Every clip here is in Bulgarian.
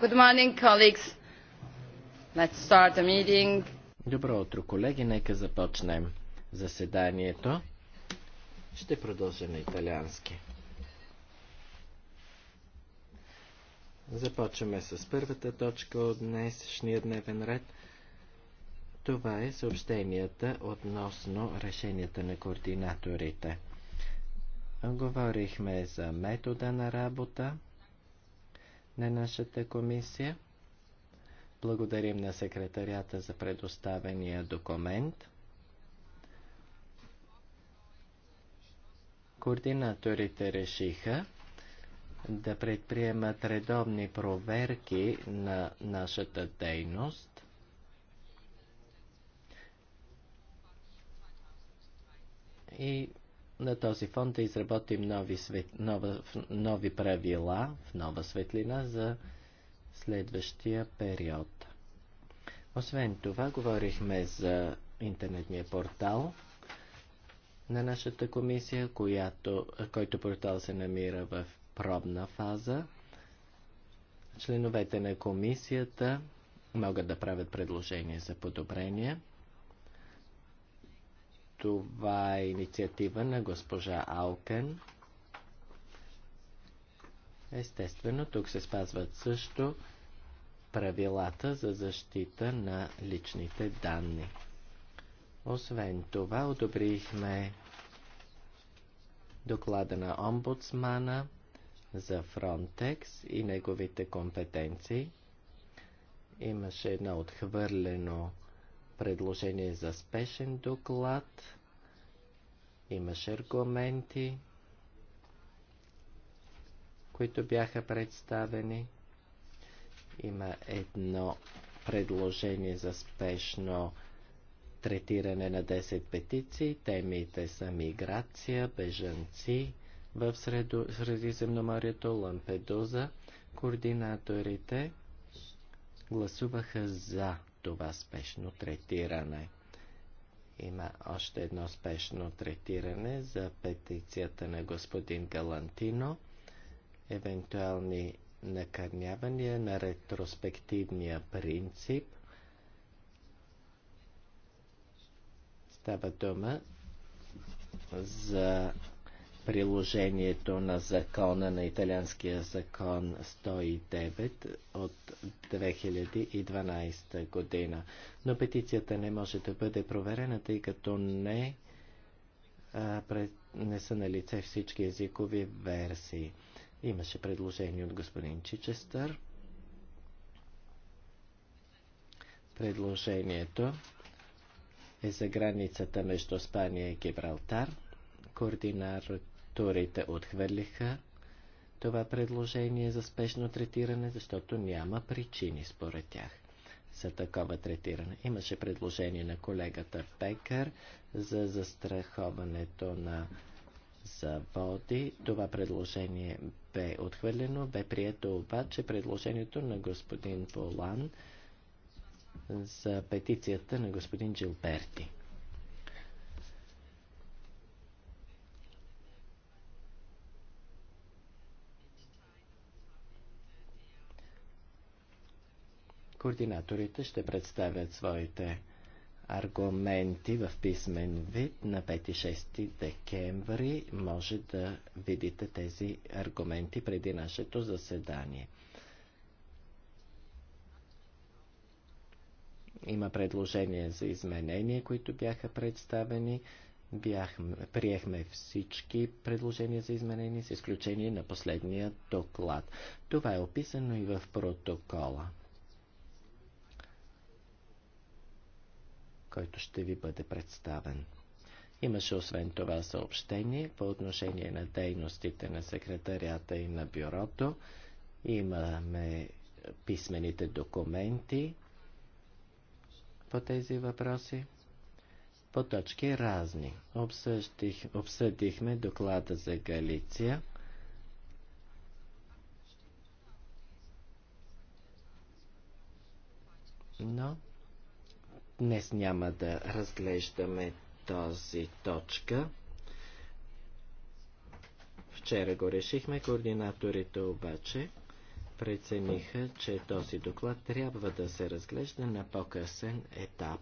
Good morning, colleagues. Let's start the meeting. Добро утро, колеги. Нека започнем заседанието. Ще продължа на италиански. Започваме с първата точка от днешния дневен ред. Това е съобщенията относно решенията на координаторите. Говорихме за метода на работа, на нашата комисия. Благодарим на секретарията за предоставения документ. Координаторите решиха да предприемат редовни проверки на нашата дейност. И на този фонд да изработим нови, свет, нова, нови правила в нова светлина за следващия период. Освен това, говорихме за интернетния портал на нашата комисия, която, който портал се намира в пробна фаза. Членовете на комисията могат да правят предложения за подобрения. Това е инициатива на госпожа Алкен. Естествено, тук се спазват също правилата за защита на личните данни. Освен това, одобрихме доклада на омбудсмана за Фронтекс и неговите компетенции. Имаше едно отхвърлено предложение за спешен доклад, имаше аргументи, които бяха представени. Има едно предложение за спешно третиране на 10 петиции. Темите са миграция, бежанци в среду, Средиземноморието, Лампедуза. Координаторите гласуваха за това спешно третиране. Има още едно спешно третиране за петицията на господин Галантино. Евентуални накърнявания на ретроспективния принцип. Става дума за приложението на закона, на италианския закон 109 от 2012 година. Но петицията не може да бъде проверена, тъй като не, а, пред, не са на лице всички езикови версии. Имаше предложение от господин Чичестър. Предложението е за границата между Спания и Гибралтар. Координарът Турите отхвърлиха това предложение за спешно третиране, защото няма причини според тях за такова третиране. Имаше предложение на колегата Пекър за застраховането на заводи. Това предложение бе отхвърлено, бе прието обаче предложението на господин Полан за петицията на господин Джилберти. Координаторите ще представят своите аргументи в писмен вид на 5-6 декември. Може да видите тези аргументи преди нашето заседание. Има предложения за изменения, които бяха представени. Бяхме, приехме всички предложения за изменения, с изключение на последния доклад. Това е описано и в протокола. който ще ви бъде представен. Имаше освен това съобщение по отношение на дейностите на секретарията и на бюрото. Имаме писмените документи по тези въпроси. По точки разни. Обсъждих, обсъдихме доклада за Галиция. Но Днес няма да разглеждаме този точка. Вчера го решихме, координаторите обаче прецениха, че този доклад трябва да се разглежда на по-късен етап.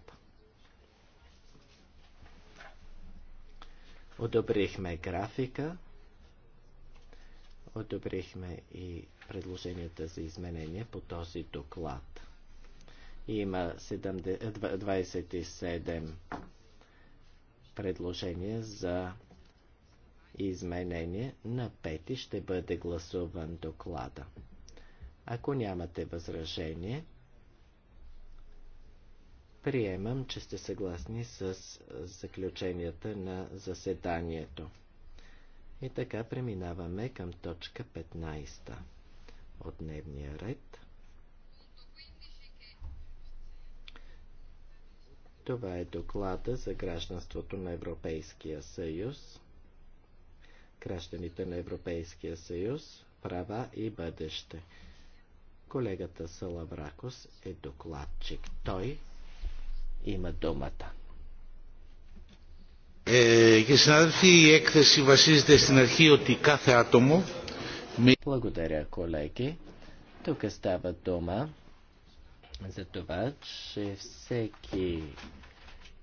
Одобрихме графика, одобрихме и предложенията за изменения по този доклад. Има 27 е, предложения за изменение. На 5 ще бъде гласуван доклада. Ако нямате възражение, приемам, че сте съгласни с заключенията на заседанието. И така преминаваме към точка 15 от дневния ред. Това е доклада за гражданството на Европейския съюз, гражданите на Европейския съюз, права и бъдеще. Колегата Салавракос е докладчик. Той има думата. Ε, και συνάδελφοι, η έκθεση βασίζεται στην αρχή ότι κάθε άτομο... Благодаря, колеги. Тук става дума за това, че всеки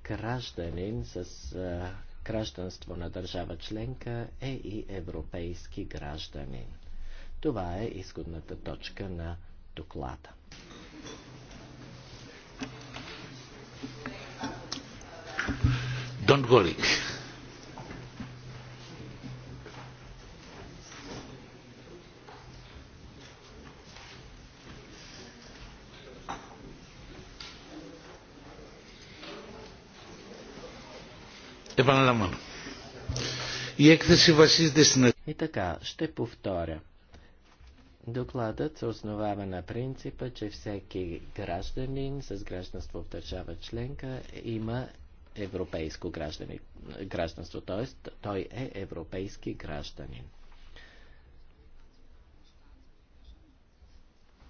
гражданин с а, гражданство на държава членка е и европейски гражданин. Това е изходната точка на доклада. Don't worry. Επαναλαμβάνω. Η έκθεση βασίζεται στην... И така, ще повторя. Докладът се основава на принципа, че всеки гражданин с гражданство в държава членка има европейско граждани, гражданство, т.е. той е европейски гражданин.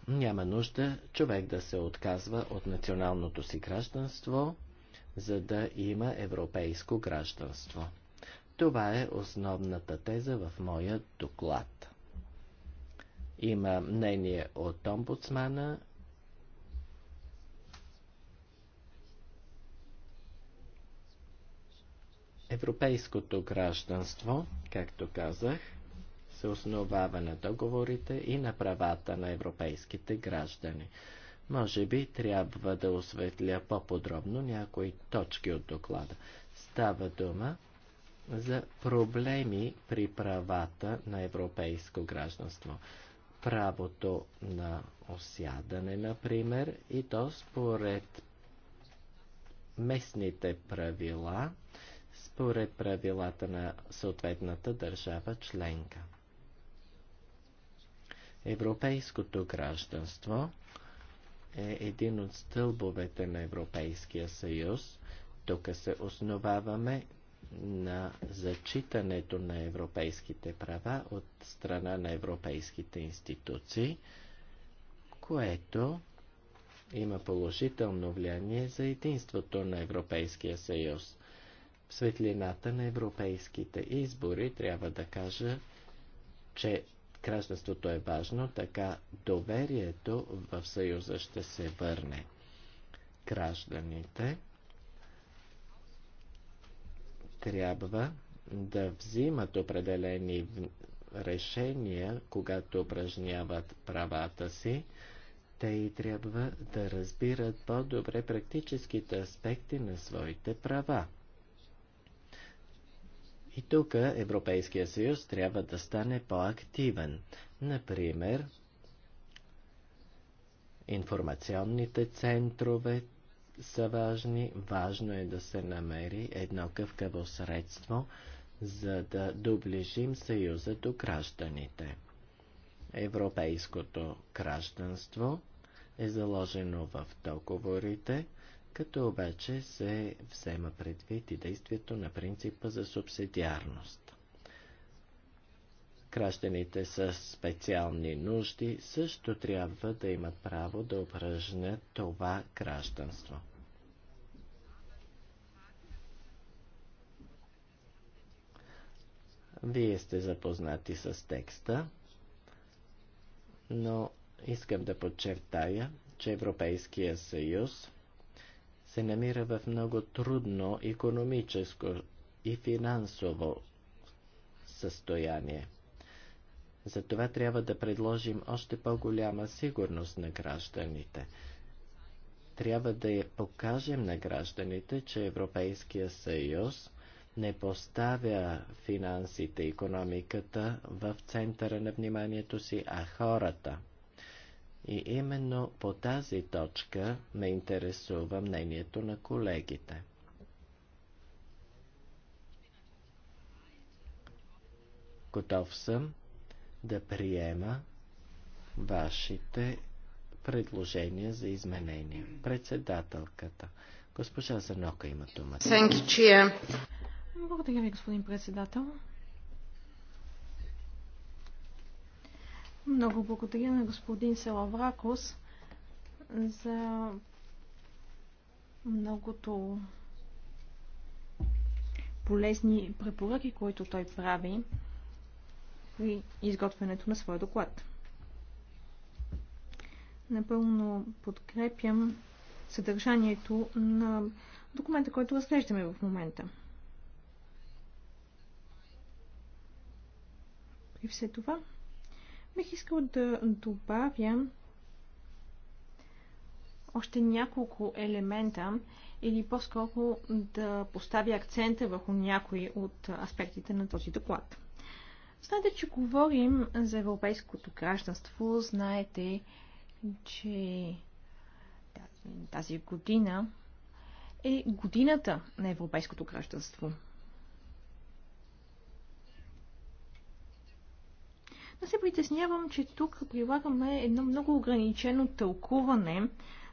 Няма нужда човек да се отказва от националното си гражданство, за да има европейско гражданство. Това е основната теза в моя доклад. Има мнение от омбудсмана, Европейското гражданство, както казах, се основава на договорите и на правата на европейските граждани. Може би трябва да осветля по-подробно някои точки от доклада. Става дума за проблеми при правата на европейско гражданство. Правото на осядане, например, и то според местните правила, според правилата на съответната държава членка. Европейското гражданство е един от стълбовете на Европейския съюз. Тук се основаваме на зачитането на европейските права от страна на европейските институции, което има положително влияние за единството на Европейския съюз. В светлината на европейските избори трябва да кажа, че Гражданството е важно, така доверието в Съюза ще се върне. Гражданите трябва да взимат определени решения, когато упражняват правата си, те и трябва да разбират по-добре практическите аспекти на своите права. И тук Европейския съюз трябва да стане по-активен. Например, информационните центрове са важни. Важно е да се намери едно къвкаво средство, за да доближим съюза до гражданите. Европейското гражданство е заложено в договорите – като обаче се взема предвид и действието на принципа за субсидиарност. Гражданите с специални нужди също трябва да имат право да упражнят това гражданство. Вие сте запознати с текста, но искам да подчертая, че Европейския съюз – се намира в много трудно економическо и финансово състояние. Затова трябва да предложим още по-голяма сигурност на гражданите. Трябва да я покажем на гражданите, че Европейския съюз не поставя финансите, и економиката в центъра на вниманието си, а хората – и именно по тази точка ме интересува мнението на колегите. Готов съм да приема вашите предложения за изменения. Председателката. Госпожа Занока има думата. Благодаря ви, господин председател. Много благодаря на господин Селавракос за многото полезни препоръки, които той прави при изготвянето на своя доклад. Напълно подкрепям съдържанието на документа, който разглеждаме в момента. При все това, Бих искал да добавя още няколко елемента или по-скоро да поставя акцента върху някои от аспектите на този доклад. Знаете, че говорим за европейското гражданство, знаете, че тази година е годината на европейското гражданство – Аз се притеснявам, че тук прилагаме едно много ограничено тълкуване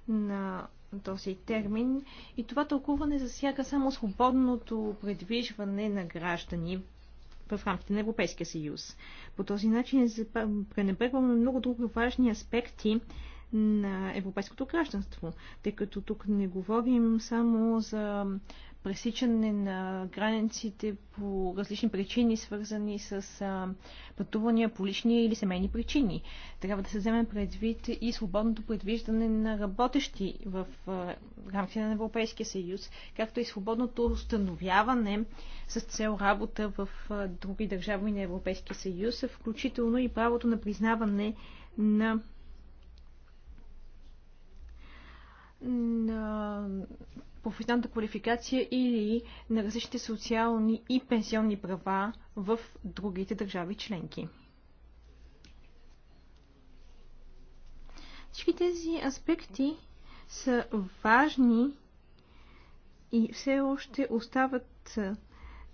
на този термин и това тълкуване засяга само свободното предвижване на граждани в рамките на Европейския съюз. По този начин пренебрегваме много други важни аспекти на европейското гражданство, тъй като тук не говорим само за пресичане на границите по различни причини, свързани с а, пътувания по лични или семейни причини. Трябва да се вземе предвид и свободното предвиждане на работещи в а, рамките на Европейския съюз, както и свободното установяване с цел работа в а, други държави на Европейския съюз, включително и правото на признаване на на професионалната квалификация или на различните социални и пенсионни права в другите държави членки. Всички тези аспекти са важни и все още остават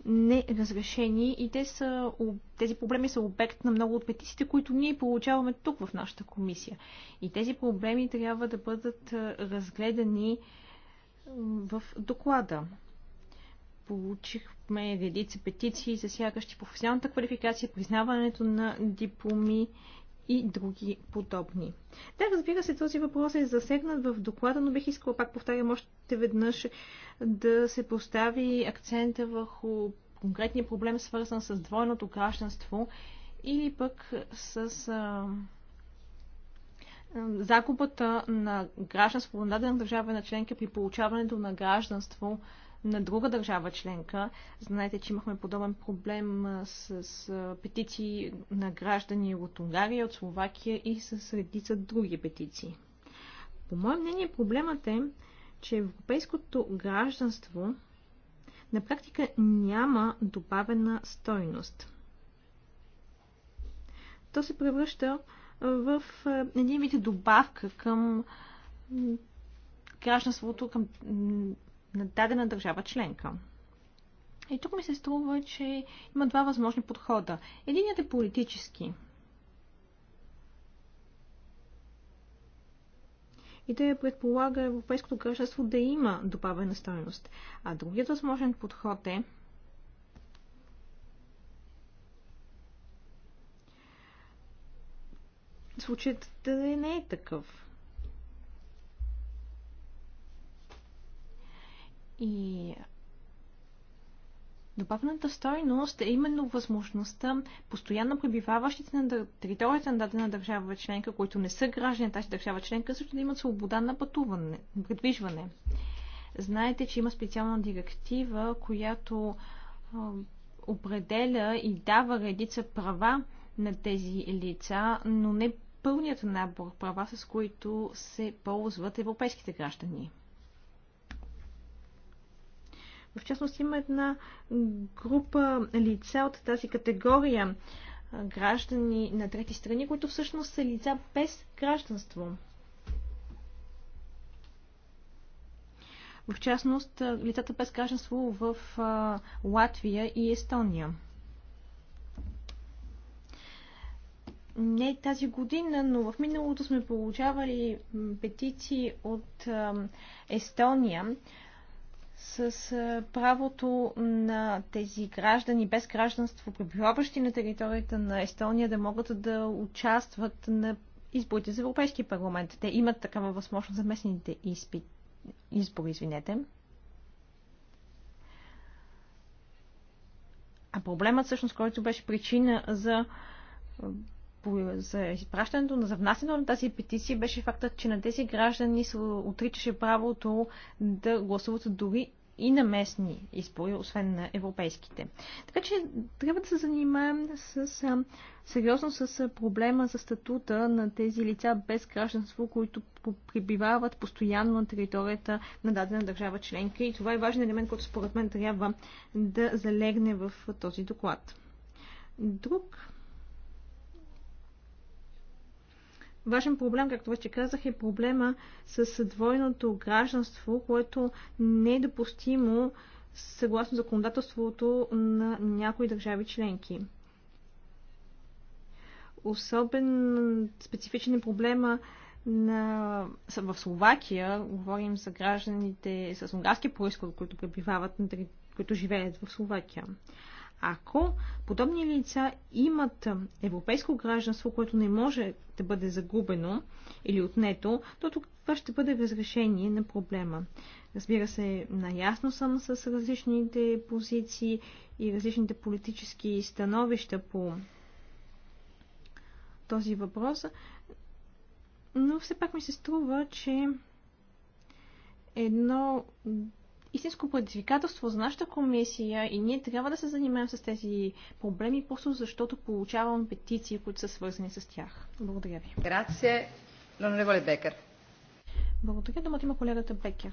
неразрешени и те са, тези проблеми са обект на много от петициите, които ние получаваме тук в нашата комисия. И тези проблеми трябва да бъдат разгледани в доклада. Получихме редица петиции, засягащи професионалната квалификация, признаването на дипломи и други подобни. Да, разбира се, този въпрос е засегнат в доклада, но бих искала, пак повтарям още веднъж, да се постави акцента върху конкретния проблем, свързан с двойното гражданство или пък с а, загубата на гражданство на дадена държава на членка при получаването на гражданство на друга държава членка. Знаете, че имахме подобен проблем с, с петиции на граждани от Унгария, от Словакия и с редица други петиции. По мое мнение, проблемът е, че европейското гражданство на практика няма добавена стойност. То се превръща в един вид добавка към гражданството към, на дадена държава членка. И тук ми се струва, че има два възможни подхода. Единият е политически. И да предполага европейското гражданство да има добавена стоеност. А другият възможен подход е Случаят да не е такъв. И добавената стойност е именно възможността постоянно пребиваващите на територията на дадена държава членка, които не са граждани на тази държава членка, също да имат свобода на пътуване, предвижване. Знаете, че има специална директива, която определя и дава редица права на тези лица, но не пълният набор права, с които се ползват европейските граждани. В частност има една група лица от тази категория граждани на трети страни, които всъщност са лица без гражданство. В частност, лицата без гражданство в Латвия и Естония. не тази година, но в миналото сме получавали петиции от Естония с правото на тези граждани без гражданство, пребиваващи на територията на Естония, да могат да участват на изборите за Европейски парламент. Те имат такава възможност за местните изпи... избори, извинете. А проблемът всъщност, който беше причина за за изпращането, на завнасянето на тази петиция беше фактът, че на тези граждани се отричаше правото да гласуват дори и на местни избори, освен на европейските. Така че трябва да се занимаем с, с, сериозно с проблема за статута на тези лица без гражданство, които прибивават постоянно на територията на дадена държава членка. И това е важен елемент, който според мен трябва да залегне в този доклад. Друг Важен проблем, както вече казах, е проблема с двойното гражданство, което не е допустимо съгласно законодателството на някои държави членки. Особен специфичен е проблема на... в Словакия. Говорим за гражданите с унгарски происход, които които живеят в Словакия. Ако подобни лица имат европейско гражданство, което не може да бъде загубено или отнето, то това ще бъде разрешение на проблема. Разбира се, наясно съм с различните позиции и различните политически становища по този въпрос, но все пак ми се струва, че едно истинско предизвикателство за нашата комисия и ние трябва да се занимаем с тези проблеми, просто защото получавам петиции, които са свързани с тях. Благодаря ви. Грация, Лонреволе Бекер. Благодаря. Думата има колегата Бекер.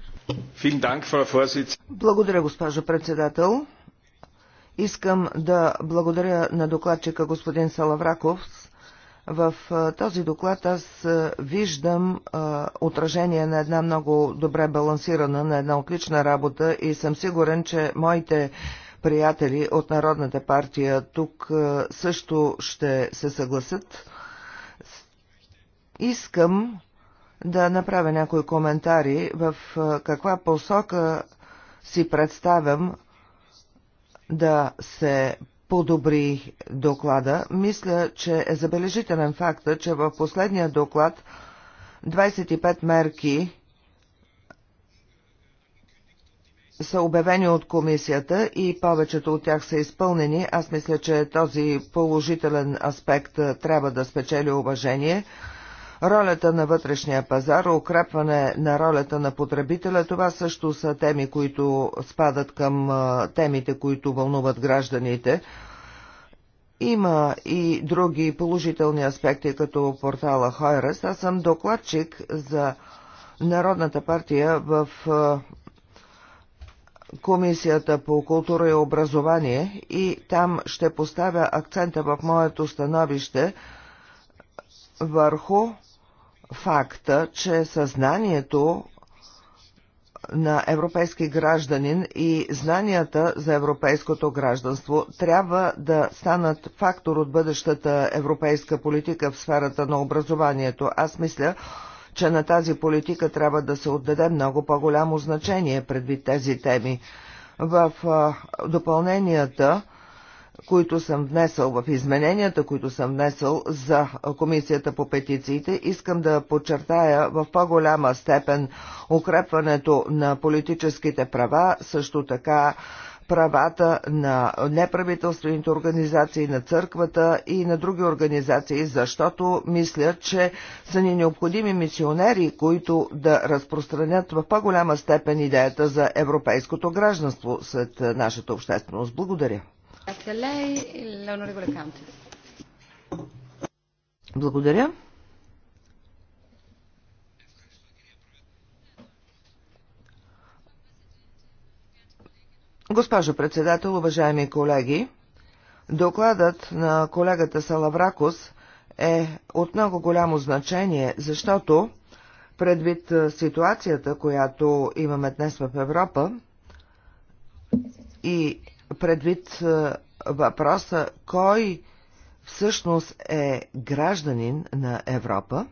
Благодаря, госпожо председател. Искам да благодаря на докладчика господин Салавраков в този доклад аз виждам отражение на една много добре балансирана, на една отлична работа и съм сигурен, че моите приятели от Народната партия тук също ще се съгласят. Искам да направя някои коментари в каква посока си представям да се подобри доклада. Мисля, че е забележителен факта, че в последния доклад 25 мерки са обявени от комисията и повечето от тях са изпълнени. Аз мисля, че този положителен аспект трябва да спечели уважение. Ролята на вътрешния пазар, укрепване на ролята на потребителя, това също са теми, които спадат към темите, които вълнуват гражданите. Има и други положителни аспекти, като портала Хойрес. Аз съм докладчик за Народната партия в Комисията по култура и образование и там ще поставя акцента в моето становище върху факта, че съзнанието на европейски гражданин и знанията за европейското гражданство трябва да станат фактор от бъдещата европейска политика в сферата на образованието. Аз мисля, че на тази политика трябва да се отдаде много по-голямо значение предвид тези теми. В допълненията които съм внесъл в измененията, които съм внесъл за Комисията по петициите, искам да подчертая в по-голяма степен укрепването на политическите права, също така правата на неправителствените организации, на църквата и на други организации, защото мисля, че са ни необходими мисионери, които да разпространят в по-голяма степен идеята за европейското гражданство след нашата общественост. Благодаря. Благодаря. Госпожо председател, уважаеми колеги, докладът на колегата Салавракос е от много голямо значение, защото предвид ситуацията, която имаме днес в Европа и предвид е, въпроса кой всъщност е гражданин на Европа.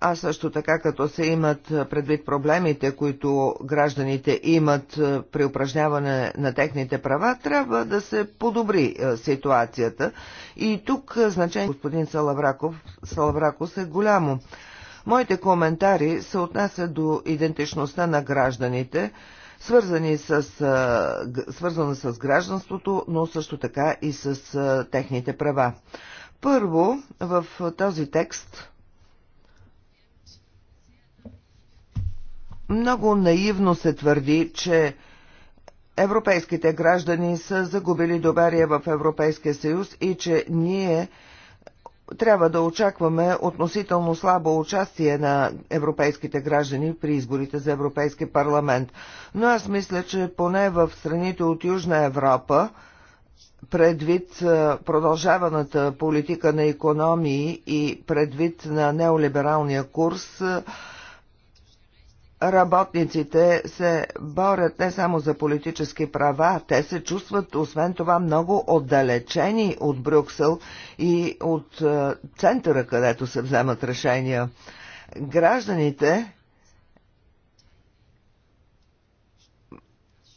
А също така, като се имат предвид проблемите, които гражданите имат е, при упражняване на техните права, трябва да се подобри е, ситуацията. И тук значение господин Салавраков, Салавраков е голямо. Моите коментари се отнасят до идентичността на гражданите, свързани с, свързана с гражданството, но също така и с техните права. Първо, в този текст много наивно се твърди, че европейските граждани са загубили доверие в Европейския съюз и че ние трябва да очакваме относително слабо участие на европейските граждани при изборите за Европейски парламент. Но аз мисля, че поне в страните от Южна Европа, предвид продължаваната политика на економии и предвид на неолибералния курс, работниците се борят не само за политически права, те се чувстват освен това много отдалечени от Брюксел и от е, центъра, където се вземат решения. Гражданите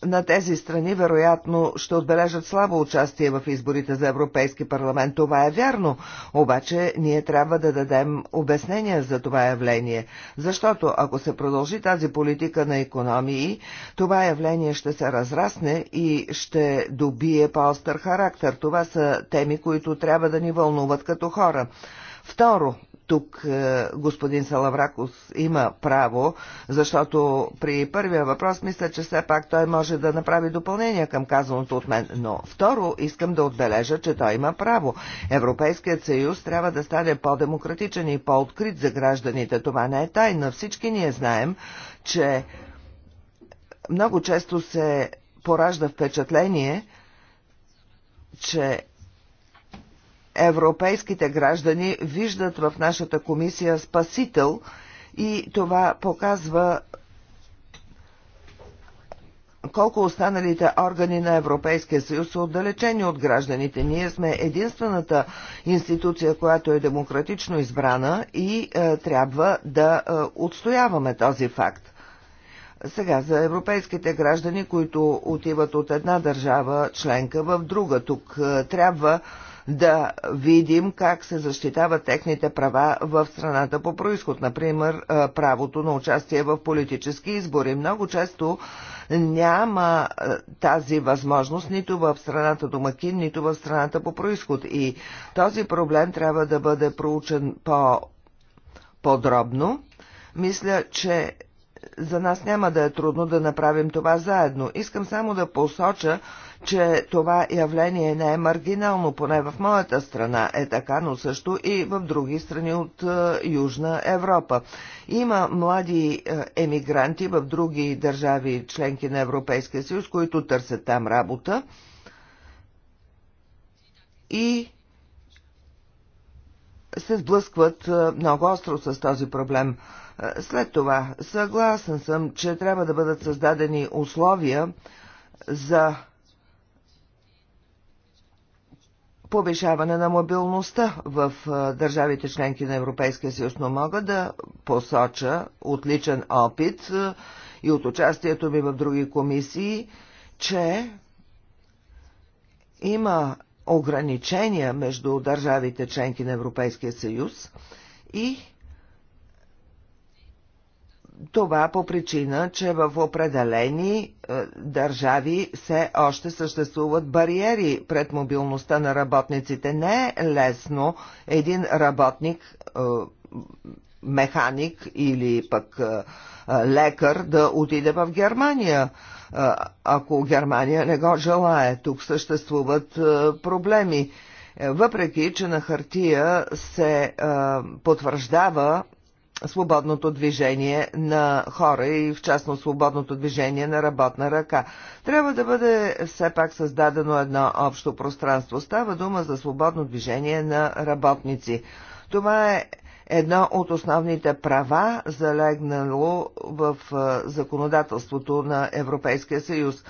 на тези страни вероятно ще отбележат слабо участие в изборите за Европейски парламент. Това е вярно, обаче ние трябва да дадем обяснение за това явление, защото ако се продължи тази политика на економии, това явление ще се разрасне и ще добие по-остър характер. Това са теми, които трябва да ни вълнуват като хора. Второ, тук е, господин Салавракус има право, защото при първия въпрос мисля, че все пак той може да направи допълнение към казаното от мен. Но второ, искам да отбележа, че той има право. Европейският съюз трябва да стане по-демократичен и по-открит за гражданите. Това не е тайна. Всички ние знаем, че много често се поражда впечатление, че европейските граждани виждат в нашата комисия спасител и това показва колко останалите органи на Европейския съюз са отдалечени от гражданите. Ние сме единствената институция, която е демократично избрана и е, трябва да е, отстояваме този факт. Сега за европейските граждани, които отиват от една държава членка в друга, тук е, трябва да видим как се защитават техните права в страната по происход, например правото на участие в политически избори. Много често няма тази възможност нито в страната домакин, нито в страната по происход. И този проблем трябва да бъде проучен по-подробно. Мисля, че за нас няма да е трудно да направим това заедно. Искам само да посоча, че това явление не е маргинално, поне в моята страна е така, но също и в други страни от е, Южна Европа. Има млади е, емигранти в други държави, членки на Европейския съюз, които търсят там работа и се сблъскват е, много остро с този проблем. След това, съгласен съм, че трябва да бъдат създадени условия за повишаване на мобилността в държавите членки на Европейския съюз, но мога да посоча отличен опит и от участието ми в други комисии, че има ограничения между държавите членки на Европейския съюз и това по причина, че в определени е, държави все още съществуват бариери пред мобилността на работниците. Не е лесно един работник, е, механик или пък е, лекар да отиде в Германия, е, ако Германия не го желае. Тук съществуват е, проблеми. Е, въпреки, че на хартия се потвърждава свободното движение на хора и в частно свободното движение на работна ръка. Трябва да бъде все пак създадено едно общо пространство. Става дума за свободно движение на работници. Това е едно от основните права, залегнало в законодателството на Европейския съюз.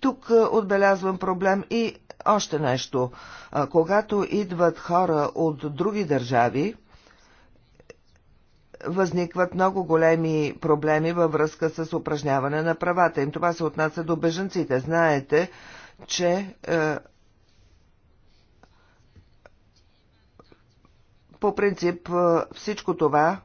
Тук отбелязвам проблем и още нещо. Когато идват хора от други държави, възникват много големи проблеми във връзка с упражняване на правата им. Това се отнася до беженците. Знаете, че е, по принцип е, всичко това,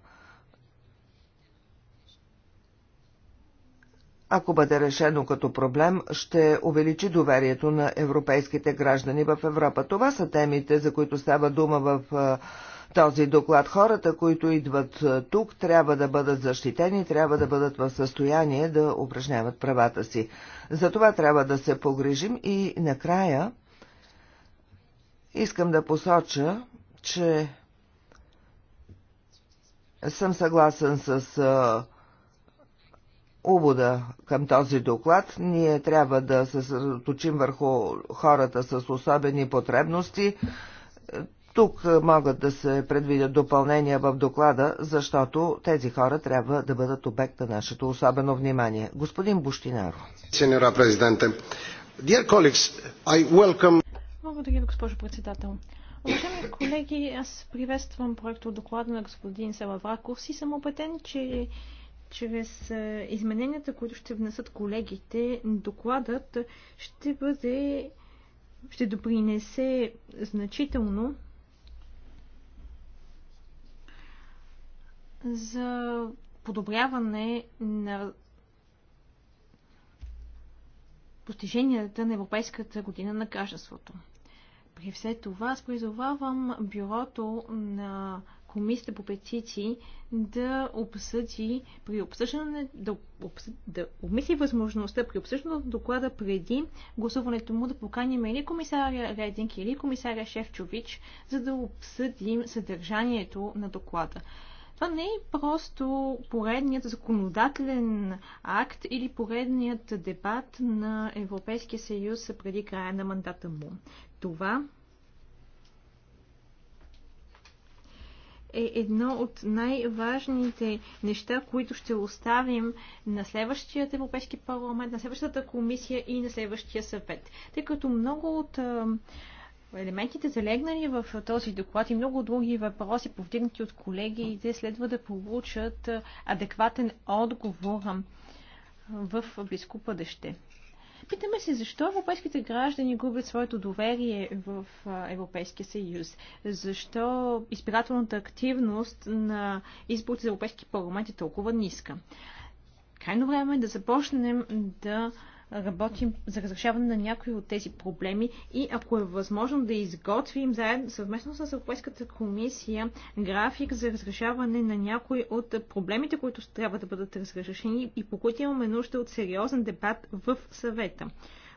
ако бъде решено като проблем, ще увеличи доверието на европейските граждани в Европа. Това са темите, за които става дума в е, този доклад. Хората, които идват тук, трябва да бъдат защитени, трябва да бъдат в състояние да упражняват правата си. За това трябва да се погрижим и накрая искам да посоча, че съм съгласен с увода към този доклад. Ние трябва да се съсредоточим върху хората с особени потребности. Тук могат да се предвидят допълнения в доклада, защото тези хора трябва да бъдат обект на нашето особено внимание. Господин Буштинаро. Сеньора президенте, dear colleagues, I welcome... Благодаря, госпожо председател. Уважаеми колеги, аз приветствам от доклада на господин Салавраков и съм убеден, че чрез измененията, които ще внесат колегите, докладът ще бъде ще допринесе значително за подобряване на постиженията на Европейската година на гражданството. При все това аз призовавам бюрото на комисията по петиции да обсъди при обсъждане, да, обсъ... да обмисли възможността при обсъждането доклада преди гласуването му да поканим или комисаря Рединг или комисаря Шефчович, за да обсъдим съдържанието на доклада. Това не е просто поредният законодателен акт или поредният дебат на Европейския съюз преди края на мандата му. Това е едно от най-важните неща, които ще оставим на следващият Европейски парламент, на следващата комисия и на следващия съвет. Тъй като много от елементите залегнали в този доклад и много други въпроси, повдигнати от колеги, и те следва да получат адекватен отговор в близко бъдеще. Питаме се защо европейските граждани губят своето доверие в Европейския съюз. Защо избирателната активност на изборите за Европейски парламент е толкова ниска. Крайно време е да започнем да работим за разрешаване на някои от тези проблеми и ако е възможно да изготвим заедно съвместно с Европейската комисия график за разрешаване на някои от проблемите, които трябва да бъдат разрешени и по които имаме нужда от сериозен дебат в съвета.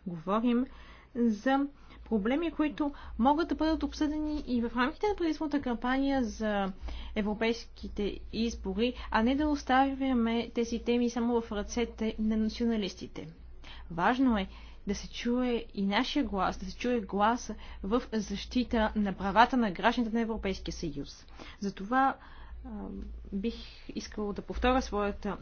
Говорим за проблеми, които могат да бъдат обсъдени и в рамките на предизборната кампания за европейските избори, а не да оставяме тези теми само в ръцете на националистите. Важно е да се чуе и нашия глас, да се чуе глас в защита на правата на гражданите на Европейския съюз. Затова бих искала да повторя своята,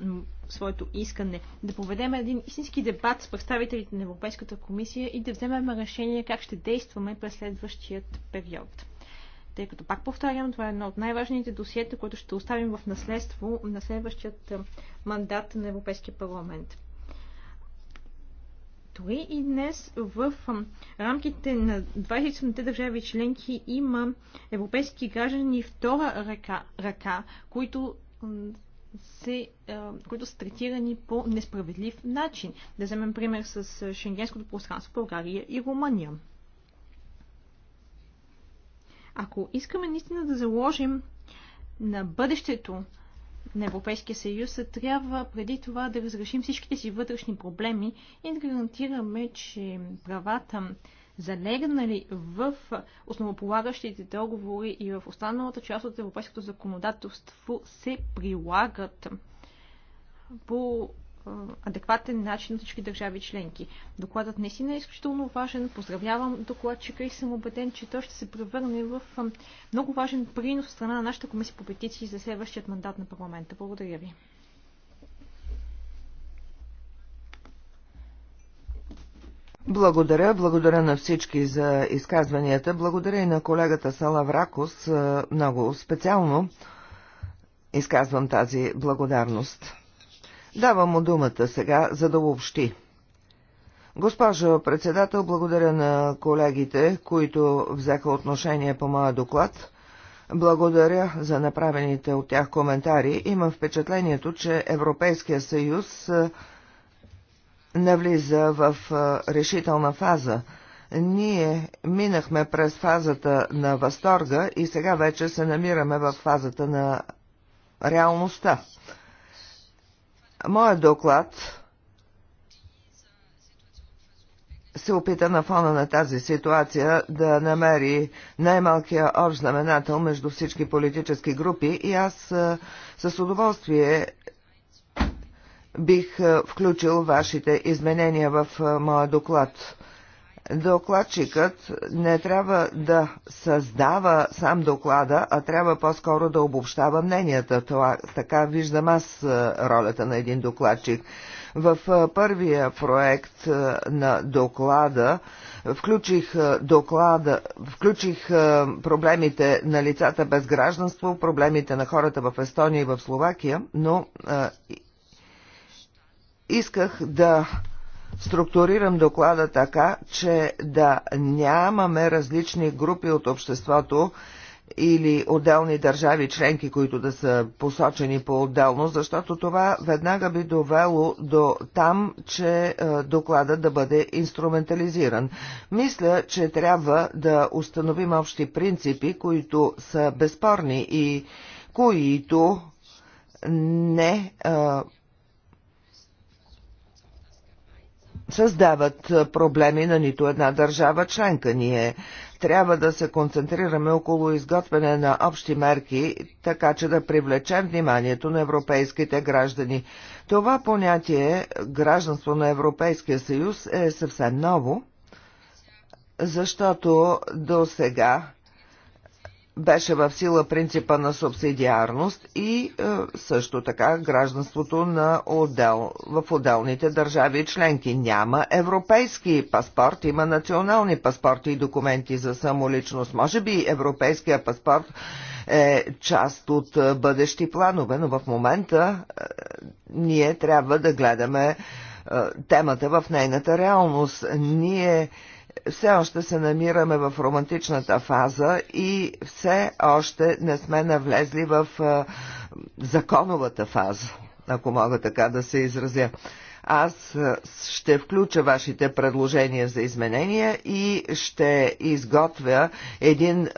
своето искане, да проведем един истински дебат с представителите на Европейската комисия и да вземем решение как ще действаме през следващият период. Тъй като, пак повтарям, това е едно от най-важните досиета, което ще оставим в наследство на следващият мандат на Европейския парламент. Дори и днес в рамките на 27-те държави членки има европейски граждани втора ръка, ръка които се, които са третирани по несправедлив начин. Да вземем пример с шенгенското пространство България и Румъния. Ако искаме наистина да заложим на бъдещето на Европейския съюз, трябва преди това да разрешим всичките си вътрешни проблеми и да гарантираме, че правата залегнали в основополагащите договори и в останалата част от европейското законодателство се прилагат по е, адекватен начин от всички държави членки. Докладът не не е изключително важен. Поздравявам докладчика и съм убеден, че той ще се превърне в е, много важен принос в страна на нашата комисия по петиции за следващият мандат на парламента. Благодаря ви. Благодаря, благодаря на всички за изказванията. Благодаря и на колегата Сала Вракос е, много специално. Изказвам тази благодарност. Давам му думата сега, за да въобщи. Госпожо председател, благодаря на колегите, които взеха отношение по моя доклад. Благодаря за направените от тях коментари. Има впечатлението, че Европейския съюз навлиза в решителна фаза. Ние минахме през фазата на възторга и сега вече се намираме в фазата на реалността. Моят доклад се опита на фона на тази ситуация да намери най-малкия общ знаменател между всички политически групи и аз с удоволствие бих включил вашите изменения в моя доклад докладчикът не трябва да създава сам доклада, а трябва по-скоро да обобщава мненията. Това, така виждам аз е, ролята на един докладчик. В е, първия проект е, на доклада включих доклада, включих проблемите на лицата без гражданство, проблемите на хората в Естония и в Словакия, но исках да структурирам доклада така, че да нямаме различни групи от обществото или отделни държави членки, които да са посочени по-отделно, защото това веднага би довело до там, че е, доклада да бъде инструментализиран. Мисля, че трябва да установим общи принципи, които са безспорни и които не а, е, създават проблеми на нито една държава членка. Ние трябва да се концентрираме около изготвяне на общи мерки, така че да привлечем вниманието на европейските граждани. Това понятие гражданство на Европейския съюз е съвсем ново, защото до сега беше в сила принципа на субсидиарност и е, също така гражданството на отдел, в отделните държави и членки. Няма европейски паспорт, има национални паспорти и документи за самоличност. Може би европейския паспорт е част от е, бъдещи планове, но в момента е, ние трябва да гледаме темата в нейната реалност. Ние все още се намираме в романтичната фаза и все още не сме навлезли в законовата фаза, ако мога така да се изразя. Аз ще включа вашите предложения за изменения и ще изготвя един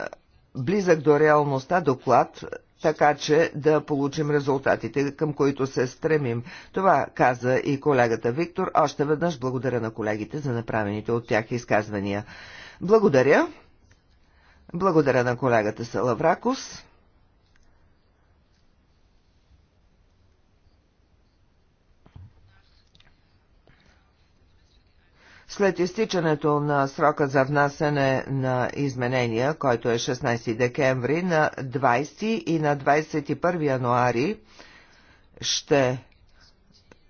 близък до реалността доклад така че да получим резултатите, към които се стремим. Това каза и колегата Виктор. Още веднъж благодаря на колегите за направените от тях изказвания. Благодаря. Благодаря на колегата Салавракус. След изтичането на срока за внасене на изменения, който е 16 декември, на 20 и на 21 януари ще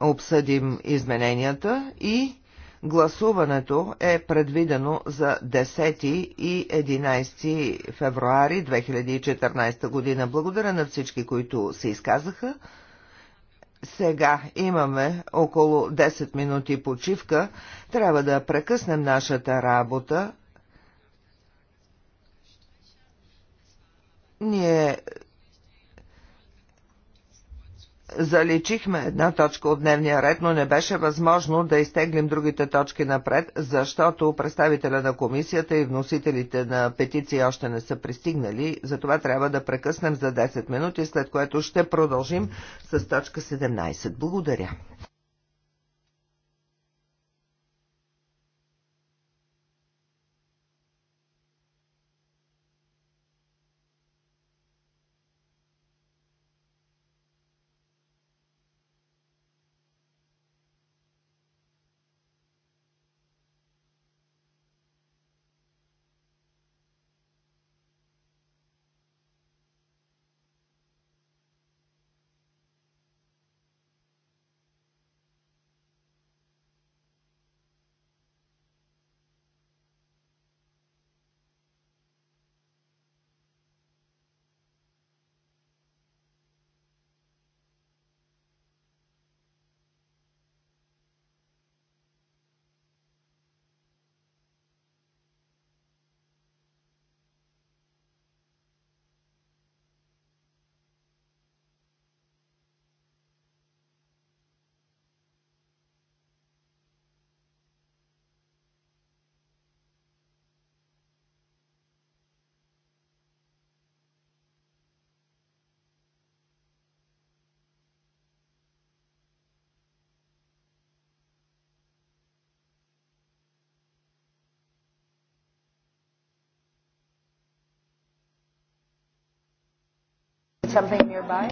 обсъдим измененията и гласуването е предвидено за 10 и 11 февруари 2014 година. Благодаря на всички, които се изказаха. Сега имаме около 10 минути почивка. Трябва да прекъснем нашата работа. Ние заличихме една точка от дневния ред, но не беше възможно да изтеглим другите точки напред, защото представителя на комисията и вносителите на петиции още не са пристигнали, затова трябва да прекъснем за 10 минути, след което ще продължим с точка 17. Благодаря. something nearby?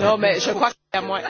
Non, mais je crois que c'est à moi.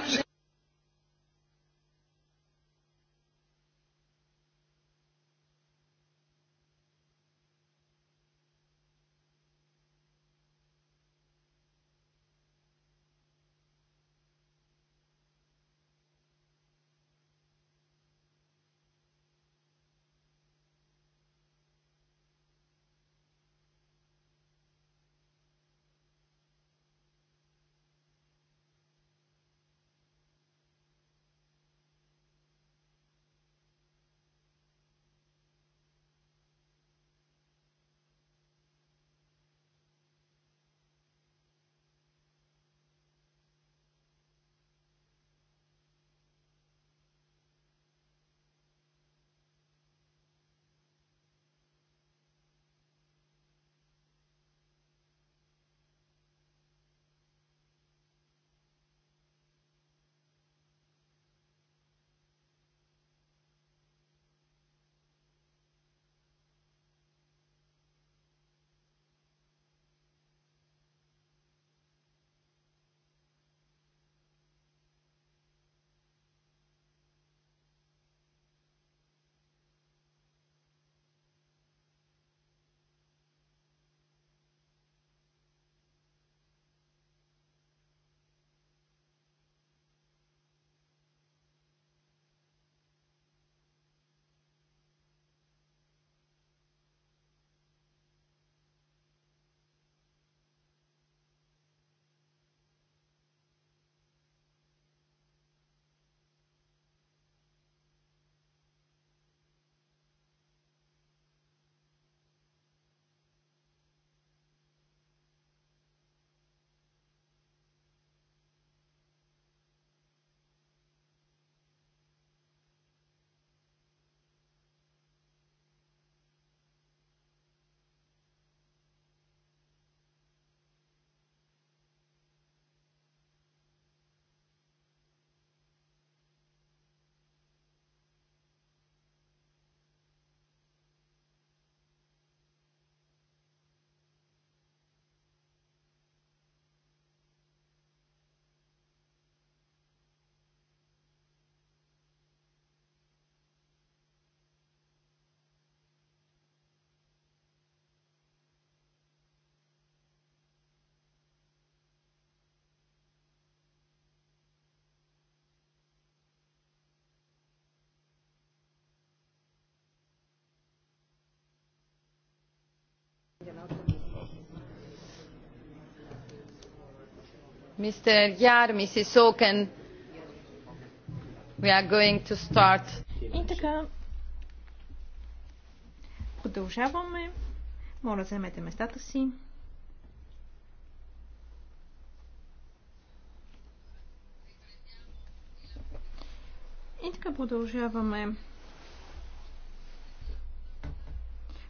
Mr. Mrs. we are going to start. И така, продължаваме. Моля, вземете местата си. И така продължаваме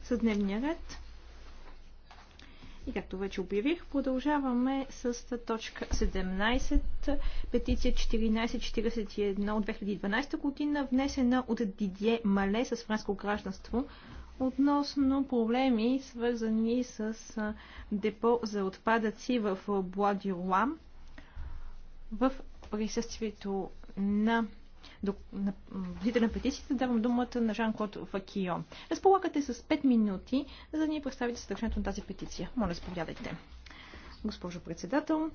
с дневния ред. И както вече обявих, продължаваме с точка 17, петиция 1441 от 2012 година, внесена от Дидие Мале с франско гражданство относно проблеми, свързани с депо за отпадъци в Бладируа в присъствието на вносителя на петицията, давам думата на Жан-Клод Факио. Разполагате с 5 минути, за да ни представите съдържанието на тази петиция. Моля, сповядайте. Госпожо председател,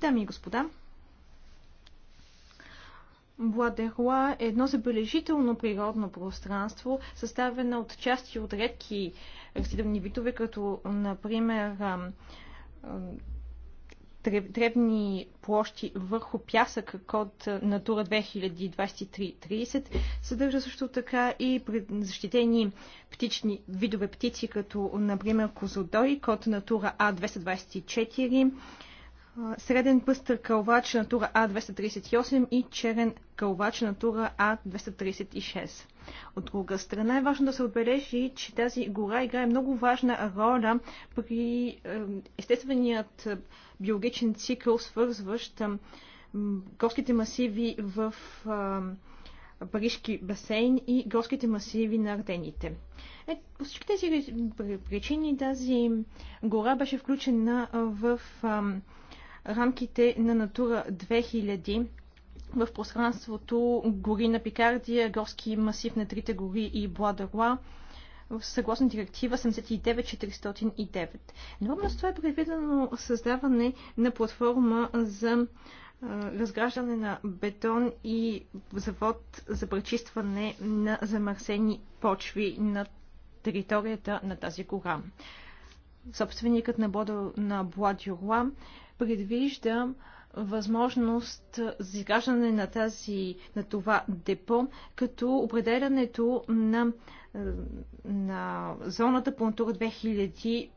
дами и господа, Бладерла е едно забележително природно пространство, съставено от части от редки растителни видове, като, например, дребни площи върху пясък код Натура 2023-30. Съдържа също така и защитени птични видове птици, като например козодой, код Натура А224, среден пъстър кълвач Натура А238 и черен кълвач на тура А236. От друга страна е важно да се отбележи, че тази гора играе много важна роля при е, естественият е, биологичен цикъл, свързващ е, горските масиви в Парижки басейн и горските масиви на Ардените. Е, по всички тези причини тази гора беше включена в ам, рамките на Натура 2000 в пространството гори на Пикардия, горски масив на Трите гори и Бладърла, съгласно директива 79409. Едновременно с това е предвидено създаване на платформа за разграждане на бетон и завод за пречистване на замърсени почви на територията на тази гора. Собственикът на, на Бладюрла предвижда възможност за изграждане на, тази, на това депо, като определянето на, на зоната по Натура 2000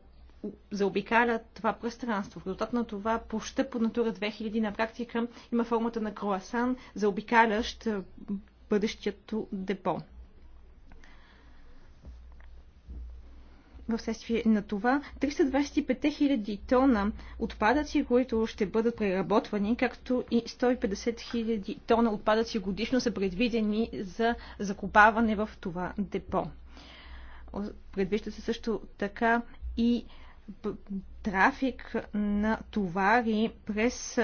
заобикаля това пространство. В резултат на това площа по Натура 2000 на практика има формата на круасан, заобикалящ бъдещето депо. в следствие на това 325 хиляди тона отпадъци, които ще бъдат преработвани, както и 150 хиляди тона отпадъци годишно са предвидени за закупаване в това депо. Предвижда се също така и трафик на товари през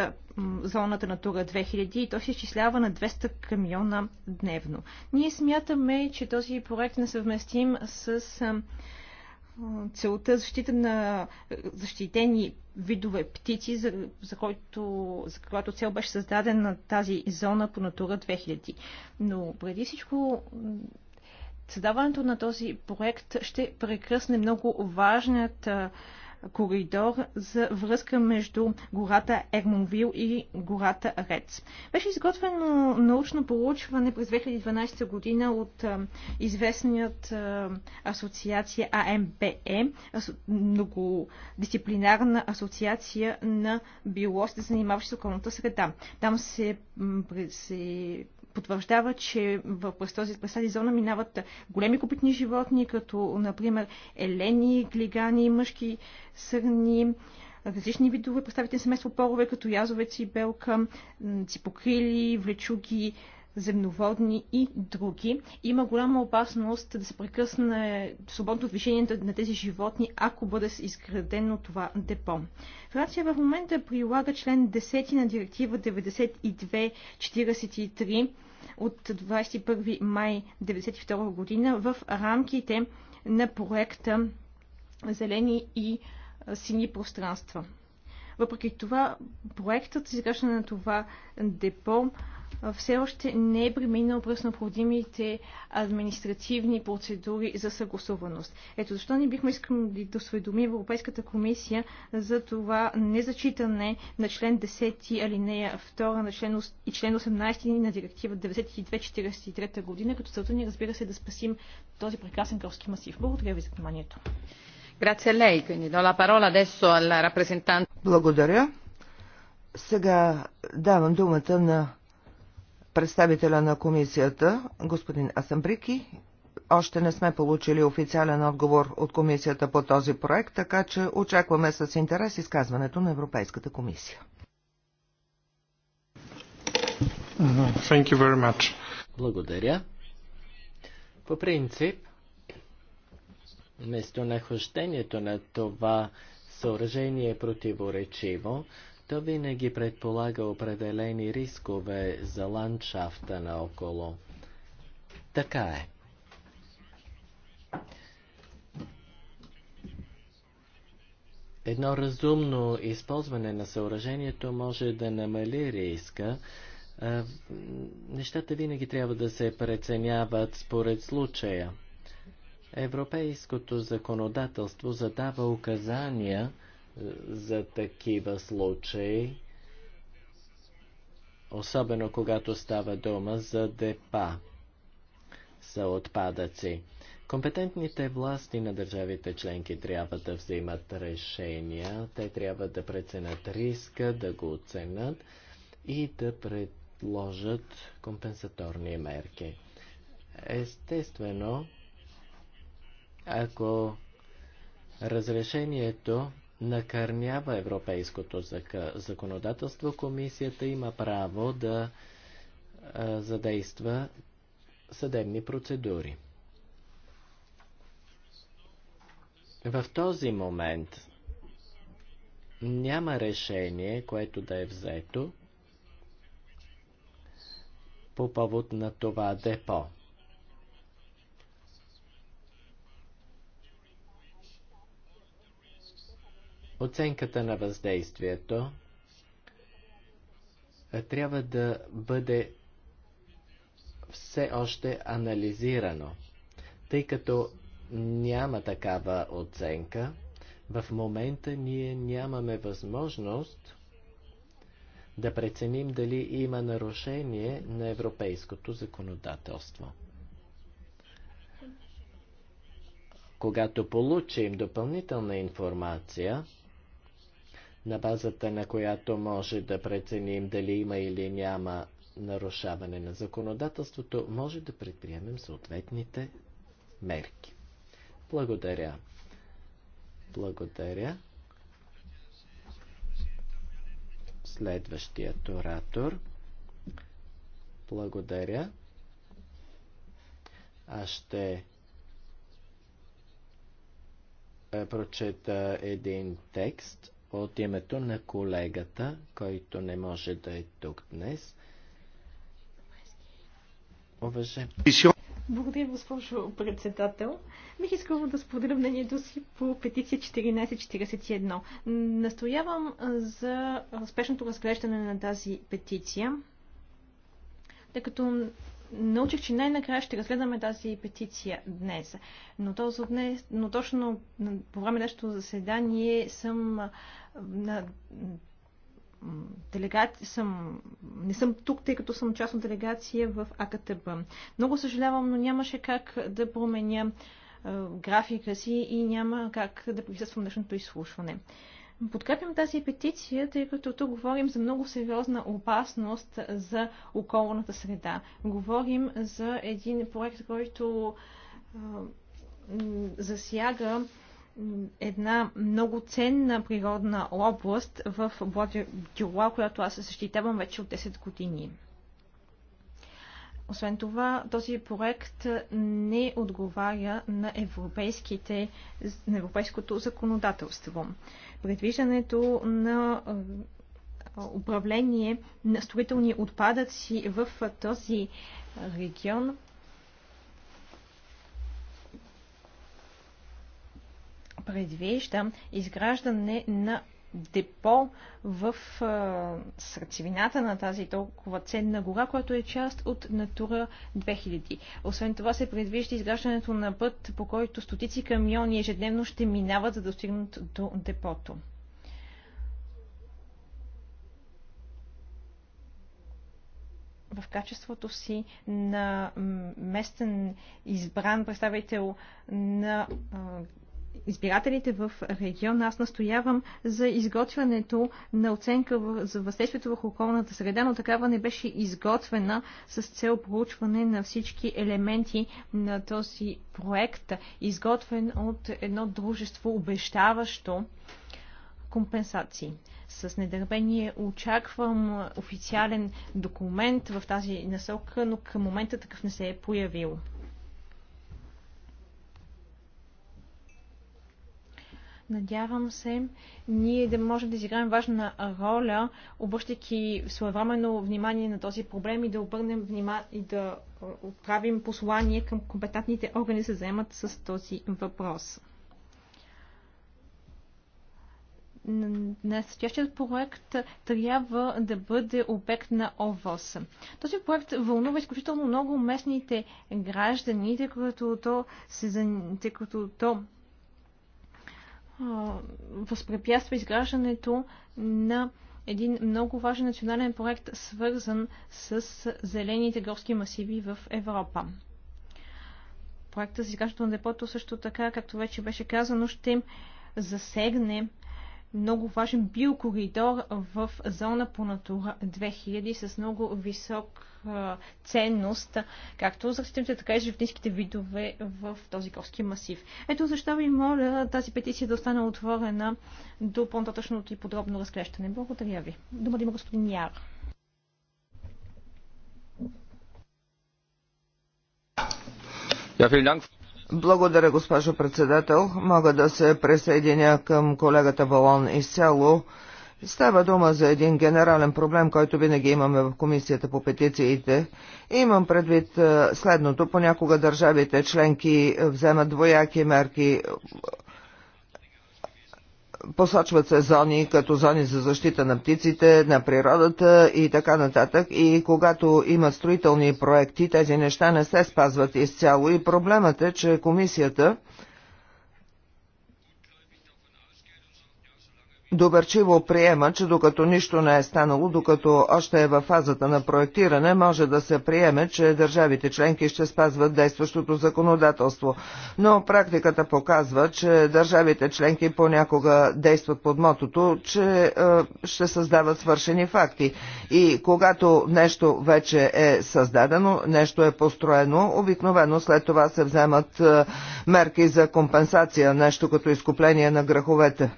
зоната Натура 2000 и то се изчислява на 200 камиона дневно. Ние смятаме, че този проект е съвместим с целта е защита на защитени видове птици, за, за, който, за която цел беше създадена тази зона по Натура 2000. Но преди всичко създаването на този проект ще прекръсне много важната коридор за връзка между гората Ермонвил и гората Рец. Беше изготвено научно проучване през 2012 година от известният асоциация АМБЕ, многодисциплинарна асоциация на биолозите, занимаващи с околната среда. Там се, се потвърждава, че през този през тази зона минават големи купитни животни, като например елени, глигани, мъжки сърни, различни видове представители семейство порове, като язовеци, белка, ципокрили, влечуги, земноводни и други. Има голяма опасност да се прекъсне свободното движение на тези животни, ако бъде изградено това депо. Франция в момента прилага член 10 на директива 9243 от 21 май 1992 година в рамките на проекта Зелени и сини пространства. Въпреки това, проектът за изграждане на това депо все още не е преминал през необходимите административни процедури за съгласуваност. Ето защо не бихме искали да осведоми Европейската комисия за това незачитане на член 10 алинея 2 на член, и член 18 на директива 9243 година, като целта ни разбира се е да спасим този прекрасен горски масив. Благодаря ви за вниманието. Благодаря. Сега давам думата на представителя на комисията, господин Асамбрики. Още не сме получили официален отговор от комисията по този проект, така че очакваме с интерес изказването на Европейската комисия. Uh, thank you very much. Благодаря. По принцип, местонахождението на това съоръжение е противоречиво. То винаги предполага определени рискове за ландшафта наоколо. Така е. Едно разумно използване на съоръжението може да намали риска. Нещата винаги трябва да се преценяват според случая. Европейското законодателство задава указания за такива случаи, особено когато става дума за депа за отпадъци. Компетентните власти на държавите членки трябва да взимат решения, те трябва да преценят риска, да го оценят и да предложат компенсаторни мерки. Естествено, ако разрешението накърнява европейското законодателство, комисията има право да задейства съдебни процедури. В този момент няма решение, което да е взето по повод на това депо. Оценката на въздействието трябва да бъде все още анализирано, тъй като няма такава оценка. В момента ние нямаме възможност да преценим дали има нарушение на европейското законодателство. Когато получим допълнителна информация, на базата на която може да преценим дали има или няма нарушаване на законодателството, може да предприемем съответните мерки. Благодаря. Благодаря. Следващият оратор. Благодаря. Аз ще е, прочета един текст от името на колегата, който не може да е тук днес. Уважаем. Благодаря, госпожо председател. Бих искала да споделя мнението си по петиция 1441. Настоявам за успешното разглеждане на тази петиция, тъй като научих, че най-накрая ще разгледаме тази петиция днес. Но, този, днес, но точно по време на нашето заседание съм на делегация съм, не съм тук, тъй като съм част от делегация в АКТБ. Много съжалявам, но нямаше как да променя графика си и няма как да присъствам днешното изслушване. Подкрепям тази петиция, тъй като тук говорим за много сериозна опасност за околната среда. Говорим за един проект, който засяга една много ценна природна област в Бладюла, която аз защитавам вече от 10 години. Освен това, този проект не отговаря на, европейските, на европейското законодателство. Предвиждането на управление на строителни отпадъци в този регион предвижда изграждане на депо в а, сърцевината на тази толкова ценна гора, която е част от Натура 2000. Освен това се предвижда изграждането на път, по който стотици камиони ежедневно ще минават, за да достигнат до депото. в качеството си на местен избран представител на избирателите в региона, аз настоявам за изготвянето на оценка за въздействието върху околната среда, но такава не беше изготвена с цел проучване на всички елементи на този проект, изготвен от едно дружество, обещаващо компенсации. С недърпение очаквам официален документ в тази насока, но към момента такъв не се е появил. Надявам се, ние да можем да изиграем важна роля, обръщайки своевременно внимание на този проблем и да обърнем внимание и да отправим послание към компетентните органи да се заемат с този въпрос. настоящият проект трябва да бъде обект на ОВОС. Този проект вълнува изключително много местните граждани, тъй като то, се, тъй като то възпрепятства изграждането на един много важен национален проект, свързан с зелените горски масиви в Европа. Проекта за изграждането на депото също така, както вече беше казано, ще засегне много важен биокоридор в зона по натура 2000 с много висок ценност, както за растителните, така и за животинските видове в този горски масив. Ето защо ви моля тази петиция да остане отворена до по-нататъчното и подробно разглеждане. Благодаря ви. Дума има господин Яр. Благодаря, госпожо председател. Мога да се присъединя към колегата Балон изцяло. Става дума за един генерален проблем, който винаги имаме в Комисията по петициите. Имам предвид е, следното. Понякога държавите членки вземат двояки мерки посочват се зони като зони за защита на птиците, на природата и така нататък. И когато има строителни проекти, тези неща не се спазват изцяло. И проблемът е, че комисията доверчиво приема, че докато нищо не е станало, докато още е във фазата на проектиране, може да се приеме, че държавите членки ще спазват действащото законодателство. Но практиката показва, че държавите членки понякога действат под мотото, че е, ще създават свършени факти. И когато нещо вече е създадено, нещо е построено, обикновено след това се вземат е, мерки за компенсация, нещо като изкупление на греховете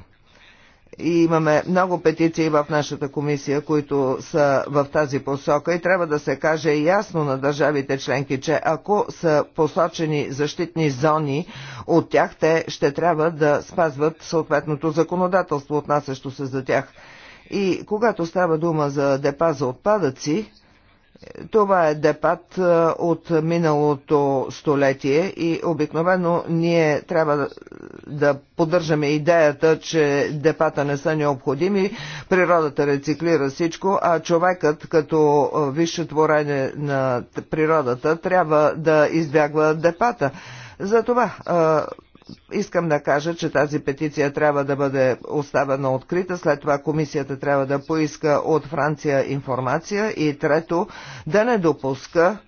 и имаме много петиции в нашата комисия, които са в тази посока и трябва да се каже ясно на държавите членки, че ако са посочени защитни зони от тях, те ще трябва да спазват съответното законодателство, отнасящо се за тях. И когато става дума за депа за отпадъци, това е депат е, от миналото столетие и обикновено ние трябва да поддържаме идеята, че депата не са необходими, природата рециклира всичко, а човекът като висше творение на природата трябва да избягва депата. Затова е, Искам да кажа, че тази петиция трябва да бъде оставена открита, след това комисията трябва да поиска от Франция информация и трето да не допуска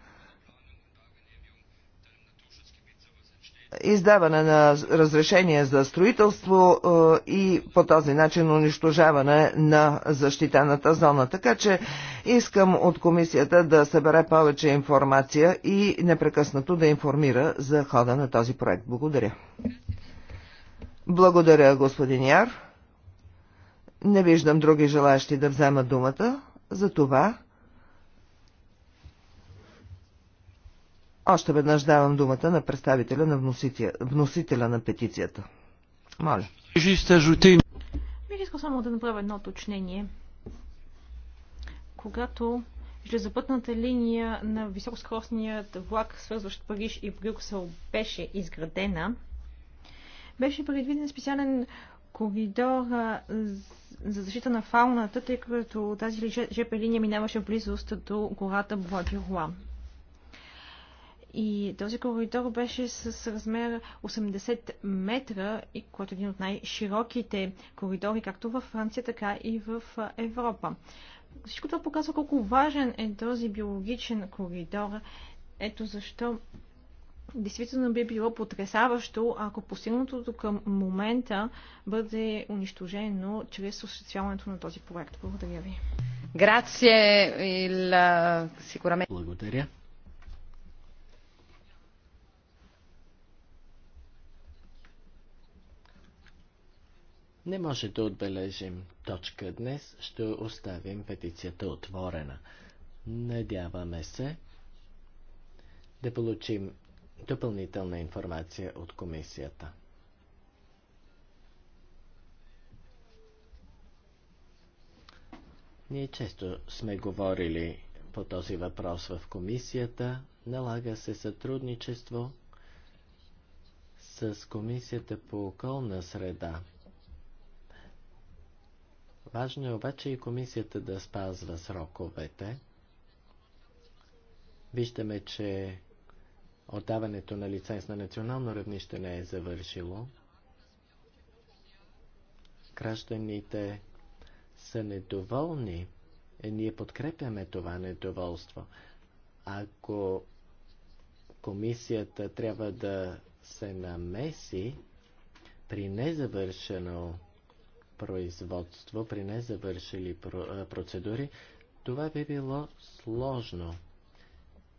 издаване на разрешение за строителство е, и по този начин унищожаване на защитената зона. Така че искам от комисията да събере повече информация и непрекъснато да информира за хода на този проект. Благодаря. Благодаря, господин Яр. Не виждам други желащи да вземат думата. За това Още веднъж давам думата на представителя на вносителя, вносителя на петицията. Моля. Бих искал само да направя едно уточнение. Когато железопътната линия на високоскоростният влак, свързващ Париж и Брюксел, беше изградена, беше предвиден специален коридор за защита на фауната, тъй като тази ЖП линия минаваше близост до гората Бладируа. И този коридор беше с размер 80 метра, който е един от най-широките коридори, както във Франция, така и в Европа. Всичко това показва колко важен е този биологичен коридор. Ето защо действително би било потрясаващо, ако постигнатото към момента бъде унищожено чрез осъществяването на този проект. Благодаря ви. Благодаря. Не може да отбележим точка днес, ще оставим петицията отворена. Надяваме се да получим допълнителна информация от комисията. Ние често сме говорили по този въпрос в комисията. Налага се сътрудничество с комисията по околна среда. Важно е обаче и комисията да спазва сроковете. Виждаме, че отдаването на лиценз на национално равнище не е завършило. Гражданите са недоволни. Е, ние подкрепяме това недоволство. Ако комисията трябва да се намеси при незавършено производство при незавършили процедури, това би било сложно.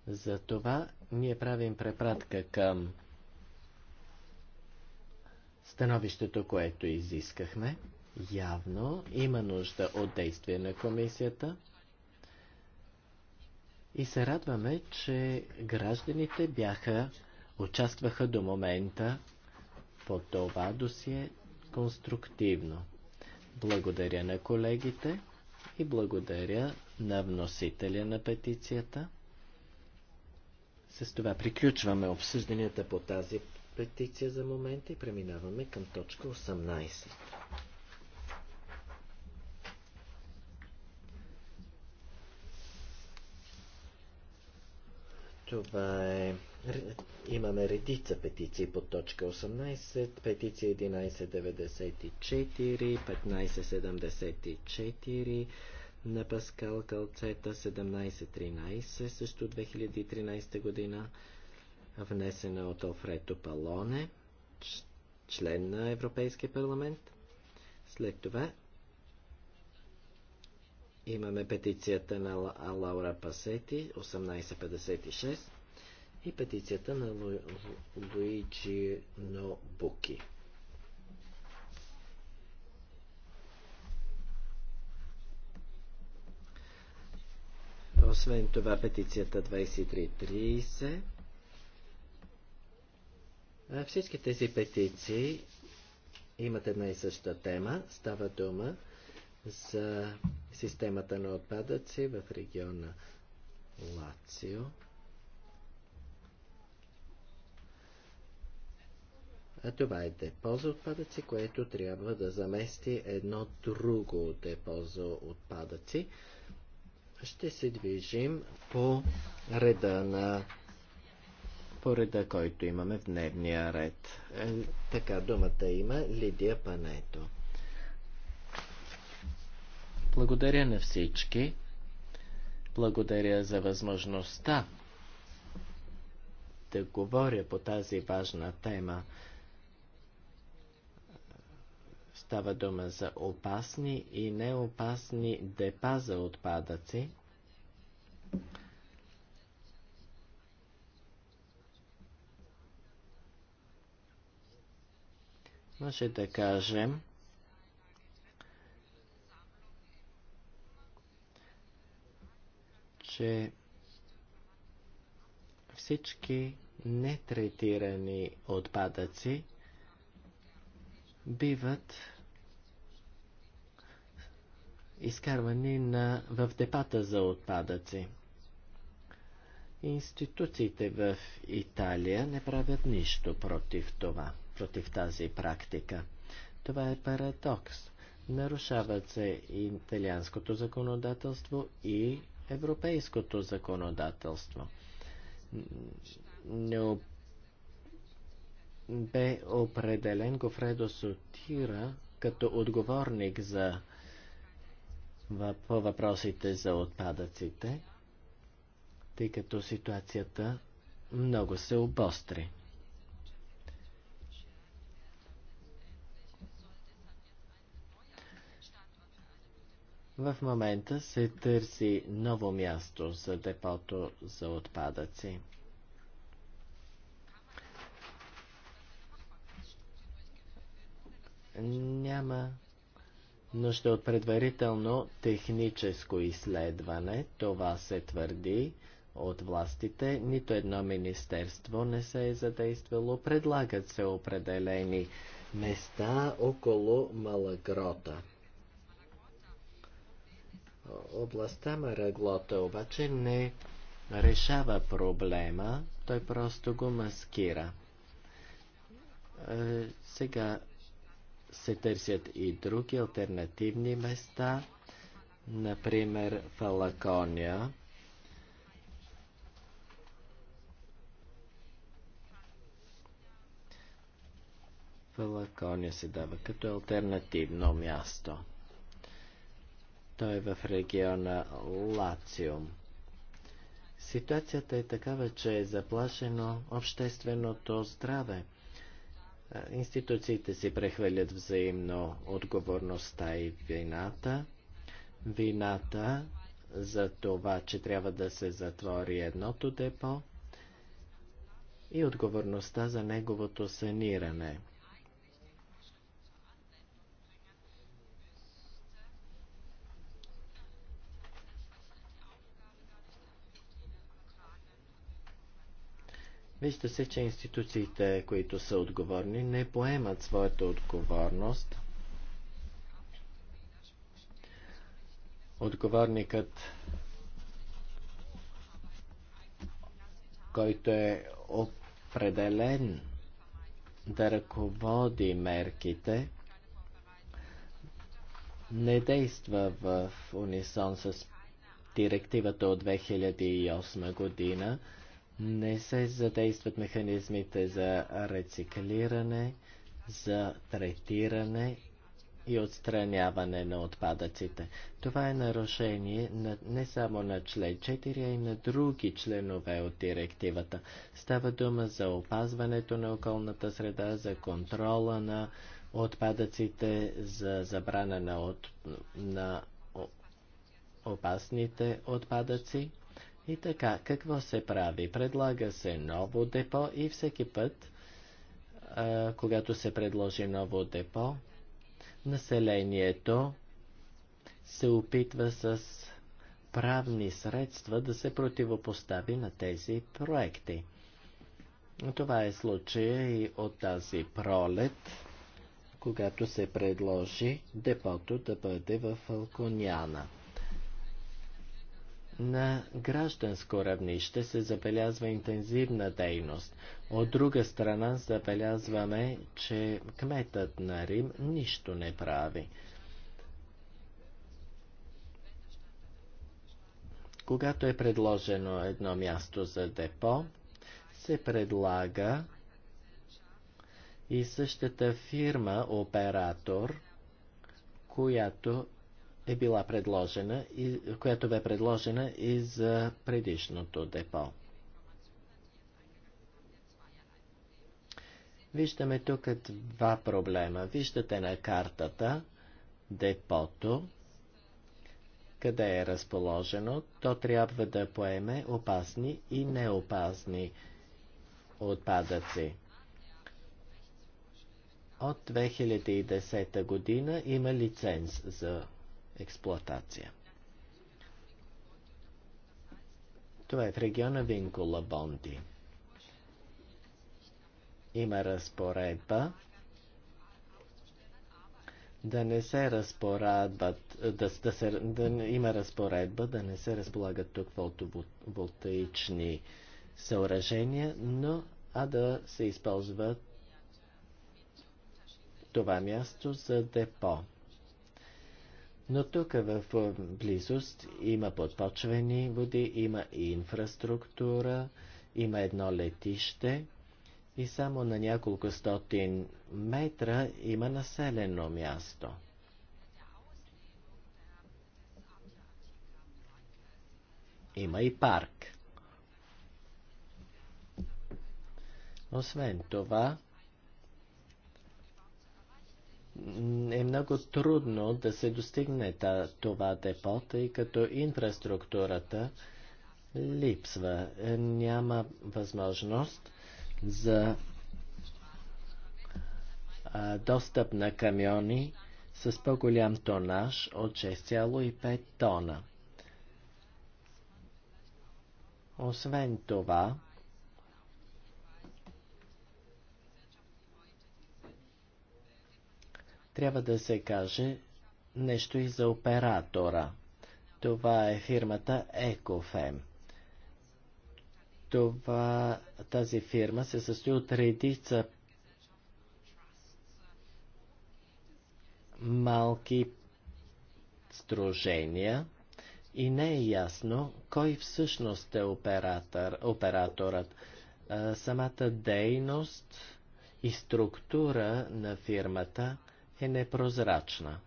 Затова ние правим препратка към становището, което изискахме. Явно има нужда от действие на комисията. И се радваме, че гражданите бяха, участваха до момента по това досие конструктивно. Благодаря на колегите и благодаря на вносителя на петицията. С това приключваме обсъжданията по тази петиция за момента и преминаваме към точка 18. Това е Имаме редица петиции по точка 18, петиция 1194, 1574 на Паскал Калцета 1713, също 2013 година, внесена от Офрето Палоне, член на Европейския парламент. След това имаме петицията на Лаура Пасети 1856 и петицията на Луиджи Нобуки. Освен това, петицията 2330. Всички тези петиции имат една и съща тема. Става дума за системата на отпадъци в региона Лацио. А Това е депо за отпадъци, което трябва да замести едно друго депо за отпадъци. Ще се движим по реда на по реда, който имаме в дневния ред. Е, така думата има Лидия Пането. Благодаря на всички. Благодаря за възможността да говоря по тази важна тема. Става дума за опасни и неопасни депа за отпадъци. Може да кажем, че всички нетретирани отпадъци биват Изкарване на, в депата за отпадъци. Институциите в Италия не правят нищо против това, против тази практика. Това е парадокс. Нарушават се и италианското законодателство и европейското законодателство. Не бе определен Гофредо Сотира като отговорник за по въпросите за отпадъците, тъй като ситуацията много се обостри. В момента се търси ново място за депото за отпадъци. Няма нужда е от предварително техническо изследване. Това се твърди от властите. Нито едно министерство не се е задействало. Предлагат се определени места около Малагрота. Областта Мараглота обаче не решава проблема, той просто го маскира. Е, сега се търсят и други альтернативни места, например Фалакония. Фалакония се дава като альтернативно място. Той е в региона Лациум. Ситуацията е такава, че е заплашено общественото здраве. Институциите си прехвърлят взаимно отговорността и вината. Вината за това, че трябва да се затвори едното депо и отговорността за неговото саниране. Вижте се, че институциите, които са отговорни, не поемат своята отговорност. Отговорникът, който е определен да ръководи мерките, не действа в унисон с директивата от 2008 година, не се задействат механизмите за рециклиране, за третиране и отстраняване на отпадъците. Това е нарушение на, не само на член 4, а и на други членове от директивата. Става дума за опазването на околната среда, за контрола на отпадъците, за забрана на, от, на опасните отпадъци. И така, какво се прави? Предлага се ново депо и всеки път, а, когато се предложи ново депо, населението се опитва с правни средства да се противопостави на тези проекти. Това е случая и от тази пролет, когато се предложи депото да бъде в Алконяна. На гражданско равнище се забелязва интензивна дейност. От друга страна забелязваме, че кметът на Рим нищо не прави. Когато е предложено едно място за депо, се предлага и същата фирма, оператор, която е била предложена, и, която бе предложена и за предишното депо. Виждаме тук два проблема. Виждате на картата депото, къде е разположено. То трябва да поеме опасни и неопасни отпадъци. От 2010 година има лиценз за експлоатация. Това е в региона Винкула Бонди. Има разпоредба да не се разпорадват, да, да, се, да има разпоредба да не се разполагат тук фотоволтаични съоръжения, но а да се използват това място за депо. Но тук в близост има подпочвени води, има и инфраструктура, има едно летище и само на няколко стотин метра има населено място. Има и парк. Освен това, е много трудно да се достигне това депо, тъй като инфраструктурата липсва. Е, няма възможност за достъп на камиони с по-голям тонаж от 6,5 тона. Освен това, трябва да се каже нещо и за оператора. Това е фирмата EcoFem. Това, тази фирма се състои от редица малки стружения, и не е ясно кой всъщност е оператор, операторът. самата дейност и структура на фирмата е непрозрачна.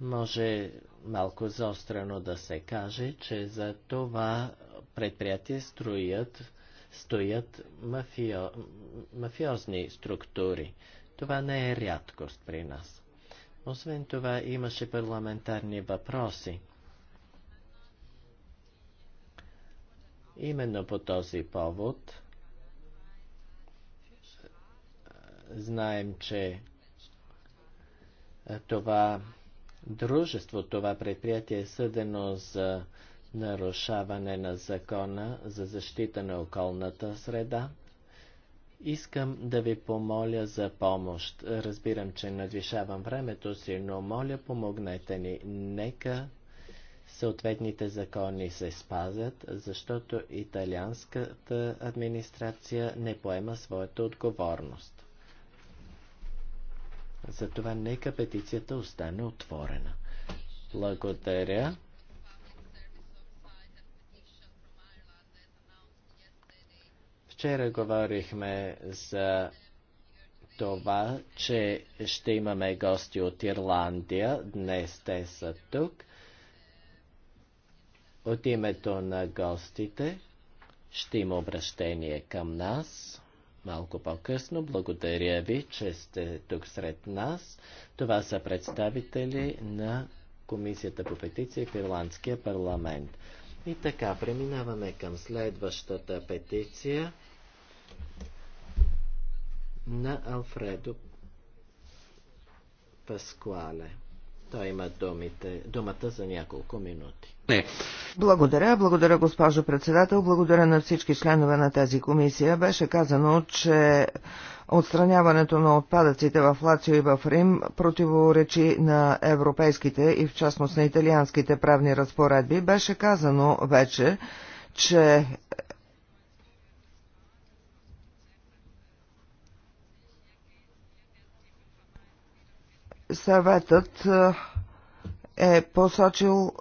Може малко заострено да се каже, че за това предприятие строят, стоят мафио, мафиозни структури. Това не е рядкост при нас. Освен това имаше парламентарни въпроси. Именно по този повод Знаем, че това дружество, това предприятие е съдено за нарушаване на закона за защита на околната среда. Искам да ви помоля за помощ. Разбирам, че надвишавам времето си, но моля помогнете ни. Нека съответните закони се спазят, защото италианската администрация не поема своята отговорност. Затова нека петицията остане отворена. Благодаря. Вчера говорихме за това, че ще имаме гости от Ирландия. Днес те са тук. От името на гостите ще има обращение към нас малко по-късно. Благодаря ви, че сте тук сред нас. Това са представители на Комисията по петиции в Ирландския парламент. И така, преминаваме към следващата петиция на Алфредо Паскуале. Той има думите, думата за няколко минути. Не. Благодаря, благодаря госпожо председател, благодаря на всички членове на тази комисия. Беше казано, че Отстраняването на отпадъците в Лацио и в Рим противоречи на европейските и в частност на италианските правни разпоредби. Беше казано вече, че съветът е посочил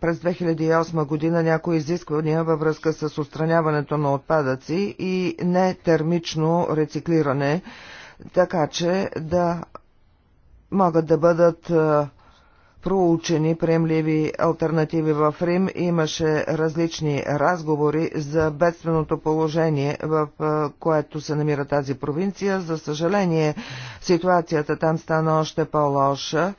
през 2008 година някои изисквания във връзка с устраняването на отпадъци и не термично рециклиране, така че да могат да бъдат проучени приемливи альтернативи в Рим. Имаше различни разговори за бедственото положение, в което се намира тази провинция. За съжаление, ситуацията там стана още по-лоша.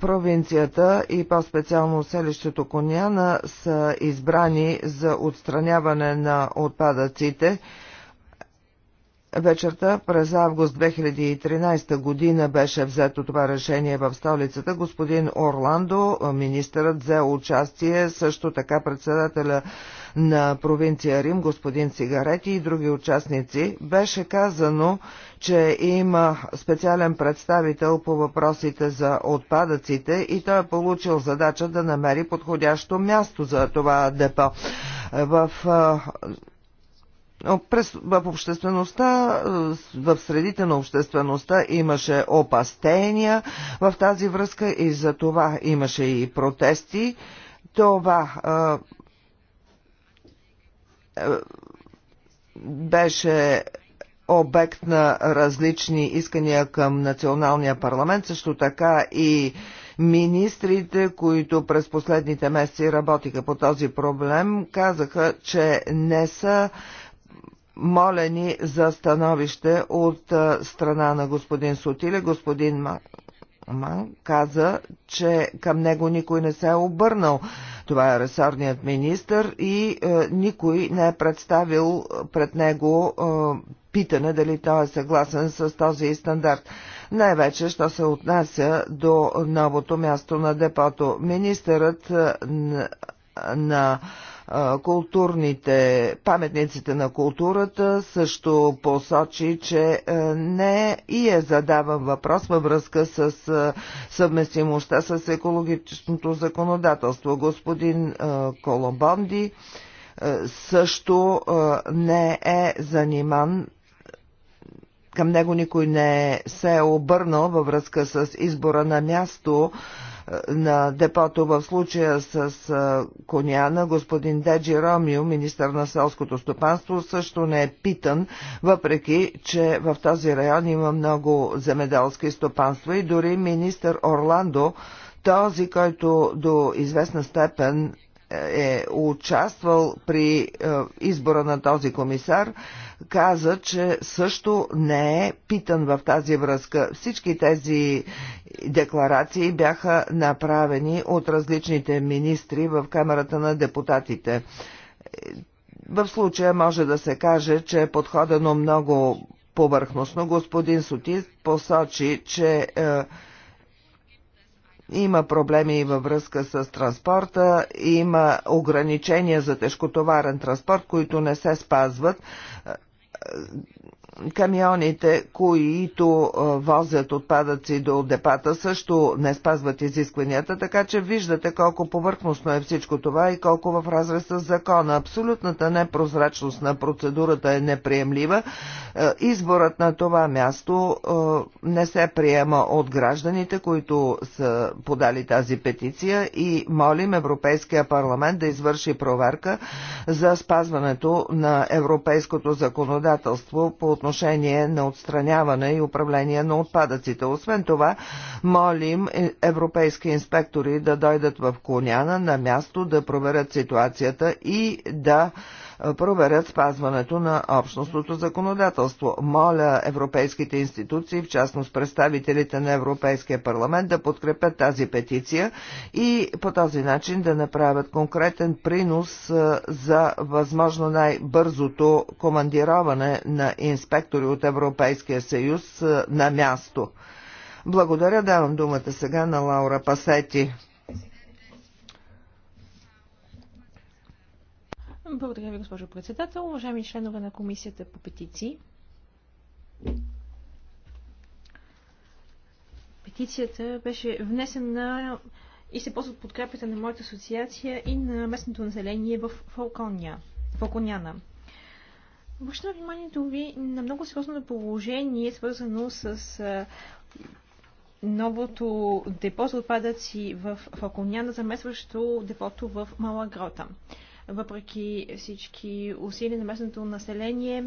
Провинцията и по-специално селището Коняна са избрани за отстраняване на отпадъците. Вечерта през август 2013 година беше взето това решение в столицата. Господин Орландо, министърът, взе участие, също така председателя на провинция Рим, господин Сигарети и други участници. Беше казано, че има специален представител по въпросите за отпадъците и той е получил задача да намери подходящо място за това депо. В през, в обществеността, в средите на обществеността имаше опастения в тази връзка и за това имаше и протести. Това а, беше обект на различни искания към националния парламент, също така и Министрите, които през последните месеци работиха по този проблем, казаха, че не са молени за становище от страна на господин Сотиле. Господин Ман каза, че към него никой не се е обърнал. Това е ресорният министр и е, никой не е представил пред него е, питане дали той е съгласен с този стандарт. Най-вече, що се отнася до новото място на депото. Министърът е, на, на културните, паметниците на културата също посочи, че не и е задаван въпрос във връзка с съвместимостта с екологичното законодателство. Господин Колобонди също не е заниман към него никой не е се е обърнал във връзка с избора на място на депото в случая с Коняна, господин Деджи Ромио, министър на селското стопанство, също не е питан, въпреки, че в този район има много земеделски стопанства и дори министър Орландо, този, който до известна степен е участвал при е, избора на този комисар, каза, че също не е питан в тази връзка. Всички тези декларации бяха направени от различните министри в Камерата на депутатите. В случая може да се каже, че е подходено много повърхностно. Господин Сотис посочи, че е, има проблеми във връзка с транспорта, има ограничения за тежкотоварен транспорт, които не се спазват камионите, които возят отпадъци до депата, също не спазват изискванията, така че виждате колко повърхностно е всичко това и колко в разрез с закона. Абсолютната непрозрачност на процедурата е неприемлива. Изборът на това място не се приема от гражданите, които са подали тази петиция и молим Европейския парламент да извърши проверка за спазването на европейското законодателство по отношение на отстраняване и управление на отпадъците. Освен това, молим е, европейски инспектори да дойдат в Клоняна на място, да проверят ситуацията и да е, проверят спазването на общностното законодателство. Моля европейските институции, в частност представителите на Европейския парламент, да подкрепят тази петиция и по този начин да направят конкретен принос е, за възможно най-бързото командироване на инспектори от Европейския съюз е, на място. Благодаря, давам думата сега на Лаура Пасети. Благодаря ви, госпожо председател. Уважаеми членове на комисията по петиции. Петицията беше внесена и се ползва подкрепата на моята асоциация и на местното население в Фалкония. Фалконяна. Обръщам вниманието ви на много сериозно положение, свързано с новото депо за отпадъци в Фалконяна, заместващо депото в Мала Грота въпреки всички усилия на местното население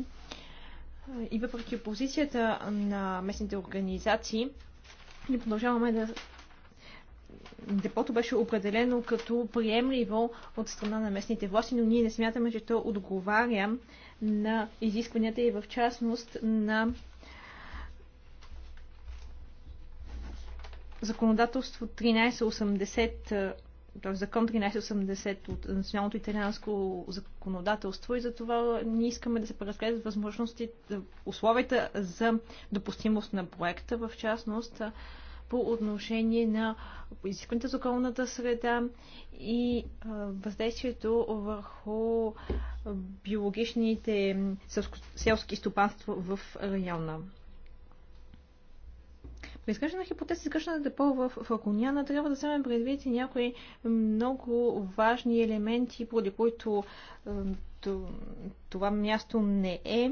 и въпреки опозицията на местните организации, ние продължаваме да депото беше определено като приемливо от страна на местните власти, но ние не смятаме, че то отговаря на изискванията и в частност на законодателство 1380 т.е. закон 1380 от националното италианско законодателство и затова ние искаме да се преразгледат възможности, е, условията за допустимост на проекта, в частност е, по отношение на изискването за околната среда и е, въздействието върху биологичните селски стопанства в района. При изграждане на хипотеза изграждане на депо в Факуняна трябва да се предвидите някои много важни елементи, поради които това място не е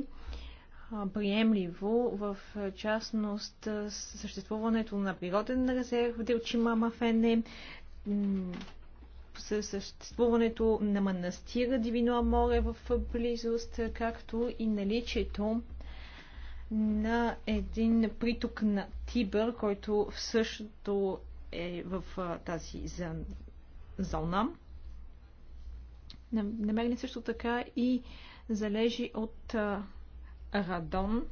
приемливо, в частност съществуването на природен резерв, Делчима Мафене, съществуването на манастира Дивино море в близост, както и наличието на един приток на Тибър, който всъщност е в тази зона. Намерени също така и залежи от радон.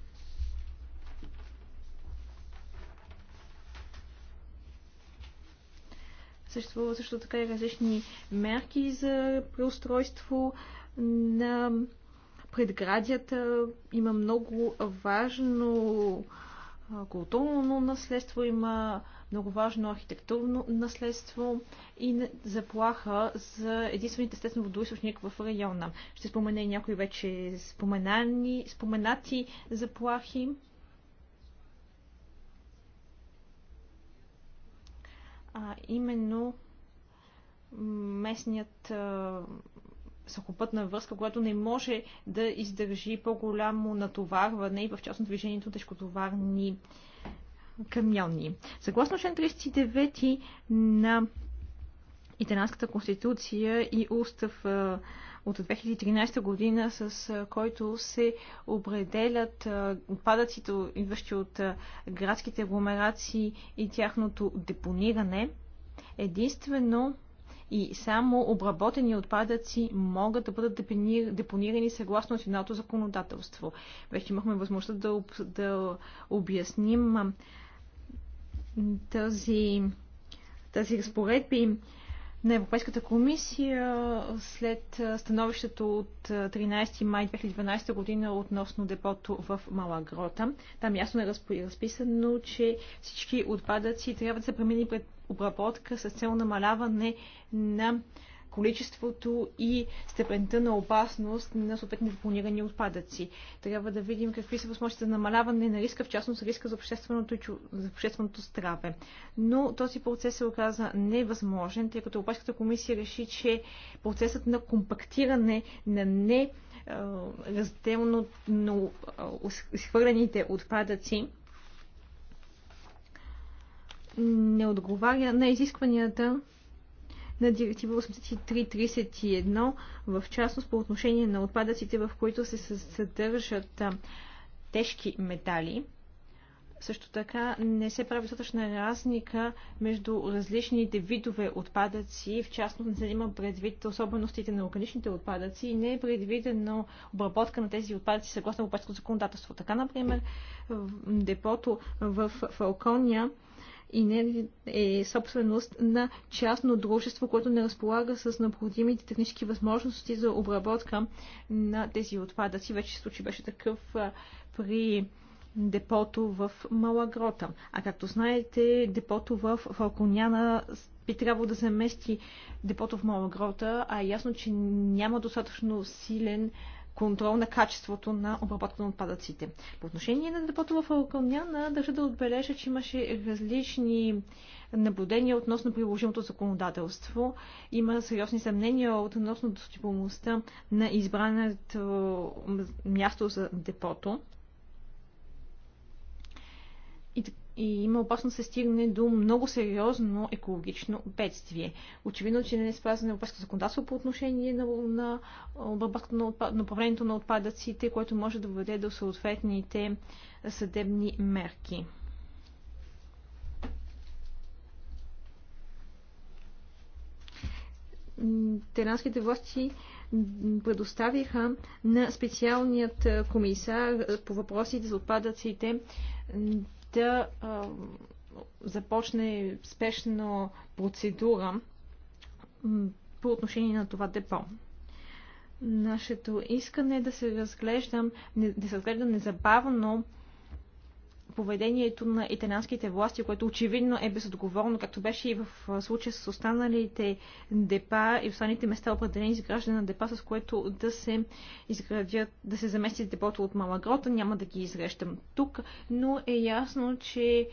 Съществува също така и различни мерки за преустройство на предградията има много важно културно наследство, има много важно архитектурно наследство и заплаха за единствените естествен водоисточник в района. Ще спомене и някои вече споменани, споменати заплахи. А именно местният сухопътна връзка, която не може да издържи по-голямо натоварване и в частно движението тежкотоварни камиони. Съгласно член 39 на италианската конституция и устав от 2013 година, с който се определят отпадъците, идващи от градските агломерации и тяхното депониране. Единствено и само обработени отпадъци могат да бъдат депонирани съгласно националното законодателство. Вече имахме възможност да, об, да обясним тази, тази разпоредби на Европейската комисия след становището от 13 май 2012 година относно депото в Малагрота. Там ясно е разписано, че всички отпадъци трябва да се премени пред обработка с цел намаляване на количеството и степента на опасност на съответните планирани отпадъци. Трябва да видим какви са възможности за намаляване на риска, в частност риска за общественото, за общественото здраве. Но този процес се оказа невъзможен, тъй като Европейската комисия реши, че процесът на компактиране на не разделно изхвърлените отпадъци не отговаря на изискванията на директива 8331, в частност по отношение на отпадъците, в които се съдържат тежки метали. Също така не се прави достатъчна разлика между различните видове отпадъци, в частност не се има предвид особеностите на органичните отпадъци и не е предвидено обработка на тези отпадъци съгласно европейското законодателство. Така, например, депото в Фалкония и не е собственост на частно дружество, което не разполага с необходимите технически възможности за обработка на тези отпадъци. Вече случай беше такъв при депото в Малагрота. А както знаете, депото в Фалконяна би трябвало да замести депото в Малагрота, а е ясно, че няма достатъчно силен контрол на качеството на обработка на отпадъците. По отношение на депото в Алкълняна, държа да отбележа, че имаше различни наблюдения относно приложимото законодателство. Има сериозни съмнения относно достъпността на избраното място за депото. И и има опасност да се стигне до много сериозно екологично бедствие. Очевидно, че не е спазено европейско законодателство по отношение на, на, на, на управлението на отпадъците, което може да доведе до съответните съдебни мерки. Теранските власти предоставиха на специалният комисар по въпросите за отпадъците да а, започне спешно процедура по отношение на това депо. Нашето искане е да се разглеждам, да се разглеждам незабавно поведението на италианските власти, което очевидно е безотговорно, както беше и в случая с останалите депа и останалите места, определени за граждане на депа, с което да се изградят, да се замести депото от Малагрота. Няма да ги изрещам тук, но е ясно, че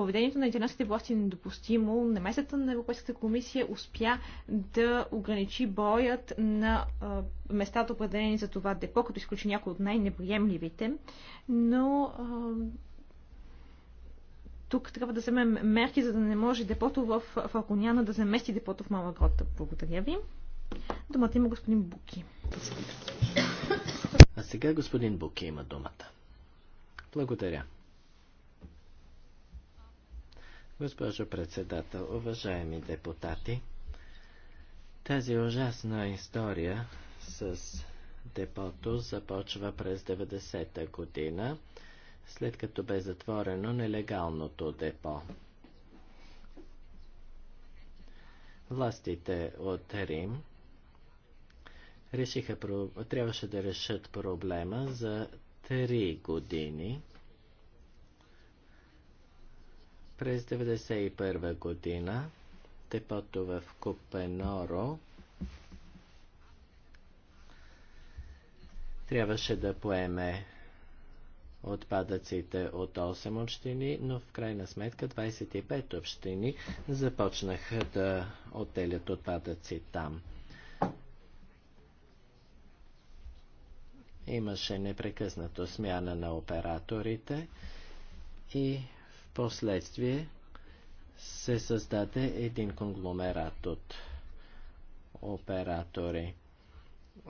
поведението на италянските власти е недопустимо. Намесата на Европейската комисия успя да ограничи броят на а, местата, определени за това депо, като изключи някои от най-неприемливите. Но а, тук трябва да вземем мерки, за да не може депото в Фалконяна да замести депото в Мала Грота. Благодаря ви. Думата има господин Буки. А сега господин Буки има думата. Благодаря. Госпожо председател, уважаеми депутати, тази ужасна история с депото започва през 90-та година, след като бе затворено нелегалното депо. Властите от Рим решиха, трябваше да решат проблема за 3 години През 1991 година депото в Купеноро трябваше да поеме отпадъците от 8 общини, но в крайна сметка 25 общини започнаха да отделят отпадъци там. Имаше непрекъснато смяна на операторите и Последствие се създаде един конгломерат от оператори.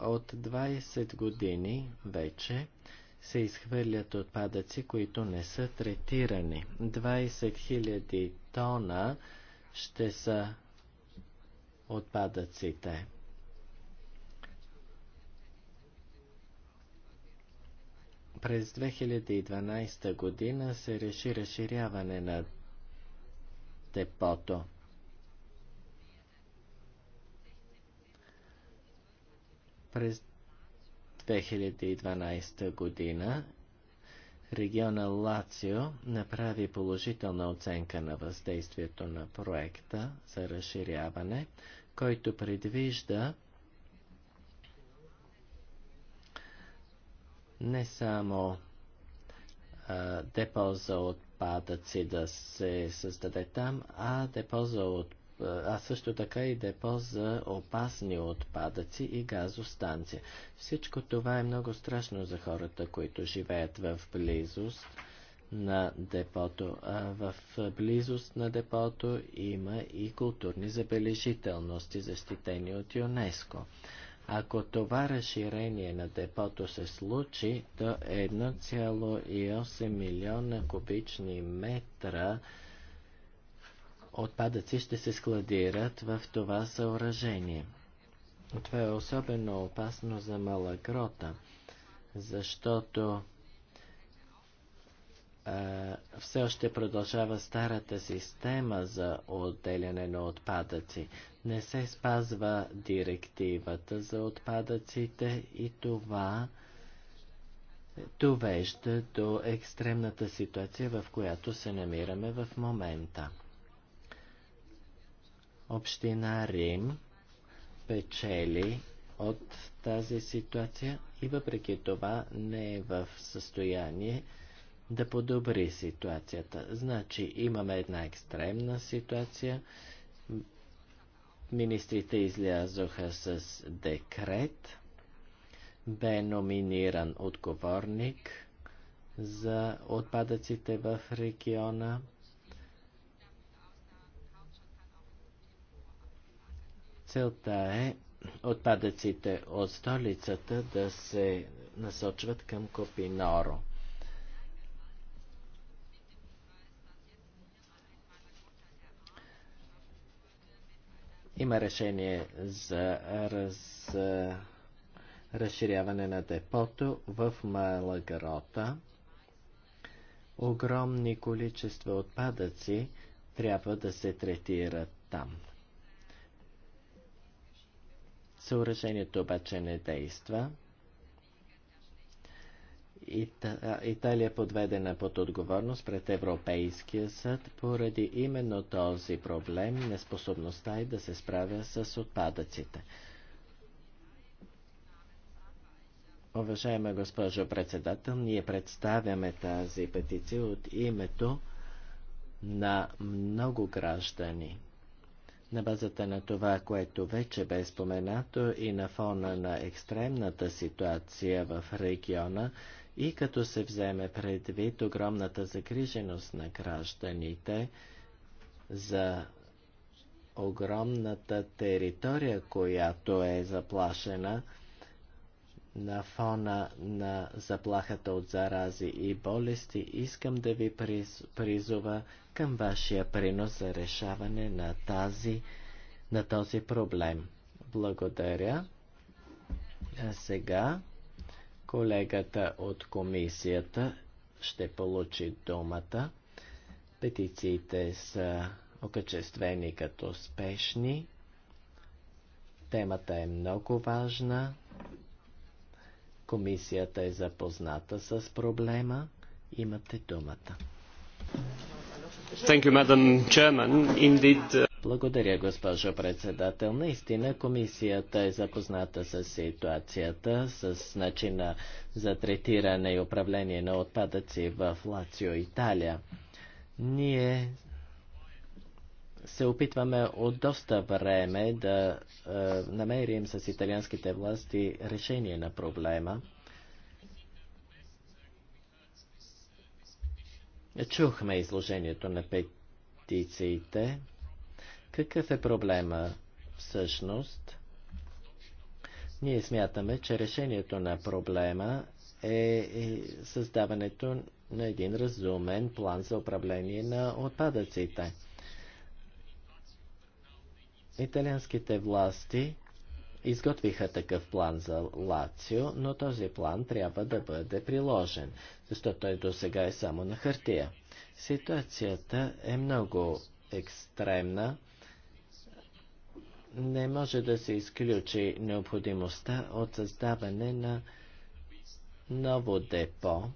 От 20 години вече се изхвърлят отпадъци, които не са третирани. 20 000 тона ще са отпадъците. През 2012 година се реши разширяване на депото. През 2012 година региона Лацио направи положителна оценка на въздействието на проекта за разширяване, който предвижда не само а, депо за отпадъци да се създаде там, а депо за от, а също така и депо за опасни отпадъци и газостанция. Всичко това е много страшно за хората, които живеят в близост на депото. А в близост на депото има и културни забележителности, защитени от ЮНЕСКО. Ако това разширение на депото се случи, то 1,8 милиона кубични метра отпадъци ще се складират в това съоръжение. Това е особено опасно за малакрота, защото е, все още продължава старата система за отделяне на отпадъци. Не се спазва директивата за отпадъците и това довежда до екстремната ситуация, в която се намираме в момента. Община Рим печели от тази ситуация и въпреки това не е в състояние да подобри ситуацията. Значи имаме една екстремна ситуация. Министрите излязоха с декрет. Бе номиниран отговорник за отпадъците в региона. Целта е отпадъците от столицата да се насочват към Копиноро. Има решение за раз, разширяване на депото в Малагарота. Огромни количества отпадъци трябва да се третират там. Съоръжението обаче не действа. Италия подведена под отговорност пред Европейския съд поради именно този проблем, неспособността и да се справя с отпадъците. Уважаема госпожо председател, ние представяме тази петиция от името на много граждани. На базата на това, което вече бе споменато и на фона на екстремната ситуация в региона, и като се вземе предвид огромната загриженост на гражданите за огромната територия, която е заплашена на фона на заплахата от зарази и болести, искам да ви призова към вашия принос за решаване на, тази, на този проблем. Благодаря. А сега Колегата от комисията ще получи думата. Петициите са окачествени като спешни. Темата е много важна. Комисията е запозната с проблема. Имате думата. Thank you, Madam Chairman. Indeed, uh... Благодаря, госпожо председател. Наистина комисията е запозната с ситуацията, с начина за третиране и управление на отпадъци в Лацио, Италия. Ние се опитваме от доста време да е, намерим с италианските власти решение на проблема. Чухме изложението на петициите. Какъв е проблема всъщност? Ние смятаме, че решението на проблема е, е създаването на един разумен план за управление на отпадъците. Италианските власти изготвиха такъв план за Лацио, но този план трябва да бъде приложен, защото той до сега е само на хартия. Ситуацията е много екстремна не може да се изключи необходимостта от създаване на ново депо.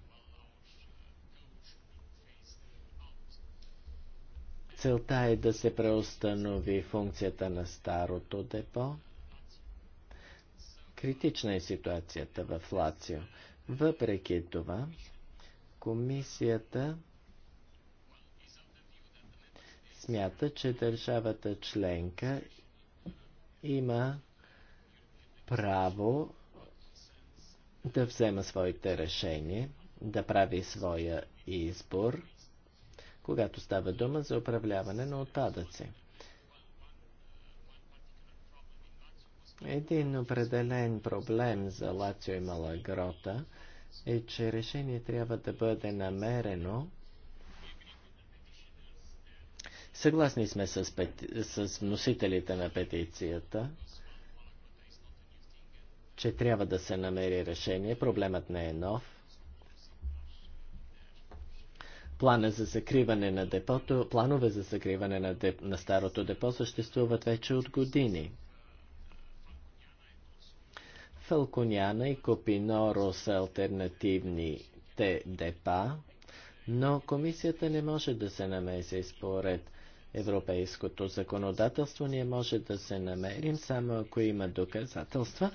Целта е да се преустанови функцията на старото депо. Критична е ситуацията в Лацио. Въпреки това, комисията смята, че държавата членка има право да взема своите решения, да прави своя избор, когато става дума за управляване на отпадъци. Един определен проблем за Лацио и Малагрота е, че решение трябва да бъде намерено Съгласни сме с, пети... с носителите на петицията, че трябва да се намери решение. Проблемът не е нов. Плана за закриване на депото, планове за закриване на, деп, на старото депо съществуват вече от години. Фалконяна и Копиноро са альтернативните депа, но комисията не може да се намеси според европейското законодателство. Ние може да се намерим само ако има доказателства,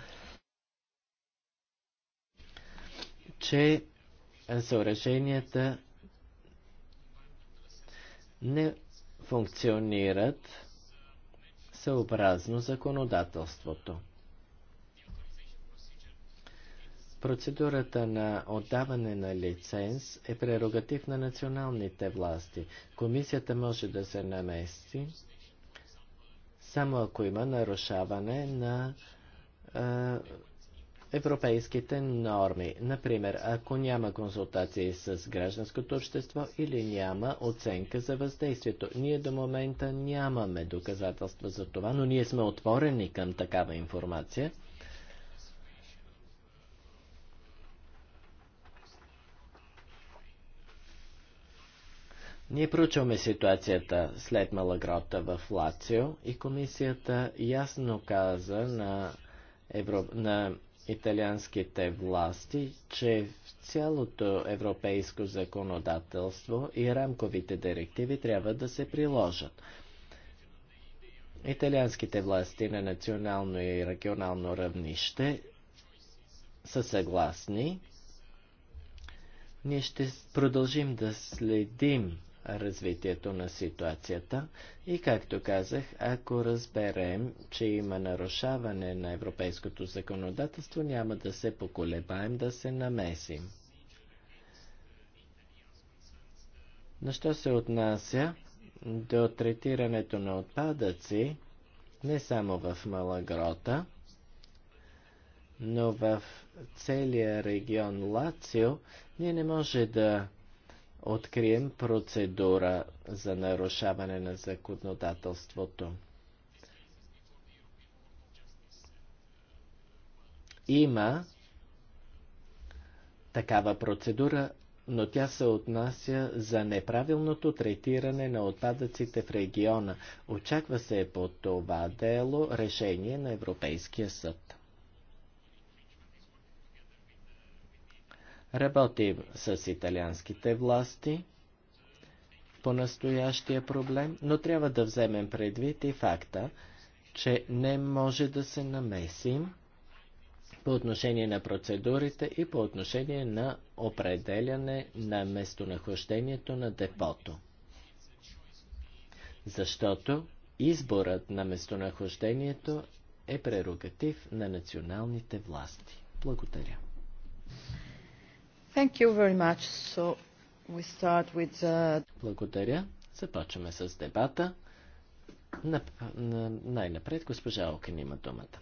че съоръженията не функционират съобразно законодателството. Процедурата на отдаване на лиценз е прерогатив на националните власти. Комисията може да се намести само ако има нарушаване на е, европейските норми. Например, ако няма консултации с гражданското общество или няма оценка за въздействието. Ние до момента нямаме доказателства за това, но ние сме отворени към такава информация. Ние проучваме ситуацията след Малагрота в Лацио и комисията ясно каза на, евро... на италианските власти, че в цялото европейско законодателство и рамковите директиви трябва да се приложат. Италианските власти на национално и регионално равнище са съгласни. Ние ще продължим да следим развитието на ситуацията. И както казах, ако разберем, че има нарушаване на европейското законодателство, няма да се поколебаем да се намесим. На що се отнася до третирането на отпадъци, не само в Малагрота, но в целия регион Лацио, ние не може да открием процедура за нарушаване на законодателството. Има такава процедура, но тя се отнася за неправилното третиране на отпадъците в региона. Очаква се по това дело решение на Европейския съд. Работи с италианските власти по настоящия проблем, но трябва да вземем предвид и факта, че не може да се намесим по отношение на процедурите и по отношение на определяне на местонахождението на депото. Защото изборът на местонахождението е прерогатив на националните власти. Благодаря. Thank you very much. So we start with the... Благодаря. Започваме с дебата. На, на, най-напред госпожа Окън има думата.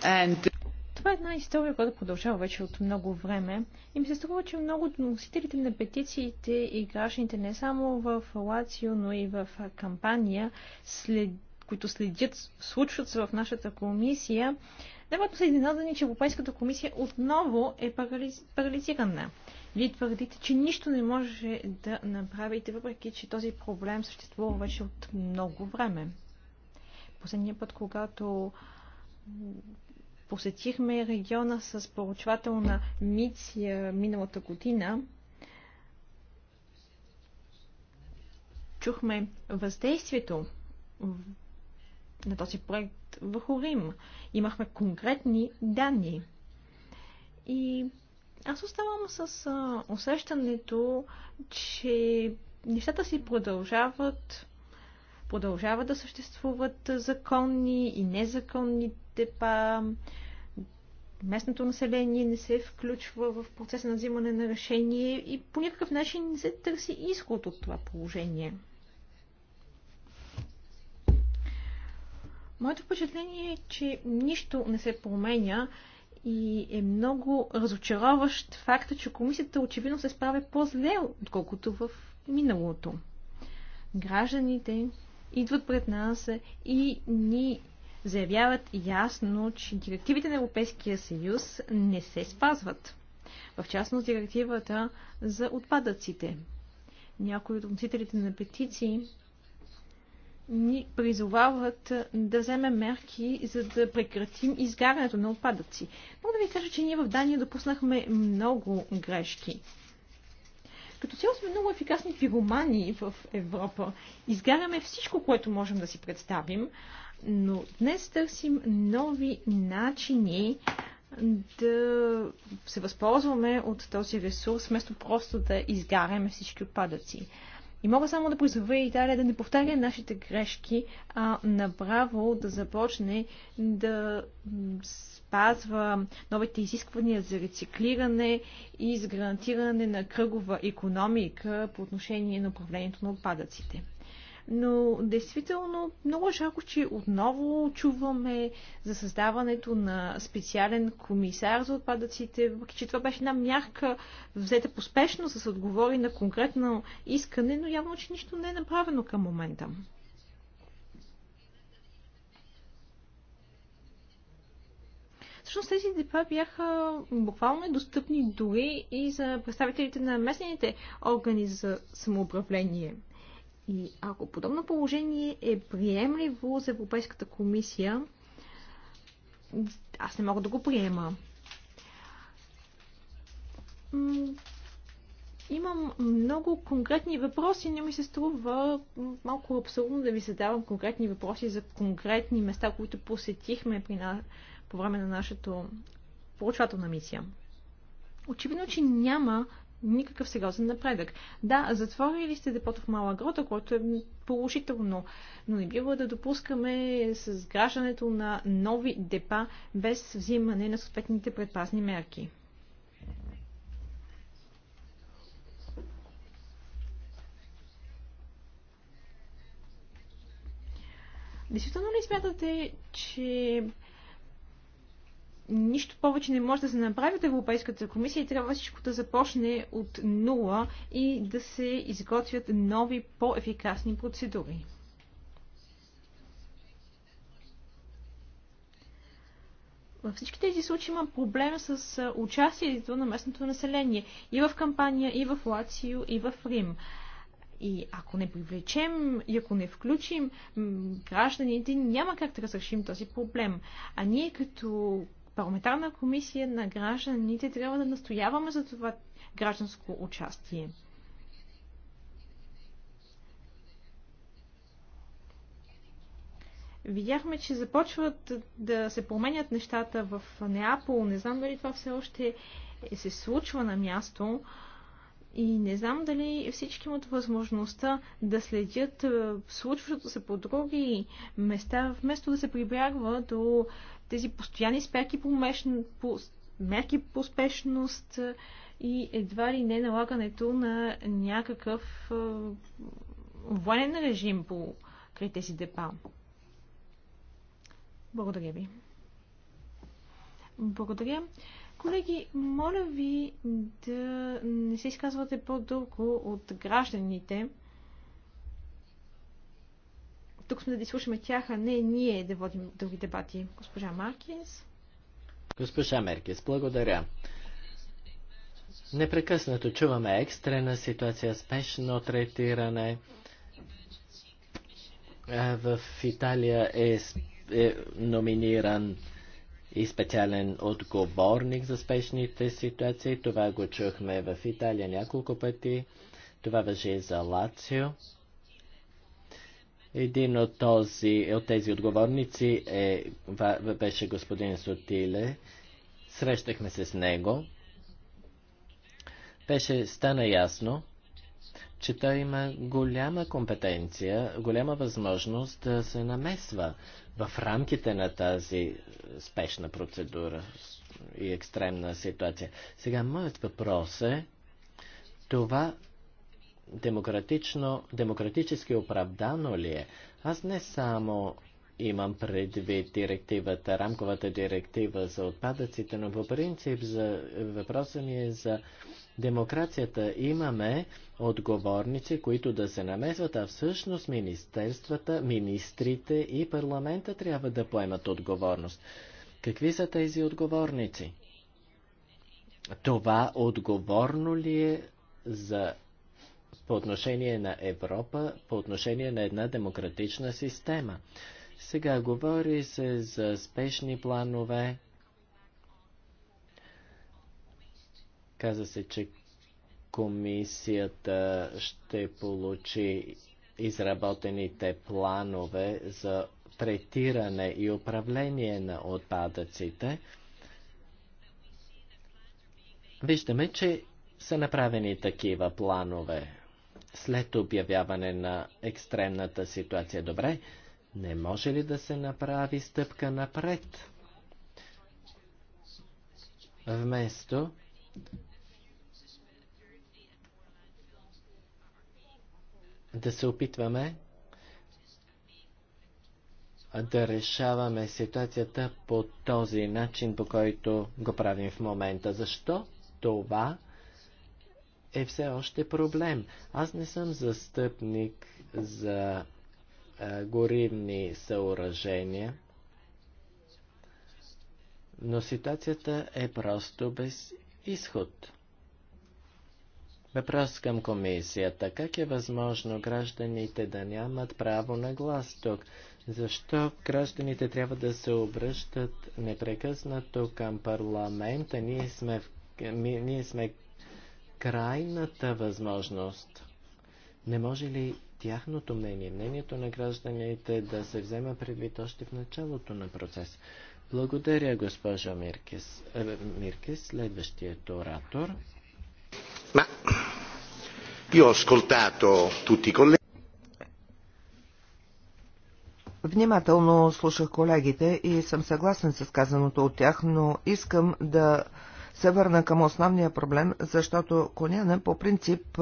And... Това е една история, която продължава вече от много време и ми се струва, че много от носителите на петициите и гражданите не само в Лацио, но и в кампания, след... които следят случват се в нашата комисия, Невероятно са изненадани, че Европейската комисия отново е парализирана. Вие твърдите, че нищо не може да направите, въпреки че този проблем съществува вече от много време. Последния път, когато посетихме региона с поручвателна миция миналата година, чухме въздействието на този проект върху Рим. Имахме конкретни данни. И аз оставам с а, усещането, че нещата си продължават, продължават да съществуват законни и незаконни депа. Местното население не се включва в процеса на взимане на решение и по някакъв начин не се търси изход от това положение. Моето впечатление е, че нищо не се променя и е много разочароващ факта, че комисията очевидно се справя по-зле, отколкото в миналото. Гражданите идват пред нас и ни заявяват ясно, че директивите на Европейския съюз не се спазват. В частност директивата за отпадъците. Някои от носителите на петиции ни призовават да вземем мерки, за да прекратим изгарянето на отпадъци. Мога да ви кажа, че ние в Дания допуснахме много грешки. Като цяло сме много ефикасни пиромани в Европа. Изгаряме всичко, което можем да си представим, но днес търсим нови начини да се възползваме от този ресурс, вместо просто да изгаряме всички отпадъци. И мога само да призова Италия да не повтаря нашите грешки, а направо да започне да спазва новите изисквания за рециклиране и за гарантиране на кръгова економика по отношение на управлението на отпадъците но действително много жалко, че отново чуваме за създаването на специален комисар за отпадъците, въпреки че това беше една мярка взета поспешно с отговори на конкретно искане, но явно, че нищо не е направено към момента. Всъщност тези депа бяха буквално достъпни дори и за представителите на местните органи за самоуправление. И ако подобно положение е приемливо за Европейската комисия, аз не мога да го приема. Имам много конкретни въпроси, не ми се струва малко абсурдно да ви задавам конкретни въпроси за конкретни места, които посетихме при на... по време на нашето получателна мисия. Очевидно, че няма никакъв сериозен напредък. Да, затворили сте депото в Мала Грота, което е положително, но не бива да допускаме с граждането на нови депа без взимане на съответните предпазни мерки. Действително ли смятате, че нищо повече не може да се направи от Европейската комисия и трябва всичко да започне от нула и да се изготвят нови по-ефикасни процедури. Във всички тези случаи има проблем с участието на местното население и в кампания, и в Лацио, и в Рим. И ако не привлечем и ако не включим гражданите, няма как да разрешим този проблем. А ние като парламентарна комисия на гражданите трябва да настояваме за това гражданско участие. видяхме, че започват да се променят нещата в Неапол. Не знам дали това все още се случва на място. И не знам дали всички имат възможността да следят е, случващото се по други места, вместо да се прибягва до тези постоянни спяки по, мешн, по мерки по спешност и едва ли не налагането на някакъв военен режим по край тези депа. Благодаря ви. Благодаря. Колеги, моля ви да не се изказвате по-дълго от гражданите тук сме да изслушаме тях, а не ние да водим други дебати. Госпожа Маркинс. Госпожа Меркис, благодаря. Непрекъснато чуваме екстрена ситуация, спешно третиране. Е, в Италия е, е номиниран и специален отговорник за спешните ситуации. Това го чухме в Италия няколко пъти. Това въжи и за Лацио. Един от, този, от тези отговорници е, беше господин Сотиле. Срещахме се с него. Беше стана ясно, че той има голяма компетенция, голяма възможност да се намесва в рамките на тази спешна процедура и екстремна ситуация. Сега моят въпрос е това демократично, демократически оправдано ли е? Аз не само имам предвид директивата, рамковата директива за отпадъците, но по принцип за, въпросът ми е за демокрацията. Имаме отговорници, които да се намесват, а всъщност министерствата, министрите и парламента трябва да поемат отговорност. Какви са тези отговорници? Това отговорно ли е за по отношение на Европа, по отношение на една демократична система. Сега говори се за спешни планове. Каза се, че комисията ще получи изработените планове за третиране и управление на отпадъците. Виждаме, че са направени такива планове след обявяване на екстремната ситуация. Добре, не може ли да се направи стъпка напред? Вместо да се опитваме да решаваме ситуацията по този начин, по който го правим в момента. Защо това е все още проблем. Аз не съм застъпник за а, горивни съоръжения, но ситуацията е просто без изход. Въпрос към комисията. Как е възможно гражданите да нямат право на глас тук? Защо гражданите трябва да се обръщат непрекъснато към парламента? Ние сме, ние сме крайната възможност? Не може ли тяхното мнение, мнението на гражданите да се взема предвид още в началото на процес? Благодаря, госпожо Миркес. Э, Миркес, следващият оратор. Ма, io осколтато тути колеги. Внимателно слушах колегите и съм съгласен с казаното от тях, но искам да се върна към основния проблем, защото Коняна по принцип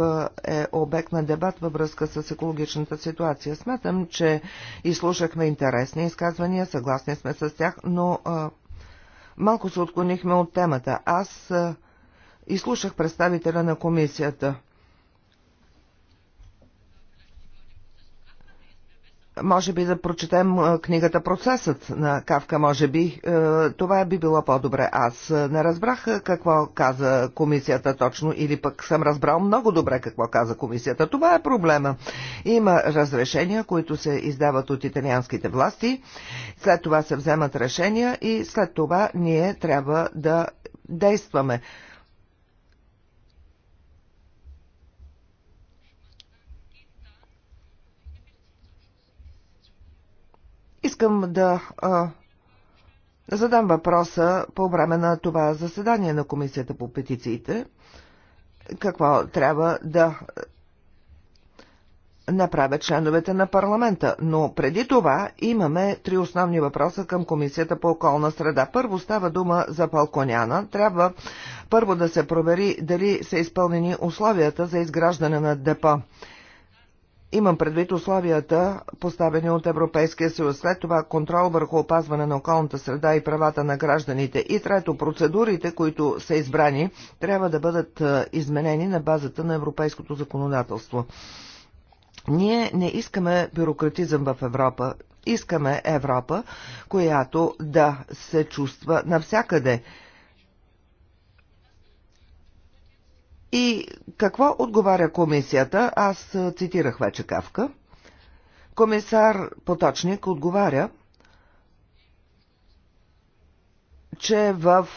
е, е обект на дебат във връзка с екологичната ситуация. Смятам, че изслушахме интересни изказвания, съгласни сме с тях, но а, е, малко се отклонихме от темата. Аз а, е, изслушах представителя на комисията. може би да прочетем книгата Процесът на Кавка, може би. Това би било по-добре. Аз не разбрах какво каза комисията точно или пък съм разбрал много добре какво каза комисията. Това е проблема. Има разрешения, които се издават от италианските власти. След това се вземат решения и след това ние трябва да действаме. Искам да а, задам въпроса по време на това заседание на Комисията по петициите. Какво трябва да направят членовете на парламента. Но преди това имаме три основни въпроса към Комисията по околна среда. Първо става дума за Палконяна. Трябва първо да се провери дали са изпълнени условията за изграждане на депо. Имам предвид условията, поставени от Европейския съюз, след това контрол върху опазване на околната среда и правата на гражданите. И трето, процедурите, които са избрани, трябва да бъдат изменени на базата на европейското законодателство. Ние не искаме бюрократизъм в Европа. Искаме Европа, която да се чувства навсякъде – И какво отговаря комисията? Аз цитирах вече Кавка. Комисар Поточник отговаря, че в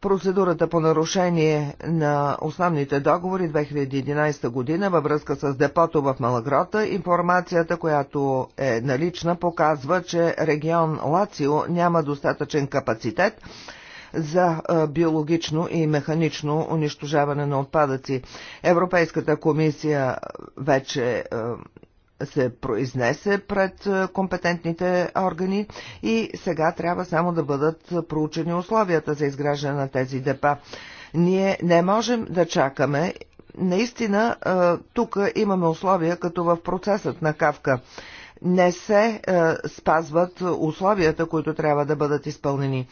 процедурата по нарушение на основните договори 2011 година във връзка с депото в Малагрота, информацията, която е налична, показва, че регион Лацио няма достатъчен капацитет за биологично и механично унищожаване на отпадъци. Европейската комисия вече се произнесе пред компетентните органи и сега трябва само да бъдат проучени условията за изграждане на тези депа. Ние не можем да чакаме. Наистина, тук имаме условия като в процесът на Кавка. Не се спазват условията, които трябва да бъдат изпълнени.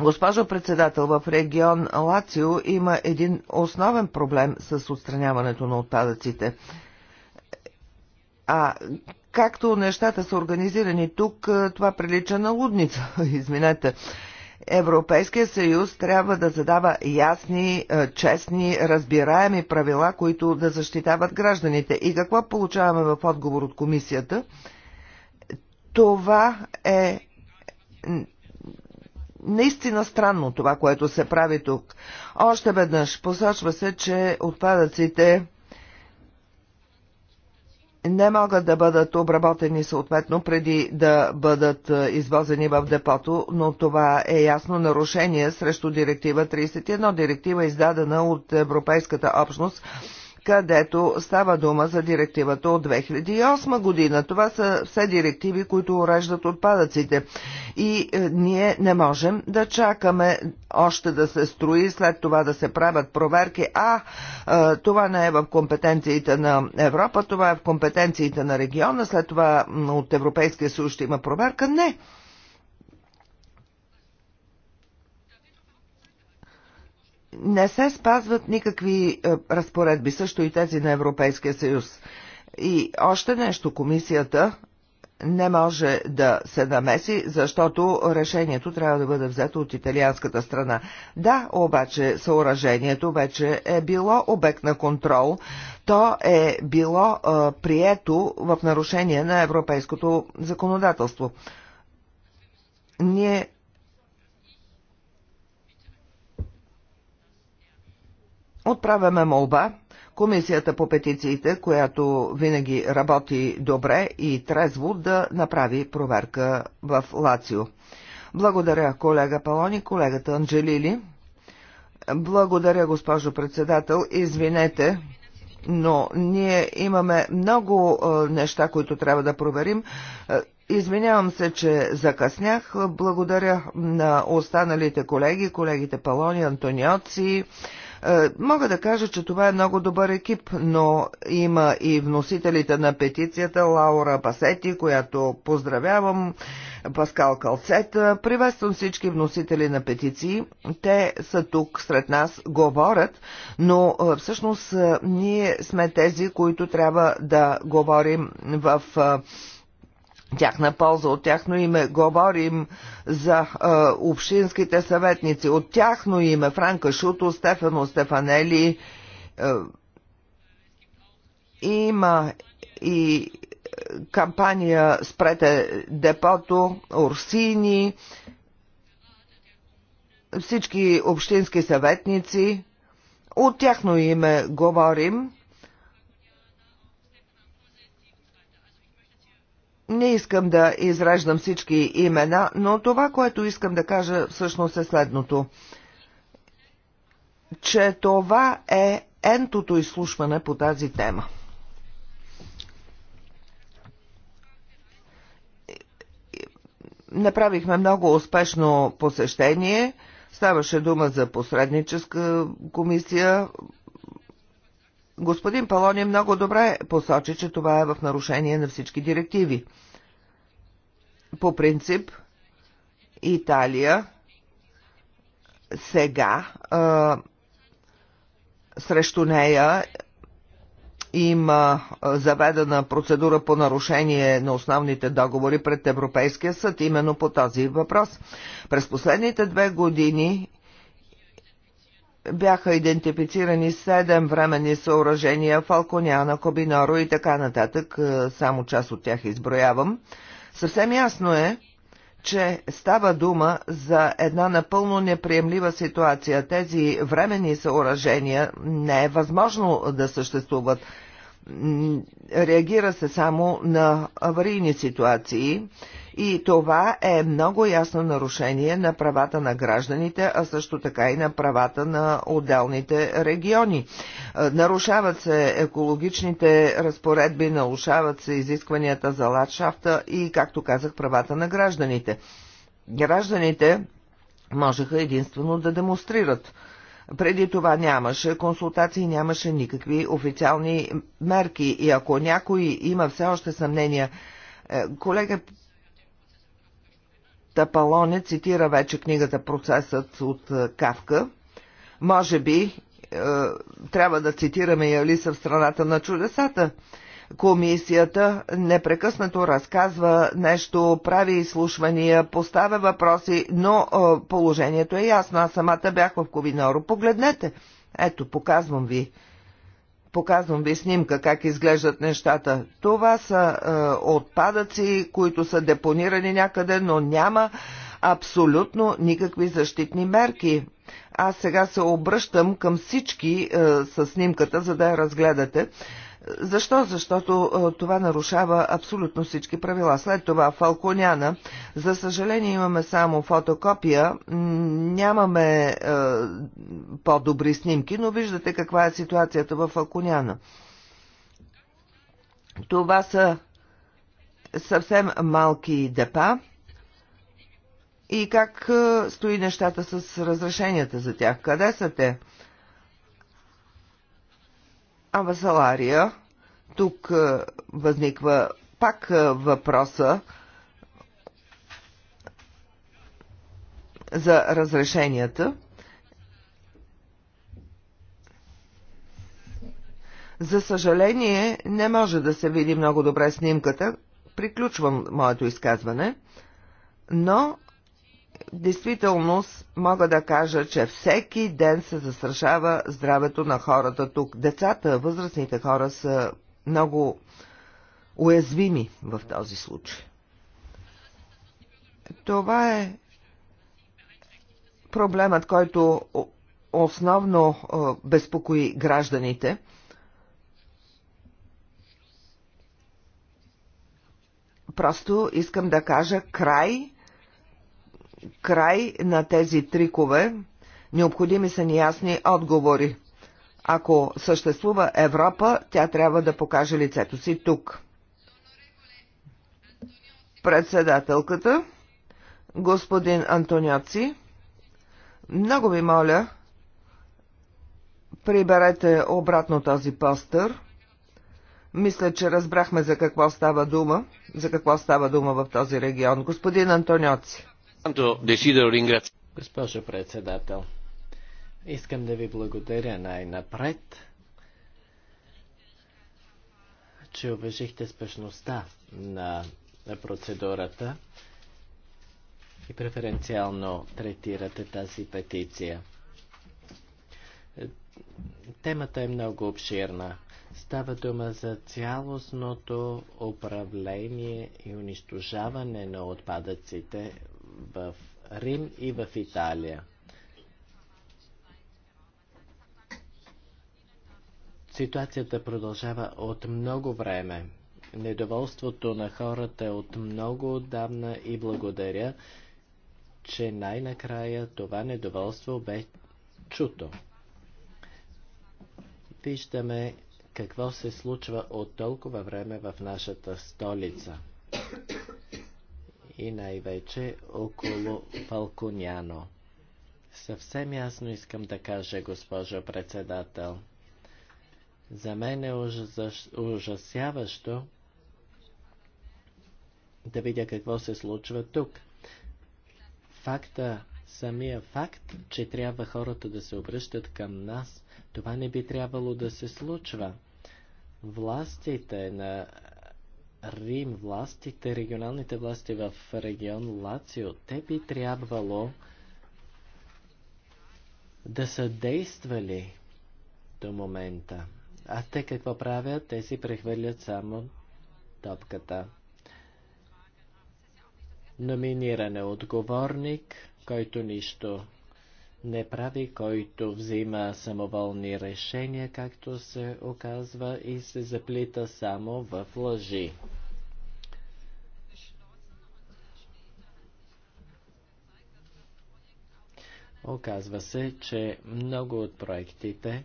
Госпожо председател, в регион Лацио има един основен проблем с отстраняването на отпадъците. А както нещата са организирани тук, това прилича на лудница. Извинете. Европейския съюз трябва да задава ясни, честни, разбираеми правила, които да защитават гражданите. И какво получаваме в отговор от комисията? Това е наистина странно това, което се прави тук. Още веднъж посочва се, че отпадъците не могат да бъдат обработени съответно преди да бъдат извозени в депото, но това е ясно нарушение срещу директива 31, директива издадена от Европейската общност където става дума за директивата от 2008 година. Това са все директиви, които уреждат отпадъците. И е, ние не можем да чакаме още да се строи, след това да се правят проверки. А, е, това не е в компетенциите на Европа, това е в компетенциите на региона, след това от Европейския съюз ще има проверка. Не. не се спазват никакви е, разпоредби, също и тези на Европейския съюз. И още нещо, комисията не може да се намеси, защото решението трябва да бъде взето от италианската страна. Да, обаче съоръжението вече е било обект на контрол. То е било а, е, прието в нарушение на европейското законодателство. Ние отправяме молба Комисията по петициите, която винаги работи добре и трезво, да направи проверка в Лацио. Благодаря, колега Палони, колегата Анджелили. Благодаря, госпожо председател. Извинете, но ние имаме много е, неща, които трябва да проверим. Е, извинявам се, че закъснях. Благодаря на останалите колеги, колегите Палони, Антониоци, е, мога да кажа, че това е много добър екип, но има и вносителите на петицията Лаура Пасети, която поздравявам, Паскал Калцета. Приветствам всички вносители на петиции. Те са тук сред нас, говорят, но е, всъщност е, ние сме тези, които трябва да говорим в тяхна полза. От тяхно име говорим за е, общинските съветници. От тяхно име Франка Шуто, Стефано Стефанели. Е, има и кампания Спрете депото, Орсини, всички общински съветници. От тяхно име говорим Не искам да изреждам всички имена, но това, което искам да кажа всъщност е следното. Че това е ентото изслушване по тази тема. Направихме много успешно посещение. Ставаше дума за посредническа комисия, Господин Палони много добре посочи, че това е в нарушение на всички директиви. По принцип, Италия сега а, срещу нея има заведена процедура по нарушение на основните договори пред Европейския съд, именно по този въпрос. През последните две години бяха идентифицирани седем временни съоръжения Фалконяна, Кобиноро и така нататък, е, само част от тях изброявам. Съвсем ясно е, че става дума за една напълно неприемлива ситуация. Тези временни съоръжения не е възможно да съществуват реагира се само на аварийни ситуации и това е много ясно нарушение на правата на гражданите, а също така и на правата на отделните региони. Нарушават се екологичните разпоредби, нарушават се изискванията за ладшафта и, както казах, правата на гражданите. Гражданите можеха единствено да демонстрират – преди това нямаше консултации, нямаше никакви официални мерки и ако някой има все още съмнения, е, колега Тапалоне цитира вече книгата «Процесът» от е, Кавка. Може би е, трябва да цитираме и Алиса в страната на чудесата. Комисията непрекъснато разказва нещо, прави изслушвания, поставя въпроси, но положението е ясно. Аз самата бях в Ковиноро. Погледнете. Ето, показвам ви. Показвам ви снимка как изглеждат нещата. Това са е, отпадъци, които са депонирани някъде, но няма абсолютно никакви защитни мерки. Аз сега се обръщам към всички е, с снимката, за да я разгледате. Защо? Защото е, това нарушава абсолютно всички правила. След това Фалконяна, за съжаление имаме само фотокопия, нямаме е, по-добри снимки, но виждате каква е ситуацията в Фалконяна. Това са съвсем малки депа и как е, стои нещата с разрешенията за тях. Къде са те? Авасалария, тук възниква пак въпроса за разрешенията. За съжаление, не може да се види много добре снимката. Приключвам моето изказване, но действителност мога да кажа, че всеки ден се застрашава здравето на хората тук. Децата, възрастните хора са много уязвими в този случай. Това е проблемът, който основно безпокои гражданите. Просто искам да кажа край край на тези трикове, необходими са неясни отговори. Ако съществува Европа, тя трябва да покаже лицето си тук. Председателката, господин Антоняци, много ви моля, приберете обратно този постър. Мисля, че разбрахме за какво става дума, за какво става дума в този регион. Господин Антоняци. Госпожо председател, искам да ви благодаря най-напред, че уважихте спешността на процедурата и преференциално третирате тази петиция. Темата е много обширна. Става дума за цялостното управление и унищожаване на отпадъците в Рим и в Италия. Ситуацията продължава от много време. Недоволството на хората е от много отдавна и благодаря, че най-накрая това недоволство бе чуто. Виждаме какво се случва от толкова време в нашата столица и най-вече около Фалконяно. Съвсем ясно искам да кажа, госпожо председател. За мен е ужасяващо да видя какво се случва тук. Факта, самия факт, че трябва хората да се обръщат към нас, това не би трябвало да се случва. Властите на Рим властите, регионалните власти в регион Лацио, те би трябвало да са действали до момента. А те какво правят? Те си прехвърлят само топката. Номиниране отговорник, който нищо не прави, който взима самоволни решения, както се оказва, и се заплита само в лъжи. Оказва се, че много от проектите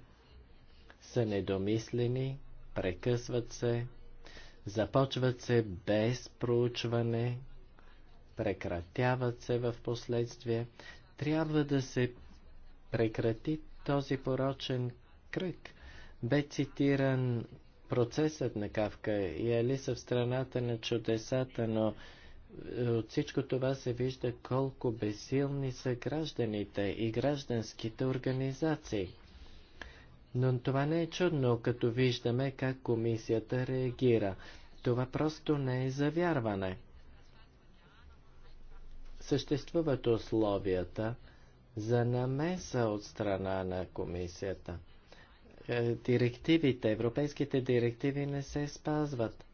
са недомислени, прекъсват се, започват се без проучване, прекратяват се в последствие. Трябва да се прекрати този порочен кръг. Бе цитиран процесът на Кавка и Алиса в страната на чудесата, но е, от всичко това се вижда колко безсилни са гражданите и гражданските организации. Но това не е чудно, като виждаме как комисията реагира. Това просто не е завярване. Съществуват условията, за намеса от страна на комисията. Е, директивите, европейските директиви не се спазват.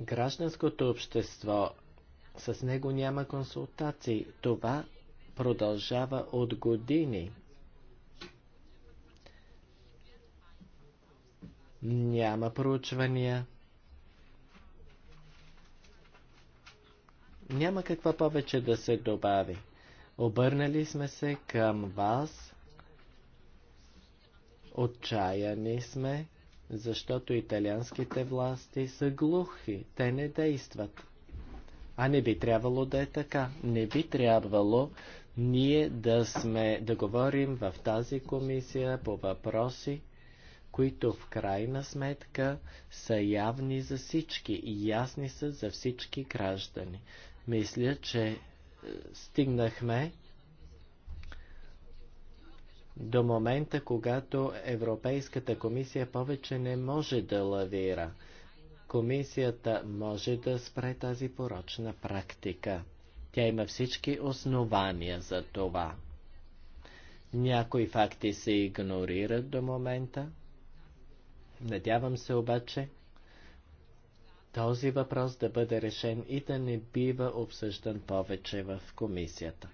Гражданското общество, с него няма консултации. Това продължава от години. Няма проучвания, Няма какво повече да се добави. Обърнали сме се към вас. Отчаяни сме, защото италианските власти са глухи. Те не действат. А не би трябвало да е така. Не би трябвало ние да сме, да говорим в тази комисия по въпроси, които в крайна сметка са явни за всички и ясни са за всички граждани. Мисля, че е, стигнахме до момента, когато Европейската комисия повече не може да лавира. Комисията може да спре тази порочна практика. Тя има всички основания за това. Някои факти се игнорират до момента. Надявам се обаче, този въпрос да бъде решен и да не бива обсъждан повече в комисията.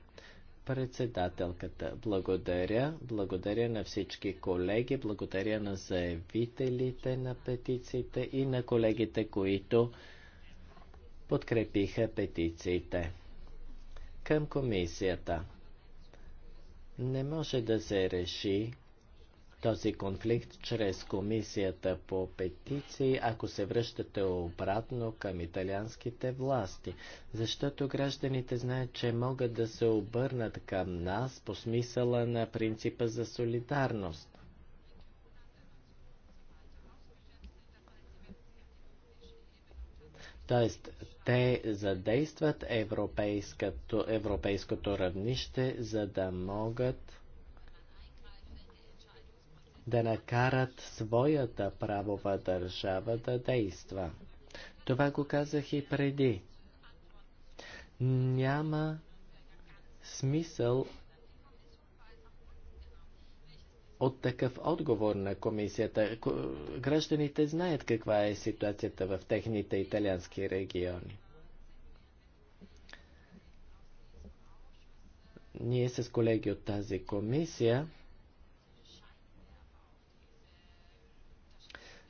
Председателката, благодаря. Благодаря на всички колеги, благодаря на заявителите на петициите и на колегите, които подкрепиха петициите. Към комисията. Не може да се реши този конфликт чрез комисията по петиции, ако се връщате обратно към италианските власти, защото гражданите знаят, че могат да се обърнат към нас по смисъла на принципа за солидарност. Тоест, те задействат европейското, европейското равнище, за да могат да накарат своята правова държава да действа. Това го казах и преди. Няма смисъл от такъв отговор на комисията. Гражданите знаят каква е ситуацията в техните италиански региони. Ние с колеги от тази комисия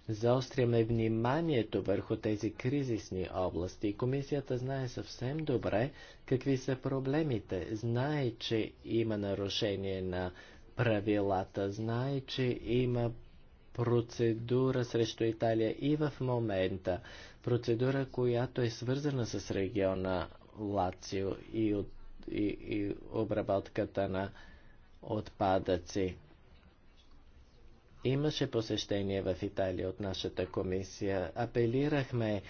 заостряме вниманието върху тези кризисни области. Комисията знае съвсем добре какви са проблемите. Знае, че има нарушение на правилата. Знае, че има процедура срещу Италия и в момента. Процедура, която е свързана с региона Лацио и, от, и, и обработката на отпадъци. Имаше посещение в Италия от нашата комисия. Апелирахме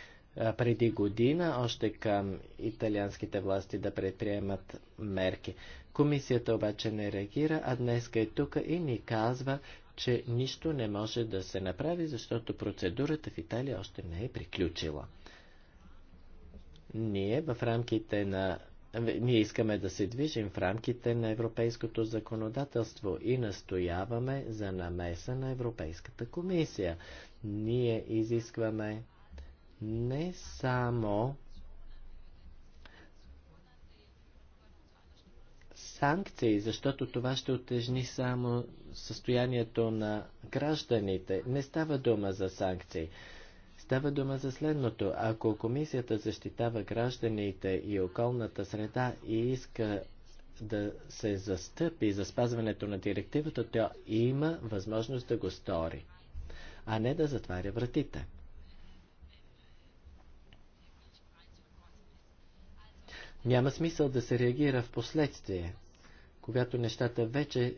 преди година още към италианските власти да предприемат мерки. Комисията обаче не реагира, а днес е тук и ни казва, че нищо не може да се направи, защото процедурата в Италия още не е приключила. Ние в рамките на ние искаме да се движим в рамките на европейското законодателство и настояваме за намеса на Европейската комисия. Ние изискваме не само санкции, защото това ще отежни само състоянието на гражданите. Не става дума за санкции. Става дума за следното. Ако комисията защитава гражданите и околната среда и иска да се застъпи за спазването на директивата, тя има възможност да го стори, а не да затваря вратите. Няма смисъл да се реагира в последствие, когато нещата вече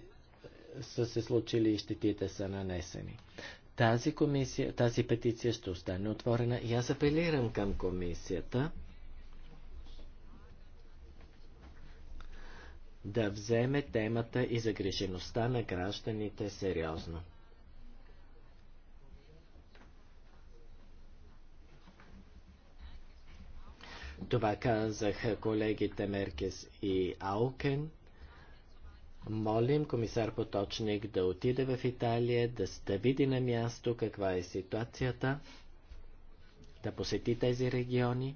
са се случили и щетите са нанесени. Тази, комисия, тази петиция ще остане отворена и аз апелирам към комисията да вземе темата и загрижеността на гражданите сериозно. Това казаха колегите Меркес и Аукен молим комисар Поточник да отиде в Италия, да, да види на място каква е ситуацията, да посети тези региони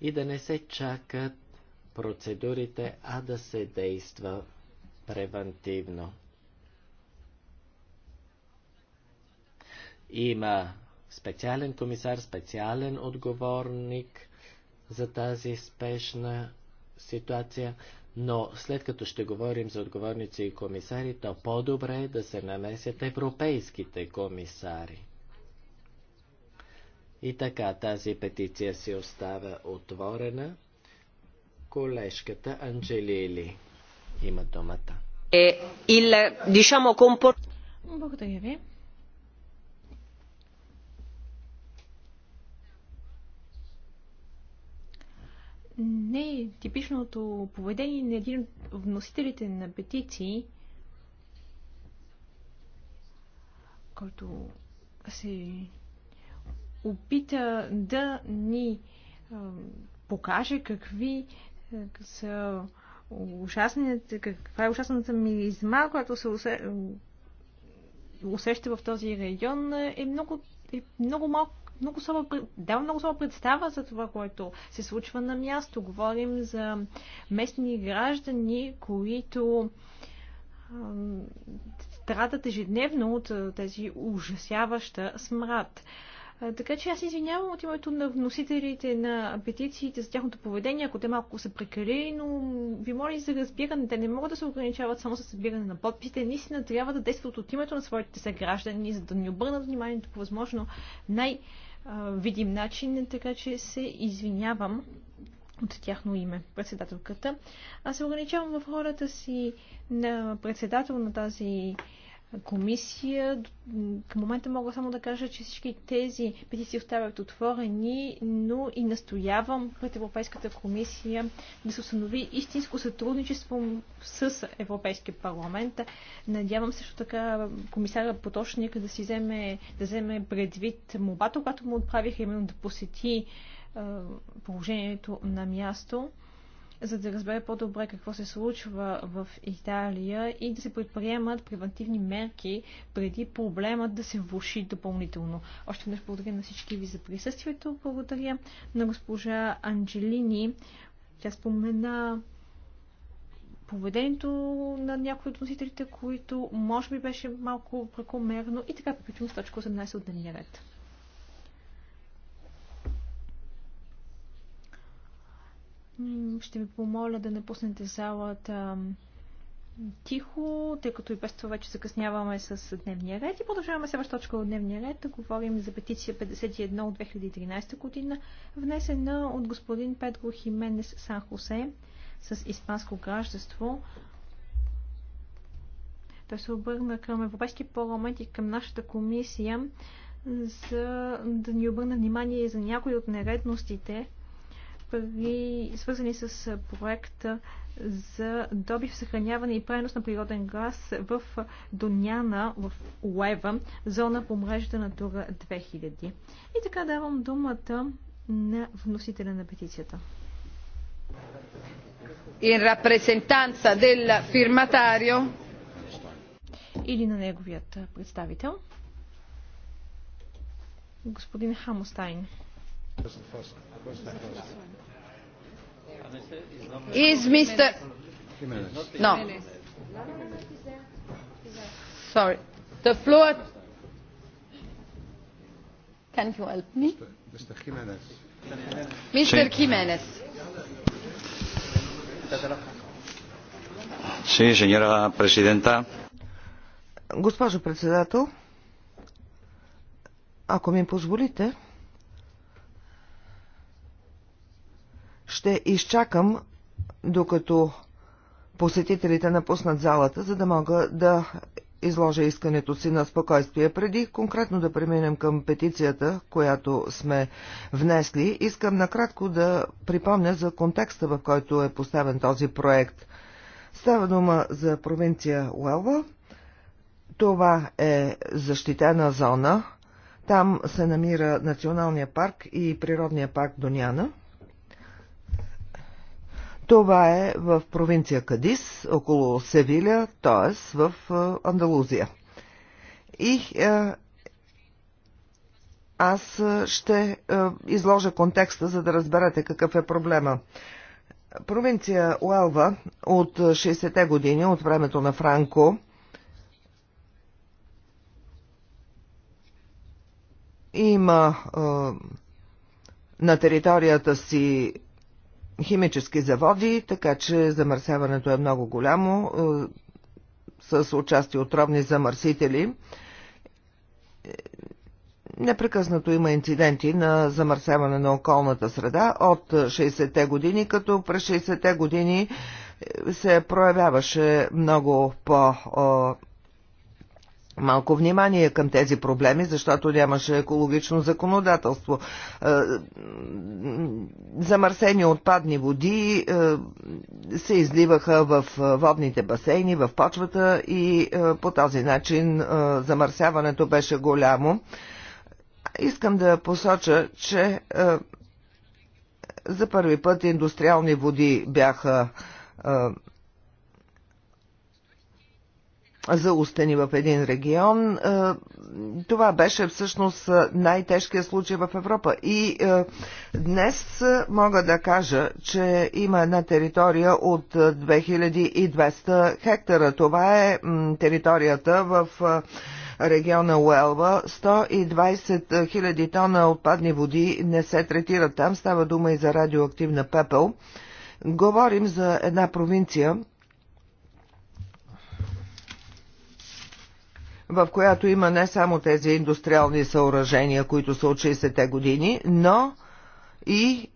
и да не се чакат процедурите, а да се действа превентивно. Има специален комисар, специален отговорник за тази спешна ситуация, но след като ще говорим за отговорници и комисари, то по-добре е да се намесят европейските комисари. И така, тази петиция си остава отворена. Колежката Анджелили има думата. Е, Благодаря ви. не е типичното поведение на един от вносителите на петиции, който се опита да ни а, покаже какви а, са ужасните, каква е ужасната миризма, която се усе, усеща в този регион, е много, е много малко много слаба, дава много слаба представа за това, което се случва на място. Говорим за местни граждани, които страдат ежедневно от тези ужасяваща смрад. Така че аз извинявам от името на вносителите на петициите за тяхното поведение, ако те малко са прекалени, но ви моля за разбиране. Те не могат да се ограничават само с събиране на подписите. Наистина трябва да действат от името на своите съграждани, за да ни обърнат вниманието по възможно най-видим начин. Така че се извинявам от тяхно име, председателката. Аз се ограничавам в хората си на председател на тази комисия. Към момента мога само да кажа, че всички тези петиции остават отворени, но и настоявам пред Европейската комисия да се установи истинско сътрудничество с Европейския парламент. Надявам също така комисара Поточник да си вземе, да вземе предвид мобата, когато му отправих именно да посети положението на място за да разбере по-добре какво се случва в Италия и да се предприемат превентивни мерки преди проблемът да се влуши допълнително. Още веднъж благодаря на всички ви за присъствието. Благодаря на госпожа Анджелини. Тя спомена поведението на някои от носителите, които може би беше малко прекомерно и така приключвам с точка 18 от дневния ред. Ще ви помоля да напуснете залата тихо, тъй като и без това вече закъсняваме с дневния ред. И продължаваме следваща точка от дневния ред. Да говорим за петиция 51 от 2013 година, внесена от господин Педро Хименес Сан Хосе с испанско гражданство. Той се обърна към Европейския парламент и към нашата комисия за да ни обърна внимание за някои от нередностите, разпри, свързани с проекта за добив, съхраняване и пренос на природен газ в Доняна, в Уева, зона по мрежата на Тура 2000. И така давам думата на вносителя на петицията. In rappresentanza del firmatario или на неговият представител, господин Хамостайн. Is Mr. No. Sorry. The floor. Can you help me? Mr. Jimenez. Mr. Jimenez. Sí, señora presidenta. Госпожо председател, ако ми позволите, Ще изчакам, докато посетителите напуснат залата, за да мога да изложа искането си на спокойствие. Преди конкретно да преминем към петицията, която сме внесли, искам накратко да припомня за контекста, в който е поставен този проект. Става дума за провинция Уелва. Това е защитена зона. Там се намира Националния парк и Природния парк Доняна – това е в провинция Кадис, около Севиля, т.е. в Андалузия. И е, аз ще е, изложа контекста, за да разберете какъв е проблема. Провинция Уелва от 60-те години, от времето на Франко, има е, на територията си химически заводи, така че замърсяването е много голямо е, с участие отровни замърсители. Непрекъснато има инциденти на замърсяване на околната среда от 60-те години, като през 60-те години е, се проявяваше много по- е, малко внимание към тези проблеми, защото нямаше екологично законодателство. Е, замърсени отпадни води е, се изливаха в е, водните басейни, в почвата и по този начин замърсяването беше голямо. Искам да посоча, че за първи път индустриални води бяха заустени в един регион. Е, това беше всъщност най-тежкият случай в Европа. И е, днес мога да кажа, че има една територия от 2200 хектара. Това е територията в е, региона Уелва. 120 000 тона отпадни води не се третират там. Става дума и за радиоактивна пепел. Говорим за една провинция, в която има не само тези индустриални съоръжения, които са от 60-те години, но и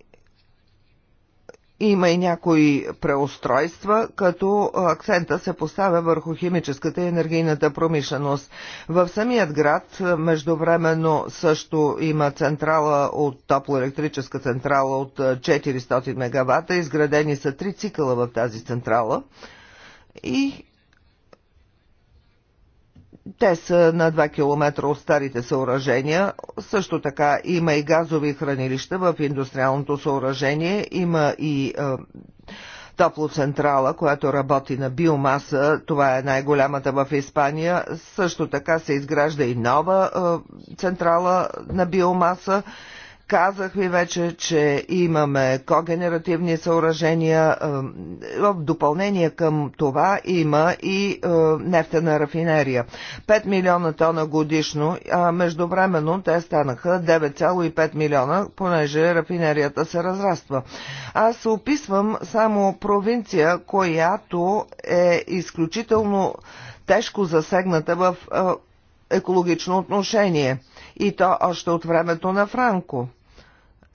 има и някои преустройства, като акцента се поставя върху химическата и енергийната промишленост. В самият град междувременно също има централа от топлоелектрическа централа от 400 мегавата. Изградени са три цикъла в тази централа. И те са на 2 км от старите съоръжения. Също така има и газови хранилища в индустриалното съоръжение. Има и е, топлоцентрала, която работи на биомаса. Това е най-голямата в Испания. Също така се изгражда и нова е, централа на биомаса. Казах ви вече, че имаме когенеративни съоръжения. Е, в допълнение към това има и е, нефтена рафинерия. 5 милиона тона годишно, а междувременно те станаха 9,5 милиона, понеже рафинерията се разраства. Аз описвам само провинция, която е изключително тежко засегната в е, екологично отношение. И то още от времето на Франко.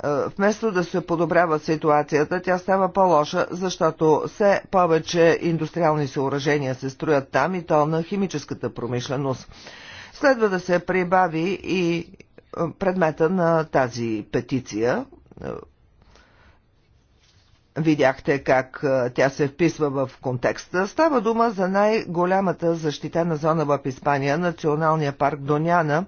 Е, вместо да се подобрява ситуацията, тя става по-лоша, защото все повече индустриални съоръжения се строят там и то на химическата промишленост. Следва да се прибави и е, предмета на тази петиция. Е, видяхте как тя се вписва в контекста. Става дума за най-голямата защитена зона в Испания, националния парк Доняна,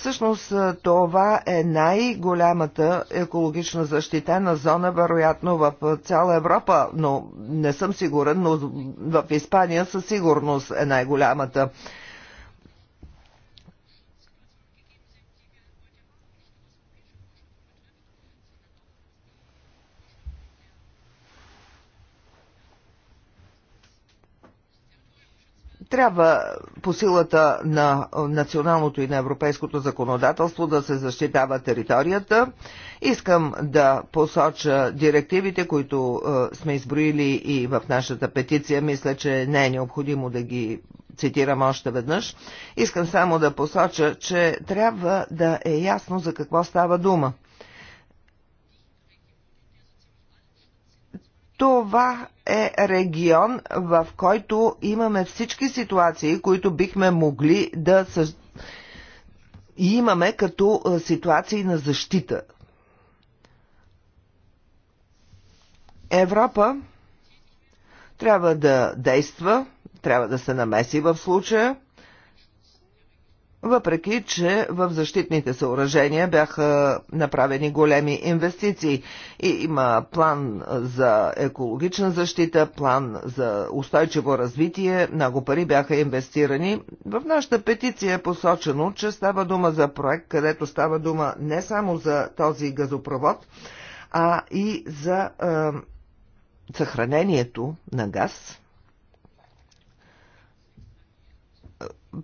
Всъщност това е най-голямата екологична защитена зона, вероятно в цяла Европа, но не съм сигурен, но в Испания със сигурност е най-голямата. трябва по силата на националното и на европейското законодателство да се защитава територията. Искам да посоча директивите, които е, сме изброили и в нашата петиция. Мисля, че не е необходимо да ги цитирам още веднъж. Искам само да посоча, че трябва да е ясно за какво става дума. Това е регион, в който имаме всички ситуации, които бихме могли да съж... имаме като ситуации на защита. Европа трябва да действа, трябва да се намеси в случая – въпреки че в защитните съоръжения бяха направени големи инвестиции. И има план за екологична защита, план за устойчиво развитие, много пари бяха инвестирани. В нашата петиция е посочено, че става дума за проект, където става дума не само за този газопровод, а и за е, съхранението на газ.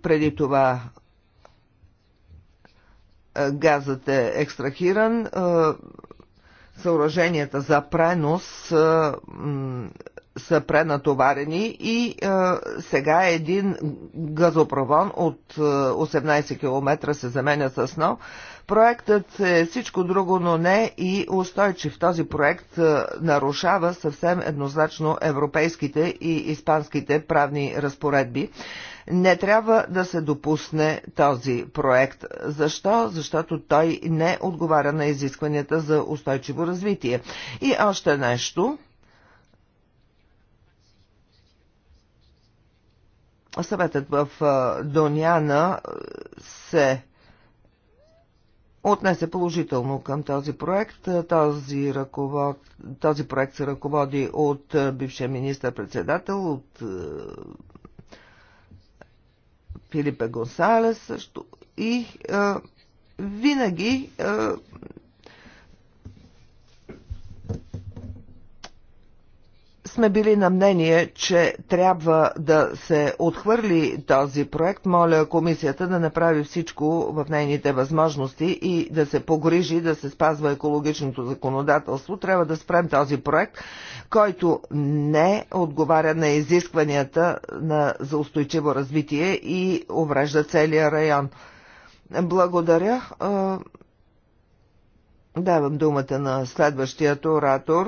Преди това е, газът е екстрахиран, е, съоръженията за пренос е, са пренатоварени и сега един газопровон от 18 км се заменя с нов. Проектът е всичко друго, но не и устойчив. Този проект нарушава съвсем еднозначно европейските и испанските правни разпоредби. Не трябва да се допусне този проект. Защо? Защото той не отговаря на изискванията за устойчиво развитие. И още нещо. Съветът в Доняна се отнесе положително към този проект. Този, ръковод, този проект се ръководи от бившия министър-председател, от Филипе Гонсалес също. И а, винаги а, сме били на мнение, че трябва да се отхвърли този проект. Моля комисията да направи всичко в нейните възможности и да се погрижи да се спазва екологичното законодателство. Трябва да спрем този проект, който не отговаря на изискванията на, за устойчиво развитие и уврежда целия район. Благодаря. Е, давам думата на следващият оратор.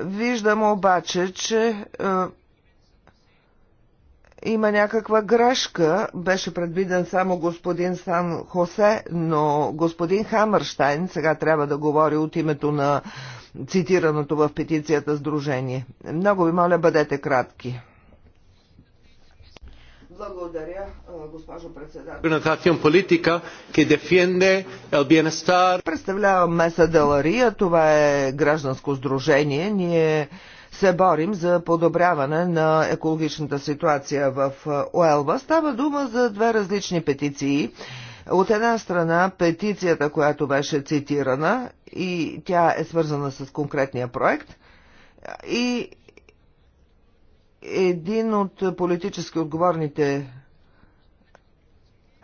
Виждам обаче, че е, има някаква грешка. Беше предвиден само господин Сан Хосе, но господин Хамърштайн сега трябва да говори от името на цитираното в петицията сдружение. Много ви моля, бъдете кратки. Благодаря, госпожо председател. политика, ке дефенде Представлявам Меса Делария, това е гражданско сдружение. Ние се борим за подобряване на екологичната ситуация в Уелва. Става дума за две различни петиции. От една страна петицията, която беше цитирана и тя е свързана с конкретния проект и един от политически отговорните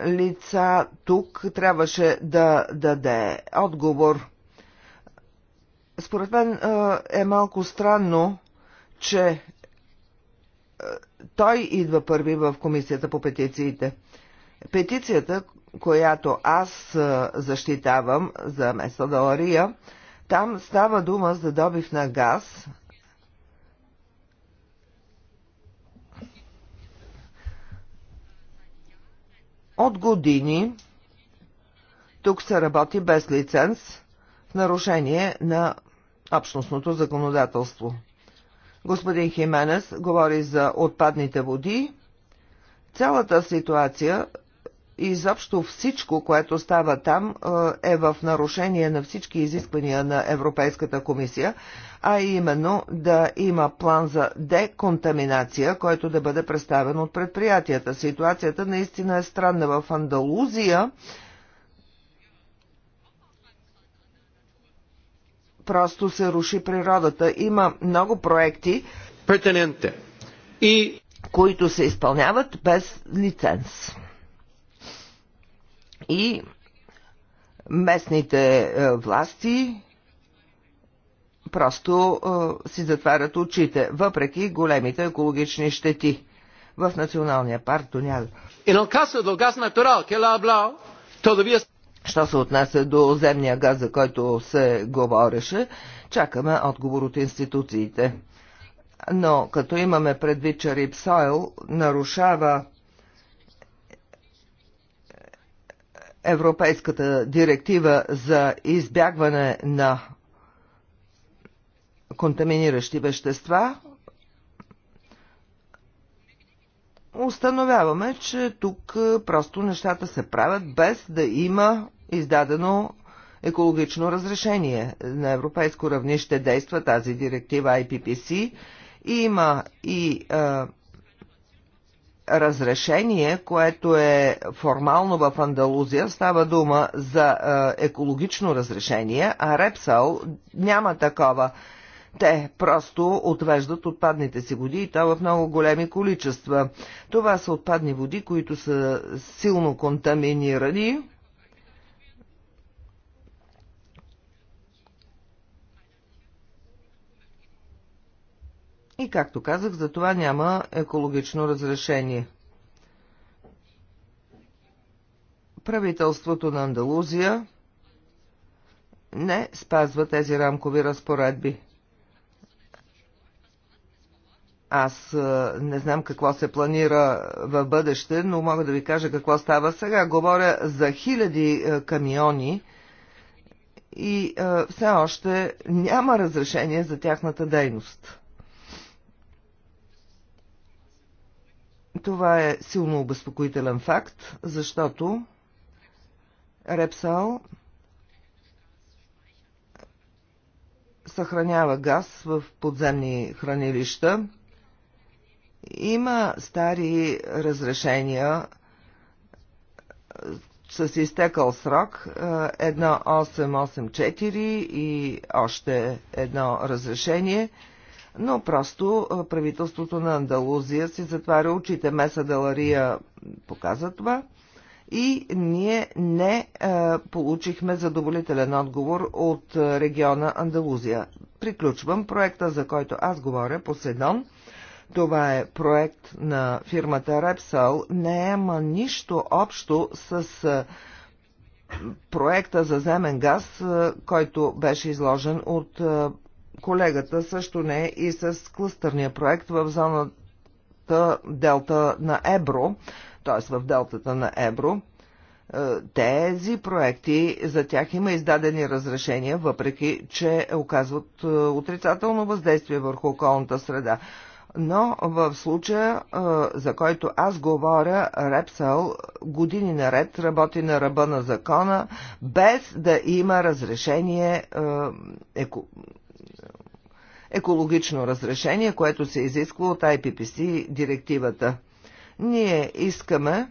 лица тук трябваше да даде отговор. Според мен е малко странно, че той идва първи в комисията по петициите. Петицията, която аз защитавам за Месодалария, там става дума за добив на газ От години тук се работи без лиценз в нарушение на общностното законодателство. Господин Хименес говори за отпадните води. Цялата ситуация изобщо всичко, което става там, е, е в нарушение на всички изисквания на Европейската комисия, а именно да има план за деконтаминация, който да бъде представен от предприятията. Ситуацията наистина е странна в Андалузия. Просто се руши природата. Има много проекти, и... които се изпълняват без лиценз и местните е, власти просто е, си затварят очите, въпреки големите екологични щети в националния парк Тунял. Що се отнася до земния газ, за който се говореше, чакаме отговор от институциите. Но като имаме предвид, че Рипсойл нарушава Европейската директива за избягване на контаминиращи вещества, установяваме, че тук просто нещата се правят без да има издадено екологично разрешение. На европейско равнище действа тази директива IPPC и има и а, разрешение, което е формално в Андалузия. Става дума за е, екологично разрешение, а Репсал няма такова. Те просто отвеждат отпадните си води и то в много големи количества. Това са отпадни води, които са силно контаминирани И както казах, за това няма екологично разрешение. Правителството на Андалузия не спазва тези рамкови разпоредби. Аз не знам какво се планира в бъдеще, но мога да ви кажа какво става сега. Говоря за хиляди камиони и все още няма разрешение за тяхната дейност. Това е силно обезпокоителен факт, защото Репсал съхранява газ в подземни хранилища. Има стари разрешения с изтекал срок 1884 и още едно разрешение – но просто правителството на Андалузия си затваря очите. Меса Далария показа това и ние не е, получихме задоволителен отговор от региона Андалузия. Приключвам проекта, за който аз говоря, Поседон. Това е проект на фирмата Repsol. Не има нищо общо с проекта за земен газ, който беше изложен от колегата също не е и с клъстърния проект в зоната Делта на Ебро, т.е. в Делтата на Ебро. Е, тези проекти, за тях има издадени разрешения, въпреки че оказват е, отрицателно въздействие върху околната среда. Но в случая, е, за който аз говоря, Репсал години наред работи на ръба на закона, без да има разрешение екологично разрешение, което се изисква от IPPC директивата. Ние искаме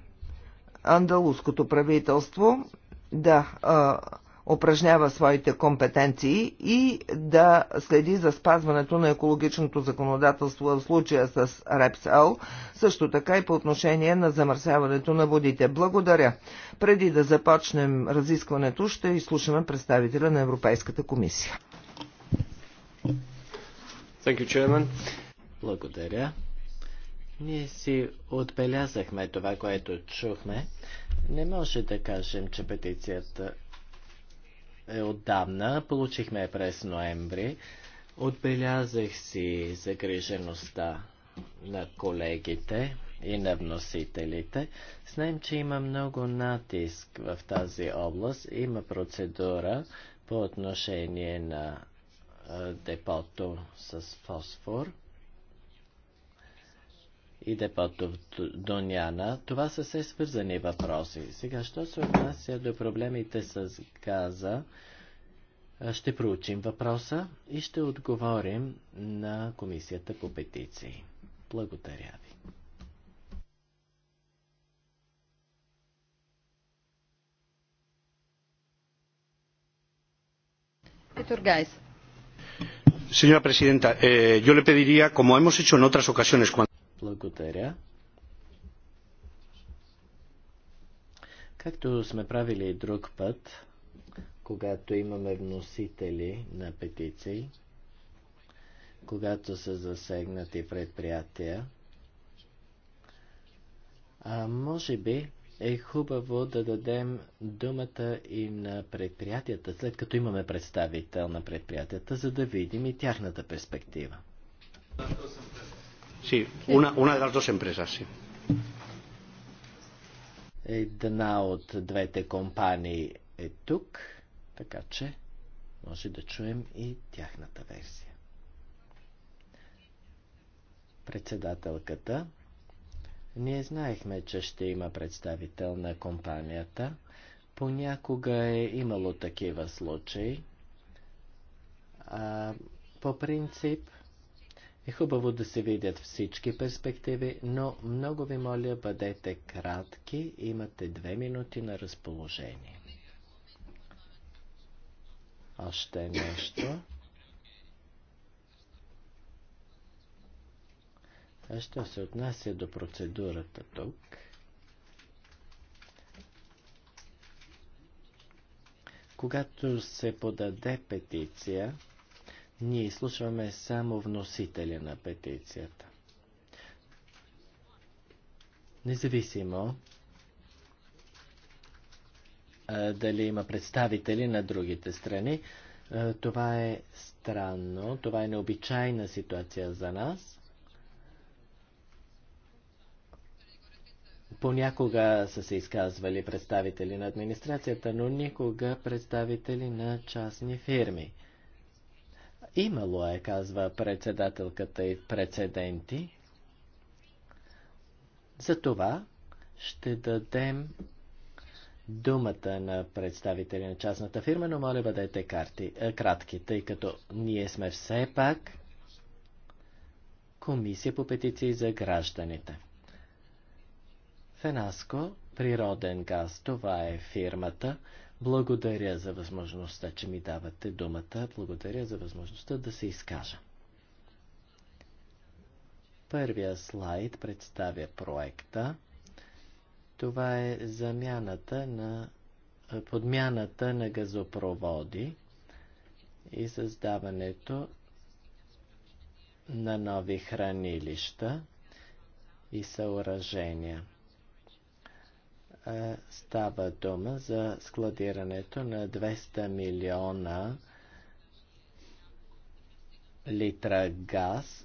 андалуското правителство да а, упражнява своите компетенции и да следи за спазването на екологичното законодателство в случая с РЕПСЛ, също така и по отношение на замърсяването на водите. Благодаря. Преди да започнем разискването, ще изслушаме представителя на Европейската комисия. Thank you, Chairman. Благодаря. Ние си отбелязахме това, което чухме. Не може да кажем, че петицията е отдавна. Получихме през ноември. Отбелязах си загрижеността на колегите и на вносителите. Знаем, че има много натиск в тази област. Има процедура по отношение на депото с фосфор и депото в Доняна. Това са все свързани въпроси. Сега, що се отнася до проблемите с газа, ще проучим въпроса и ще отговорим на комисията по петиции. Благодаря ви. Тургайс. Señora presidenta, eh, yo le pediría, como hemos hecho en otras ocasiones, cuando. Както сме правили и друг път, когато имаме вносители на петиции, когато са засегнати предприятия, а може би е хубаво да дадем думата и на предприятията, след като имаме представител на предприятията, за да видим и тяхната перспектива. Sí, una, una de las dos empresas, sí. Една от двете компании е тук, така че може да чуем и тяхната версия. Председателката ние знаехме, че ще има представител на компанията. Понякога е имало такива случаи. А, по принцип е хубаво да се видят всички перспективи, но много ви моля, бъдете кратки, имате две минути на разположение. Още нещо. А що се отнася до процедурата тук, когато се подаде петиция, ние изслушваме само вносителя на петицията. Независимо дали има представители на другите страни. Това е странно, това е необичайна ситуация за нас. Понякога са се изказвали представители на администрацията, но никога представители на частни фирми. Имало е, казва председателката и прецеденти. Затова ще дадем думата на представители на частната фирма, но моля бъдете карти, е, кратки, тъй като ние сме все пак Комисия по петиции за гражданите. Фенаско, природен газ, това е фирмата. Благодаря за възможността, че ми давате думата. Благодаря за възможността да се изкажа. Първия слайд представя проекта. Това е замяната на подмяната на газопроводи и създаването на нови хранилища и съоръжения става дума за складирането на 200 милиона литра газ,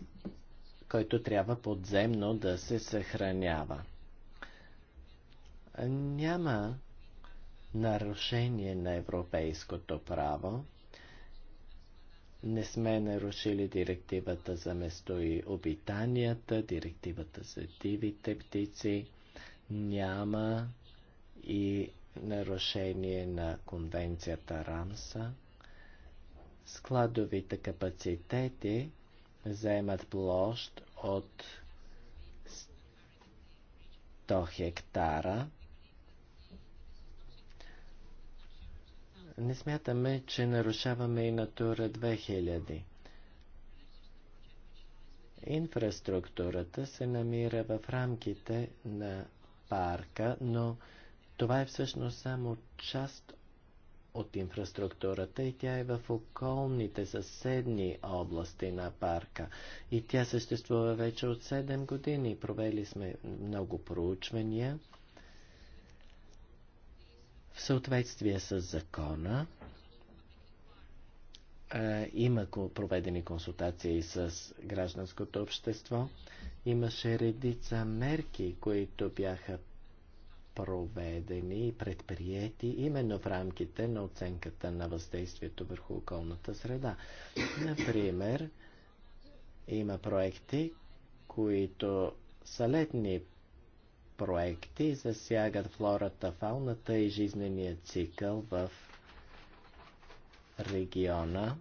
който трябва подземно да се съхранява. Няма нарушение на европейското право. Не сме нарушили директивата за место и обитанията, директивата за дивите птици. Няма и нарушение на конвенцията Рамса. Складовите капацитети заемат площ от 100 хектара. Не смятаме, че нарушаваме и Натура 2000. Инфраструктурата се намира в рамките на парка, но това е всъщност само част от инфраструктурата и тя е в околните съседни области на парка. И тя съществува вече от 7 години. Провели сме много проучвания в съответствие с закона. Е, има проведени консултации с гражданското общество. Имаше редица мерки, които бяха проведени и предприяти именно в рамките на оценката на въздействието върху околната среда. Например, има проекти, които са летни проекти, засягат флората, фауната и жизнения цикъл в региона.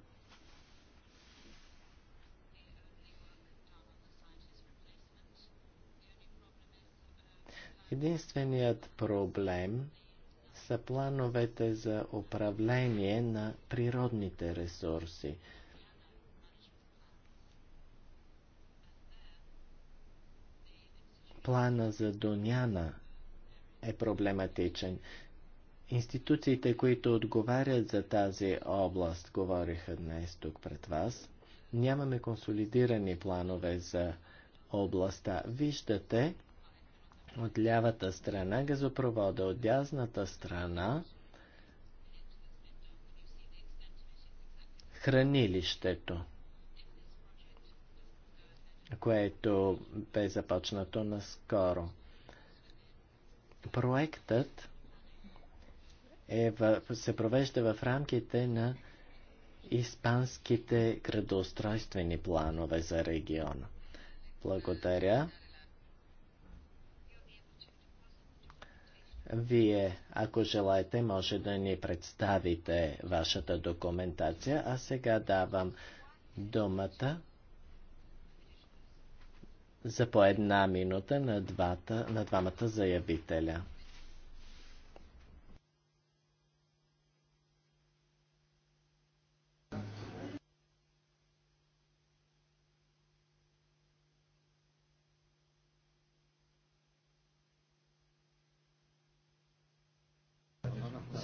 Единственият проблем са плановете за управление на природните ресурси. Плана за Доняна е проблематичен. Институциите, които отговарят за тази област, говориха днес тук пред вас. Нямаме консолидирани планове за областта. Виждате, от лявата страна газопровода, от дясната страна хранилището, което бе започнато наскоро. Проектът е в, се провежда в рамките на испанските градоустройствени планове за региона. Благодаря. Вие, ако желаете, може да ни представите вашата документация, а сега давам думата за по една минута на, двата, на двамата заявителя.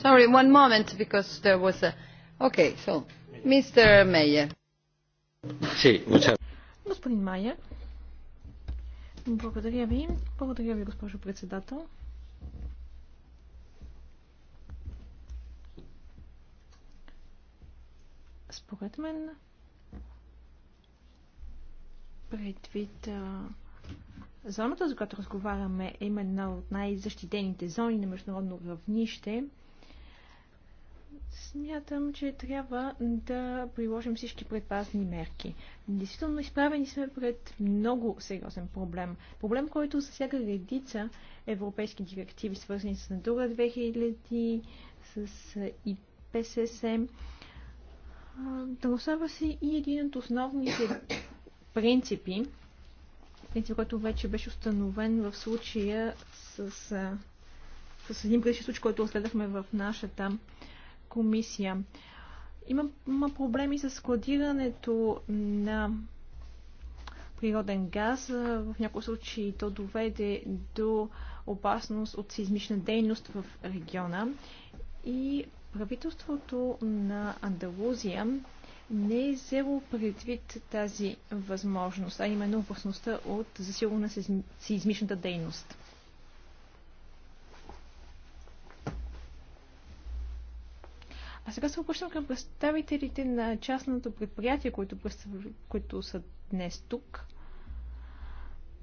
Sorry, one moment, because there was a... Okay, so, Mr. Mayer. Sí, muchas... Господин Майер. Благодаря ви. Благодаря ви, госпожо председател. Според мен, предвид зоната, за която разговаряме, е именно от най-защитените зони на международно равнище – Смятам, че трябва да приложим всички предпазни мерки. Действително, изправени сме пред много сериозен проблем. Проблем, който засяга редица европейски директиви, свързани с Натура 2000, с ИПССМ. Нарушава се и един от основните принципи, принцип, който вече беше установен в случая с, с, един предишен случай, който оследахме в нашата комисия. Има, има проблеми с складирането на природен газ. В някои случаи то доведе до опасност от сизмична дейност в региона. И правителството на Андалузия не е взело предвид тази възможност, а именно опасността от засилване на сизмичната дейност. А сега се обръщам към представителите на частното предприятие, които, които са днес тук.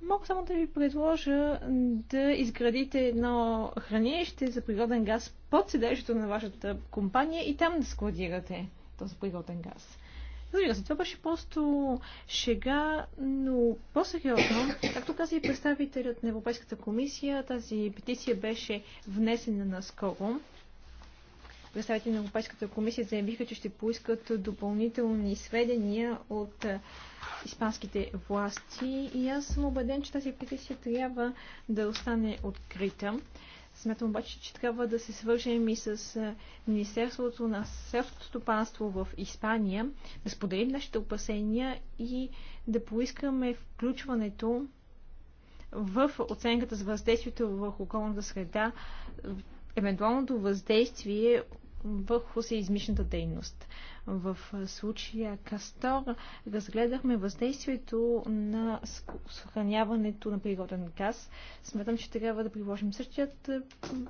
Мога само да ви предложа да изградите едно хранилище за природен газ под седежето на вашата компания и там да складирате този природен газ. Разбира се, това беше просто шега, но по-сериозно, както каза и представителят на Европейската комисия, тази петиция беше внесена наскоро представители на Европейската комисия заявиха, че ще поискат допълнителни сведения от испанските власти и аз съм убеден, че тази петиция трябва да остане открита. Смятам обаче, че трябва да се свържем и с Министерството на селското стопанство в Испания, да споделим нашите опасения и да поискаме включването в оценката за въздействието върху околната среда, евентуалното въздействие върху сеизмичната дейност. В случая Кастор разгледахме въздействието на съхраняването на природен газ. Смятам, че трябва да приложим същият е,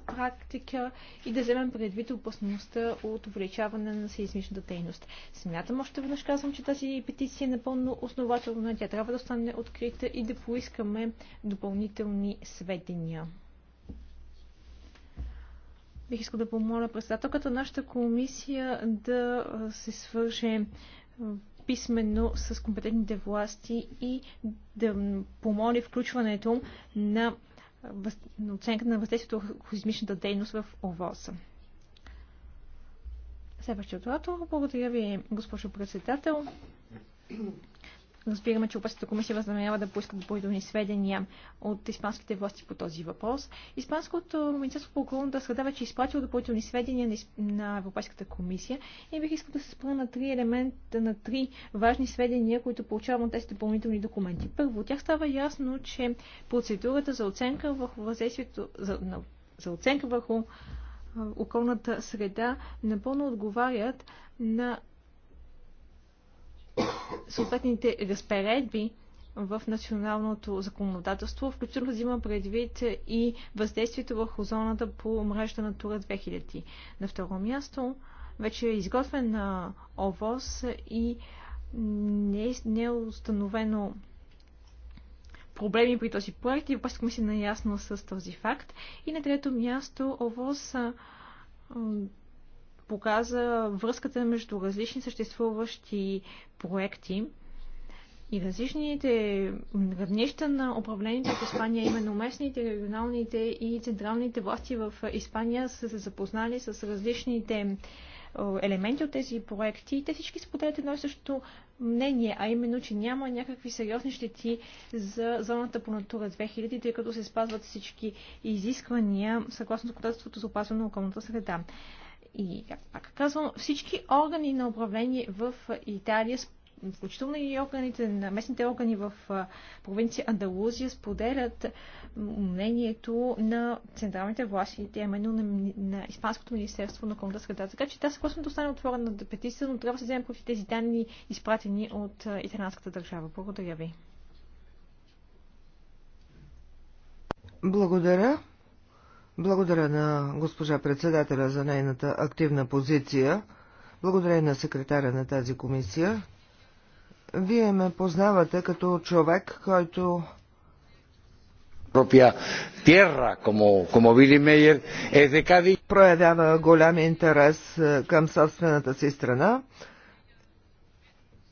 практика и да вземем предвид опасността от увеличаване на сеизмичната дейност. Смятам още веднъж казвам, че тази петиция е напълно основателна. Тя трябва да остане открита и да поискаме допълнителни сведения. Бих искал да помоля председателката на нашата комисия да се свърже писменно с компетентните власти и да помоли включването на оценка на въздействието в хозмичната дейност в ОВОСа. Следващият оратор. Благодаря ви, госпожо председател. Разбираме, че Опасната комисия възнамерява да поиска допълнителни сведения от испанските власти по този въпрос. Испанското Министерство по околната среда вече е изпратило допълнителни сведения на, на Европейската комисия и бих искал да се спра на три елемента, на три важни сведения, които получавам от тези допълнителни документи. Първо, от тях става ясно, че процедурата за оценка върху въздействието, за, на, за оценка върху околната среда напълно отговарят на съответните разпоредби в националното законодателство, включително взима предвид и въздействието върху зоната по мрежата на Тура 2000. На второ място вече е изготвен на ОВОз и не е, не е установено проблеми при този проект и Европейската комисия наясно е с този факт. И на трето място ОВОз показа връзката между различни съществуващи проекти и различните равнища на управлението в Испания, именно местните, регионалните и централните власти в Испания са се запознали с различните е, елементи от тези проекти и те всички споделят едно и също мнение, а именно, че няма някакви сериозни щети за зоната по Натура 2000, тъй като се спазват всички изисквания съгласно законодателството за опазване на околната среда. И, как пак казвам, всички органи на управление в Италия, включително и органите на местните органи в провинция Андалузия, споделят мнението на централните власти, именно на, на Испанското министерство на околната среда. Така че тази съгласно да остане отворена на петиция, но трябва да се вземем против тези данни, изпратени от италянската държава. Благодаря ви. Благодаря. Благодаря на госпожа председателя за нейната активна позиция. Благодаря на секретаря на тази комисия. Вие ме познавате като човек, който propia tierra, como, como Billy Meyer, es de Cádiz. Проявява голям интерес е, към собствената си страна.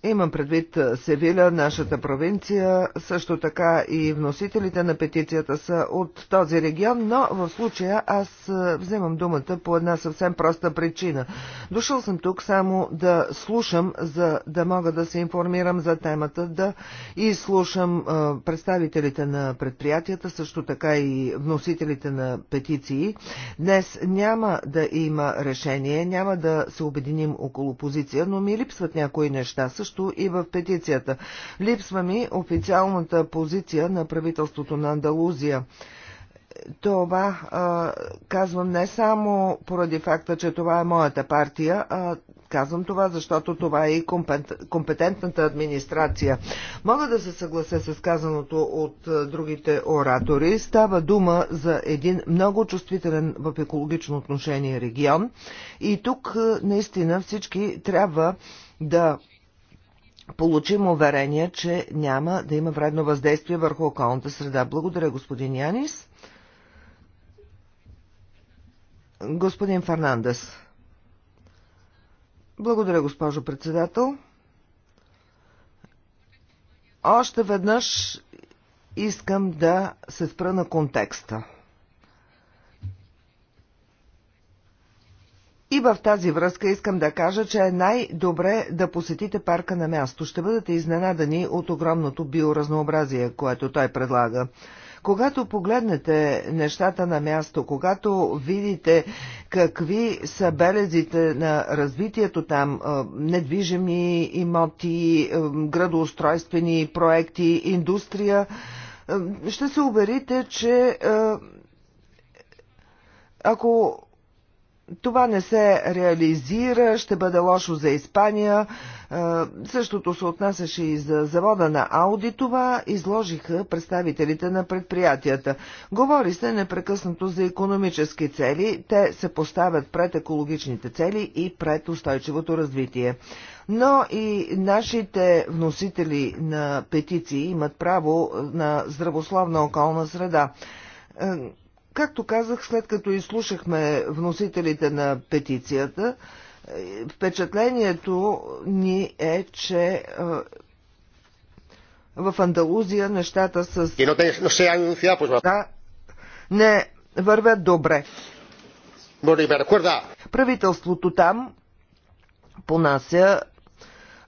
Имам предвид Севиля, нашата провинция, също така и вносителите на петицията са от този регион, но в случая аз вземам думата по една съвсем проста причина. Дошъл съм тук само да слушам, за да мога да се информирам за темата, да и слушам представителите на предприятията, също така и вносителите на петиции. Днес няма да има решение, няма да се обединим около позиция, но ми липсват някои неща. Също също и в петицията. Липсва ми официалната позиция на правителството на Андалузия. Това а, казвам не само поради факта, че това е моята партия, а казвам това, защото това е и компетентната администрация. Мога да се съглася с казаното от другите оратори. Става дума за един много чувствителен в екологично отношение регион и тук наистина всички трябва да получим уверение, че няма да има вредно въздействие върху околната среда. Благодаря, господин Янис. Господин Фернандес. Благодаря, госпожо председател. Още веднъж искам да се спра на контекста. И в тази връзка искам да кажа, че е най-добре да посетите парка на място. Ще бъдете изненадани от огромното биоразнообразие, което той предлага. Когато погледнете нещата на място, когато видите какви са белезите на развитието там, недвижими имоти, градоустройствени проекти, индустрия, ще се уверите, че ако това не се реализира, ще бъде лошо за Испания. Е, същото се отнасяше и за завода на Ауди. Това изложиха представителите на предприятията. Говори се непрекъснато за економически цели. Те се поставят пред екологичните цели и пред устойчивото развитие. Но и нашите вносители на петиции имат право на здравословна околна среда е, Както казах, след като изслушахме вносителите на петицията, е, впечатлението ни е, че е, в Андалузия нещата с... Да, не вървят добре. Правителството там понася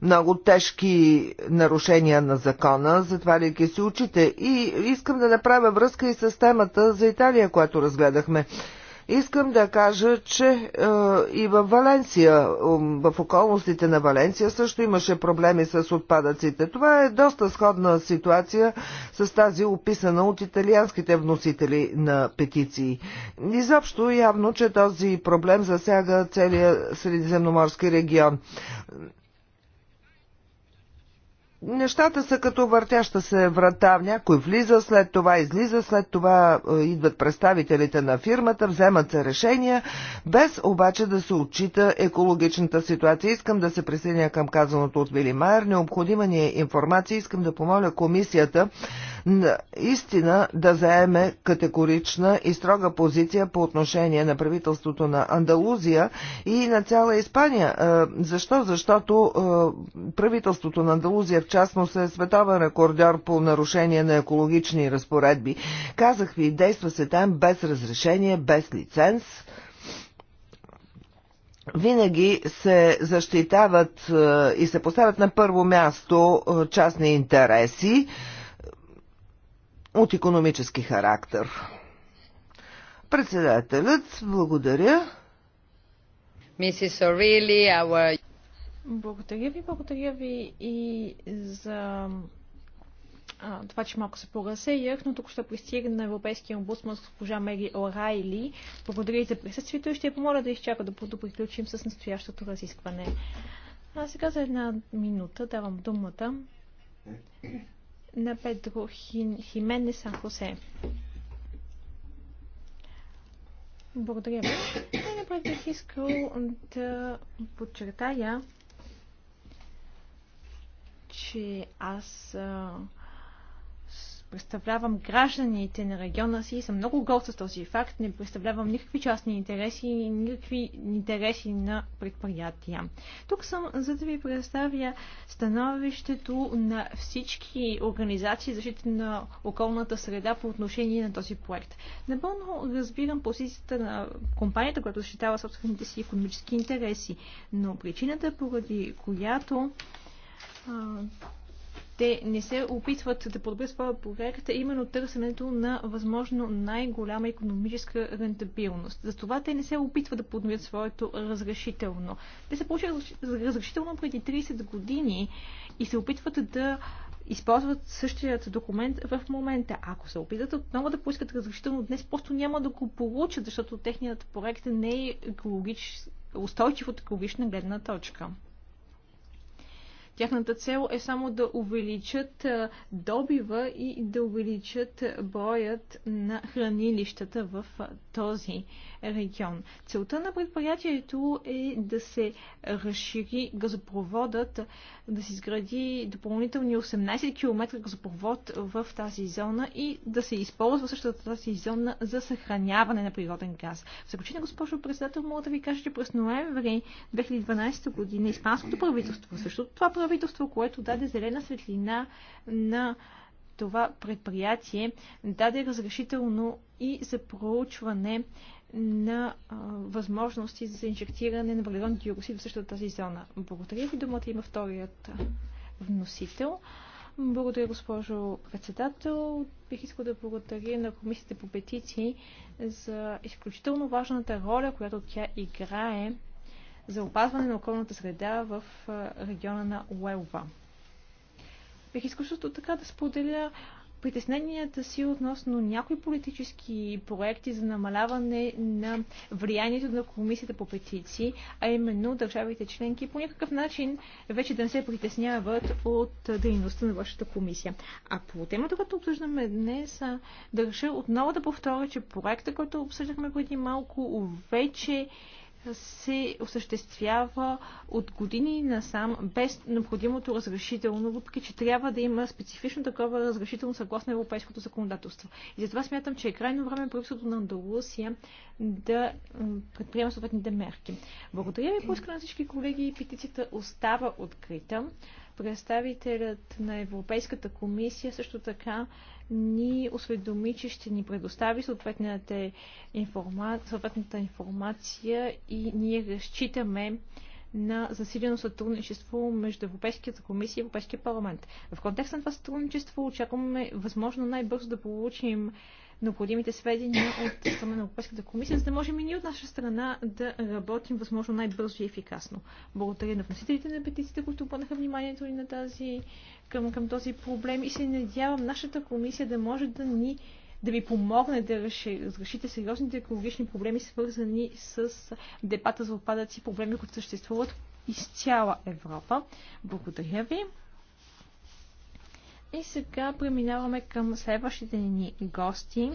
много тежки нарушения на закона, затваряйки си очите. И искам да направя връзка и с темата за Италия, която разгледахме. Искам да кажа, че е, и в Валенсия, в околностите на Валенсия също имаше проблеми с отпадъците. Това е доста сходна ситуация с тази описана от италианските вносители на петиции. Изобщо явно, че този проблем засяга целия средиземноморски регион. Нещата са като въртяща се врата. Някой влиза, след това излиза, след това е, идват представителите на фирмата, вземат се решения, без обаче да се отчита екологичната ситуация. Искам да се присъединя към казаното от Вили Майер. Необходима ни е информация. Искам да помоля комисията истина да заеме категорична и строга позиция по отношение на правителството на Андалузия и на цяла Испания. Е, защо? Защото е, правителството на Андалузия в частност е световен рекордьор по нарушение на екологични разпоредби. Казах ви, действа се там без разрешение, без лиценз винаги се защитават е, и се поставят на първо място частни интереси, от економически характер. Председателят, благодаря. Мисис Орили, ауа... Благодаря ви, благодаря ви и за а, това, че малко се поразсеях, но тук ще пристигна на Европейския омбудсман с госпожа Мери Орайли. Благодаря и за присъствието и ще я помоля да изчака, да приключим с настоящото разискване. А сега за една минута давам думата на Педро Химене Сан Хосе. Благодаря ви. Най-напред бих искал да подчертая, че аз представлявам гражданите на региона си и съм много горд с този факт. Не представлявам никакви частни интереси и никакви интереси на предприятия. Тук съм за да ви представя становището на всички организации защита на околната среда по отношение на този проект. Напълно разбирам позицията на компанията, която защитава собствените си економически интереси, но причината, поради която те не се опитват да подобрят своя проект, а именно търсенето на възможно най-голяма економическа рентабилност. Затова те не се опитват да подобрят своето разрешително. Те са получили разрешително преди 30 години и се опитват да използват същият документ в момента. Ако се опитат отново да поискат разрешително днес, просто няма да го получат, защото техният проект не е екологич... устойчив от екологична гледна точка. Тяхната цел е само да увеличат добива и да увеличат броят на хранилищата в този регион. Целта на предприятието е да се разшири газопроводът, да се изгради допълнителни 18 км газопровод в тази зона и да се използва същата тази зона за съхраняване на природен газ. В заключение, госпожо председател, мога да ви кажа, че през ноември 2012 година Испанското правителство, също това правителство, правителство, което даде зелена светлина на това предприятие, даде разрешително и за проучване на а, възможности за инжектиране на валерон диоксид в същата тази зона. Благодаря ви. Думата има вторият вносител. Благодаря, госпожо председател. Бих искал да благодаря на комисията по петиции за изключително важната роля, която тя играе за опазване на околната среда в региона на Уелва. Бих искал така да споделя притесненията си относно някои политически проекти за намаляване на влиянието на комисията по петиции, а именно държавите членки по някакъв начин вече да не се притесняват от дейността на вашата комисия. А по темата, която обсъждаме днес, държа отново да повторя, че проекта, който обсъждахме преди малко, вече се осъществява от години насам без необходимото разрешително, въпреки че трябва да има специфично такова разрешително съгласно европейското законодателство. И затова смятам, че е крайно време правителството на Андалусия да предприема съответните мерки. Благодаря ви, поиска на всички колеги. Петицията остава открита. Представителят на Европейската комисия също така ни осведоми, че ще ни предостави съответната, информа... съответната информация и ние разчитаме на засилено сътрудничество между Европейската комисия и Европейския парламент. В контекст на това сътрудничество очакваме възможно най-бързо да получим необходимите сведения от страна на Европейската комисия, за да можем и ние от наша страна да работим възможно най-бързо и ефикасно. Благодаря на вносителите на петициите, които обърнаха вниманието ни на тази, към, към този проблем и се надявам нашата комисия да може да ни да ви помогне да разрешите сериозните екологични проблеми, свързани с дебата за отпадъци, проблеми, които съществуват из цяла Европа. Благодаря ви. И сега преминаваме към следващите ни гости.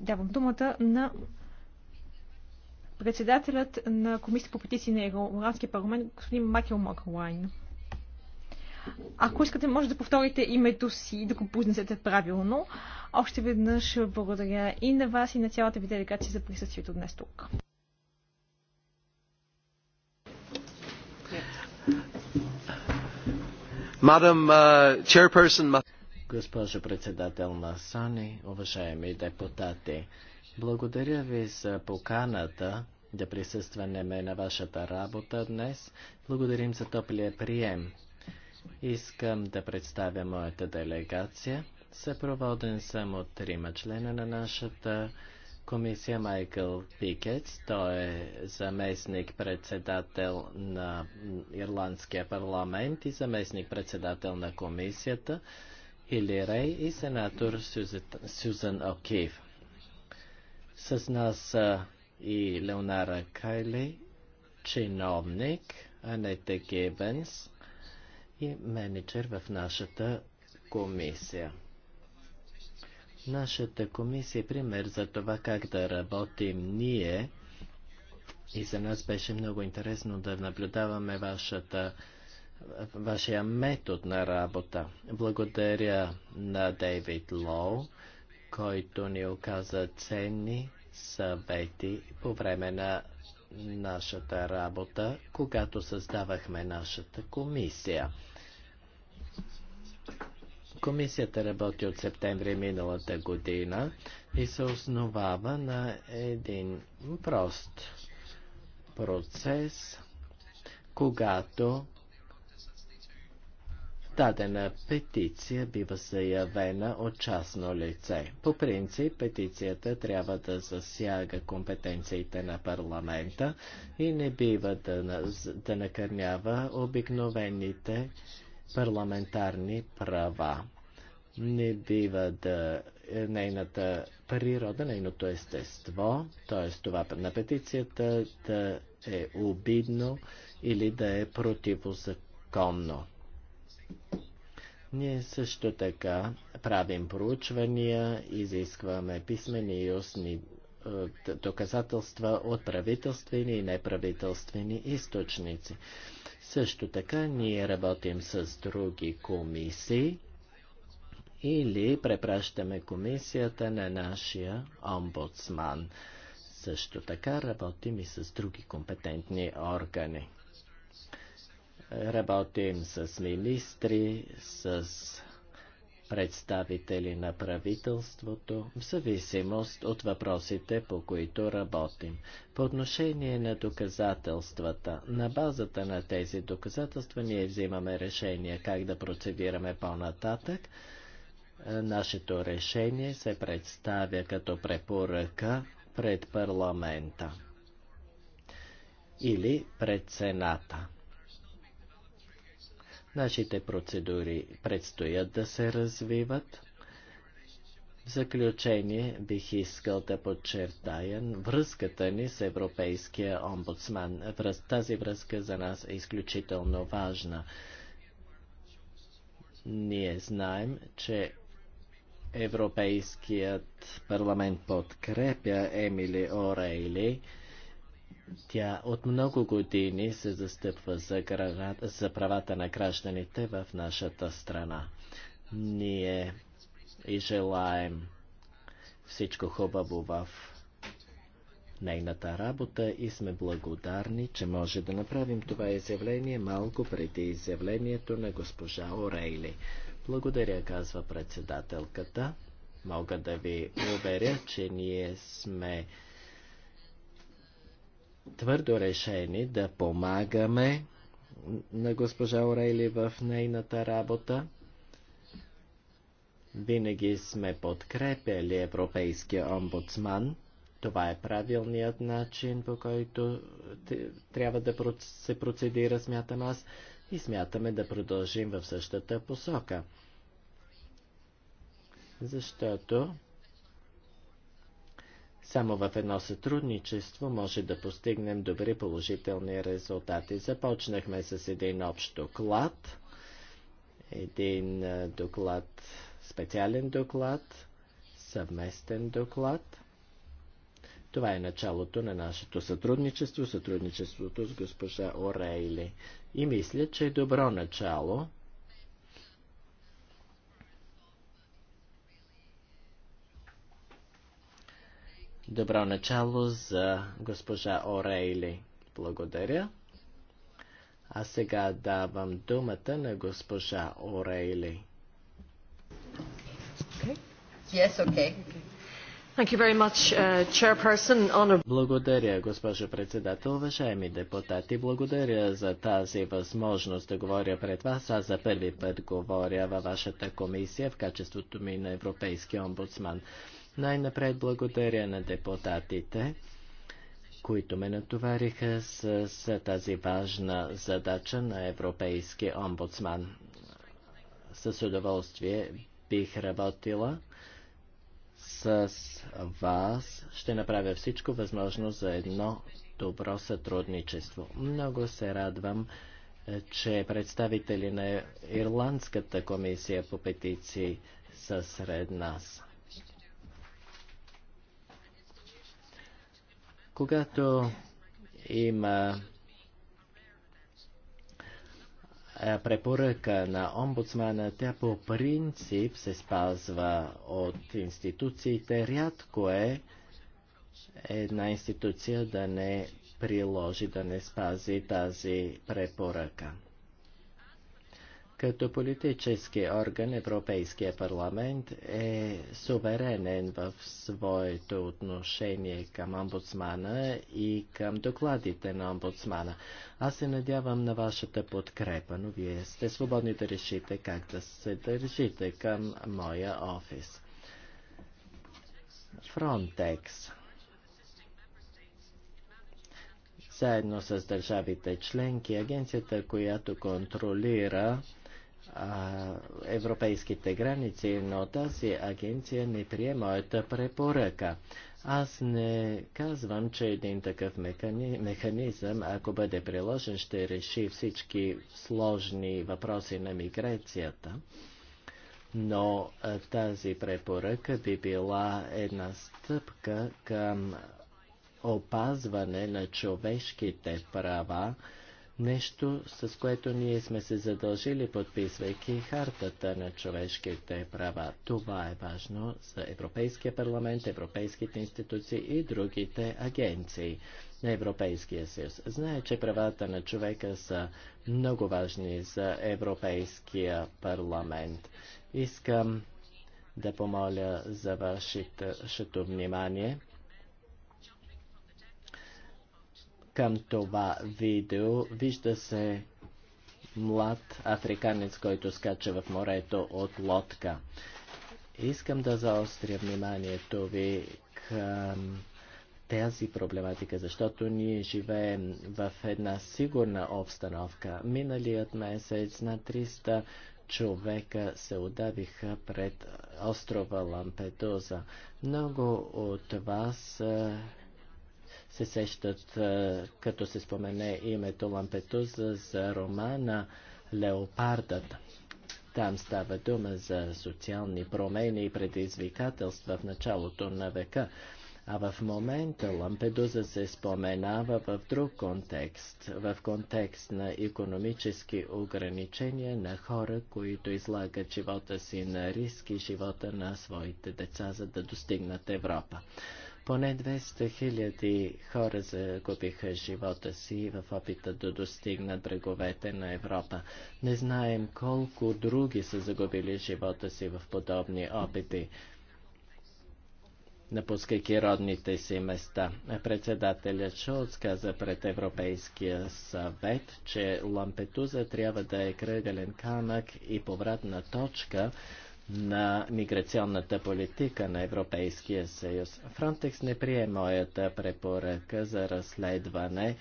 Давам думата на председателят на Комисията по петиции на европейския парламент, господин Макел Маклайн. Ако искате, може да повторите името си и да го произнесете правилно. Още веднъж благодаря и на вас, и на цялата ви делегация за присъствието днес тук. Uh, Госпожо председател Масони, уважаеми депутати, благодаря ви за поканата да присъстваме на вашата работа днес. Благодарим за топлия прием. Искам да представя моята делегация. Съпроводен съм от трима члена на нашата комисия Майкъл Пикет. Той е заместник-председател на Ирландския парламент и заместник-председател на комисията Хили Рей и сенатор Сюзан Окив. С нас са и Леонара Кайли, чиновник, Анете Гебенс и менеджер в нашата комисия. Нашата комисия е пример за това как да работим ние и за нас беше много интересно да наблюдаваме вашата, вашия метод на работа. Благодаря на Дейвид Лоу, който ни оказа ценни съвети по време на нашата работа, когато създавахме нашата комисия. Комисията работи от септември миналата година и се основава на един прост процес, когато дадена петиция бива заявена от частно лице. По принцип, петицията трябва да засяга компетенциите на парламента и не бива да, да накърнява обикновените парламентарни права не бива да е, нейната природа, нейното естество, т.е. това на петицията да е обидно или да е противозаконно. Ние също така правим проучвания, изискваме писмени и устни е, доказателства от правителствени и неправителствени източници. Също така ние работим с други комисии, или препращаме комисията на нашия омбудсман. Също така работим и с други компетентни органи. Работим с министри, с представители на правителството, в зависимост от въпросите, по които работим. По отношение на доказателствата, на базата на тези доказателства ние взимаме решение как да процедираме по-нататък. Нашето решение се представя като препоръка пред парламента или пред Сената. Нашите процедури предстоят да се развиват. В заключение бих искал да подчертая връзката ни с Европейския омбудсман. Тази връзка за нас е изключително важна. Ние знаем, че Европейският парламент подкрепя Емили Орейли. Тя от много години се застъпва за, грана... за правата на гражданите в нашата страна. Ние и желаем всичко хубаво в нейната работа и сме благодарни, че може да направим това изявление малко преди изявлението на госпожа Орейли. Благодаря, казва председателката. Мога да ви уверя, че ние сме твърдо решени да помагаме на госпожа Орейли в нейната работа. Винаги сме подкрепяли Европейския омбудсман. Това е правилният начин, по който трябва да се процедира, смятам аз и смятаме да продължим в същата посока. Защото само в едно сътрудничество може да постигнем добри положителни резултати. Започнахме с един общ доклад, един доклад, специален доклад, съвместен доклад. Това е началото на нашето сътрудничество, сътрудничеството с госпожа Орейли. И мисля, че е добро начало. Добро начало за госпожа Орейли. Благодаря. А сега давам думата на госпожа Орейли. Okay. Yes, okay. okay. Uh, благодаря, госпожо председател. Уважаеми депутати, благодаря за тази възможност да говоря пред вас. Аз за първи път говоря във вашата комисия в качеството ми на Европейски омбудсман. Най-напред благодаря на депутатите, които ме натовариха с, с тази важна задача на Европейски омбудсман. С удоволствие бих работила с вас ще направя всичко възможно за едно добро сътрудничество. Много се радвам, е, че представители на Ирландската комисия по петиции са сред нас. Когато има е, препоръка на омбудсмана, тя по принцип се спазва от институциите. Рядко е една институция да не приложи, да не спази тази препоръка. Като политически орган Европейския парламент е суверенен в своето отношение към омбудсмана и към докладите на омбудсмана. Аз се надявам на вашата подкрепа, но вие сте свободни да решите как да се държите към моя офис. Фронтекс заедно с държавите членки, агенцията, която контролира европейските граници, но тази агенция не прие моята препоръка. Аз не казвам, че един такъв механизъм, ако бъде приложен, ще реши всички сложни въпроси на миграцията, но тази препоръка би била една стъпка към опазване на човешките права, нещо, с което ние сме се задължили, подписвайки хартата на човешките права. Това е важно за Европейския парламент, европейските институции и другите агенции на Европейския съюз. Знае, че правата на човека са много важни за Европейския парламент. Искам да помоля за вашето внимание. към това видео вижда се млад африканец, който скача в морето от лодка. Искам да заостря вниманието ви към тази проблематика, защото ние живеем в една сигурна обстановка. Миналият месец на 300 човека се удавиха пред острова Лампедоза. Много от вас се сещат, като се спомене името Лампетуза за романа Леопардът. Там става дума за социални промени и предизвикателства в началото на века. А в момента Лампедуза се споменава в друг контекст, в контекст на економически ограничения на хора, които излагат живота си на риски живота на своите деца, за да достигнат Европа. Поне 200 хиляди хора загубиха живота си в опита да достигнат бреговете на Европа. Не знаем колко други са загубили живота си в подобни опити напускайки родните си места. Председателят Шолц каза пред Европейския съвет, че Лампетуза трябва да е кръгален камък и повратна точка на миграционната политика на Европейския съюз. Фронтекс не прие моята препоръка за разследване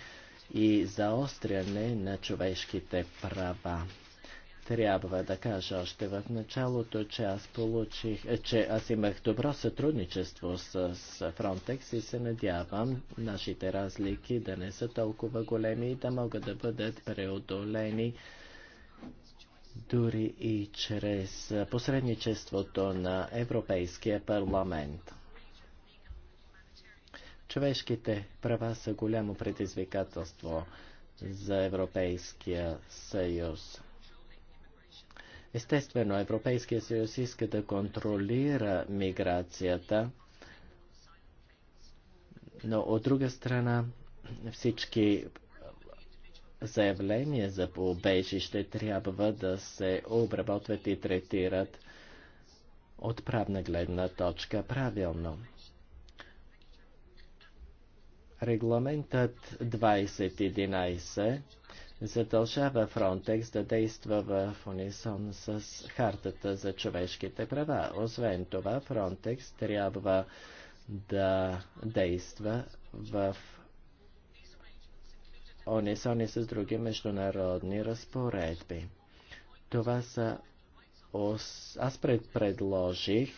и заостряне на човешките права. Трябва да кажа още в началото, че аз получих, че аз имах добро сътрудничество с Фронтекс и се надявам нашите разлики да не са толкова големи и да могат да бъдат преодолени дори и чрез посредничеството на Европейския парламент. Човешките права са голямо предизвикателство за Европейския съюз. Естествено, Европейския съюз иска да контролира миграцията, но от друга страна всички заявления за побежище трябва да се обработват и третират от правна гледна точка правилно. Регламентът 2011 задължава Фронтекс да действа в унисон с Хартата за човешките права. Освен това, Фронтекс трябва да действа в унисони с други международни разпоредби. Това са... Аз предложих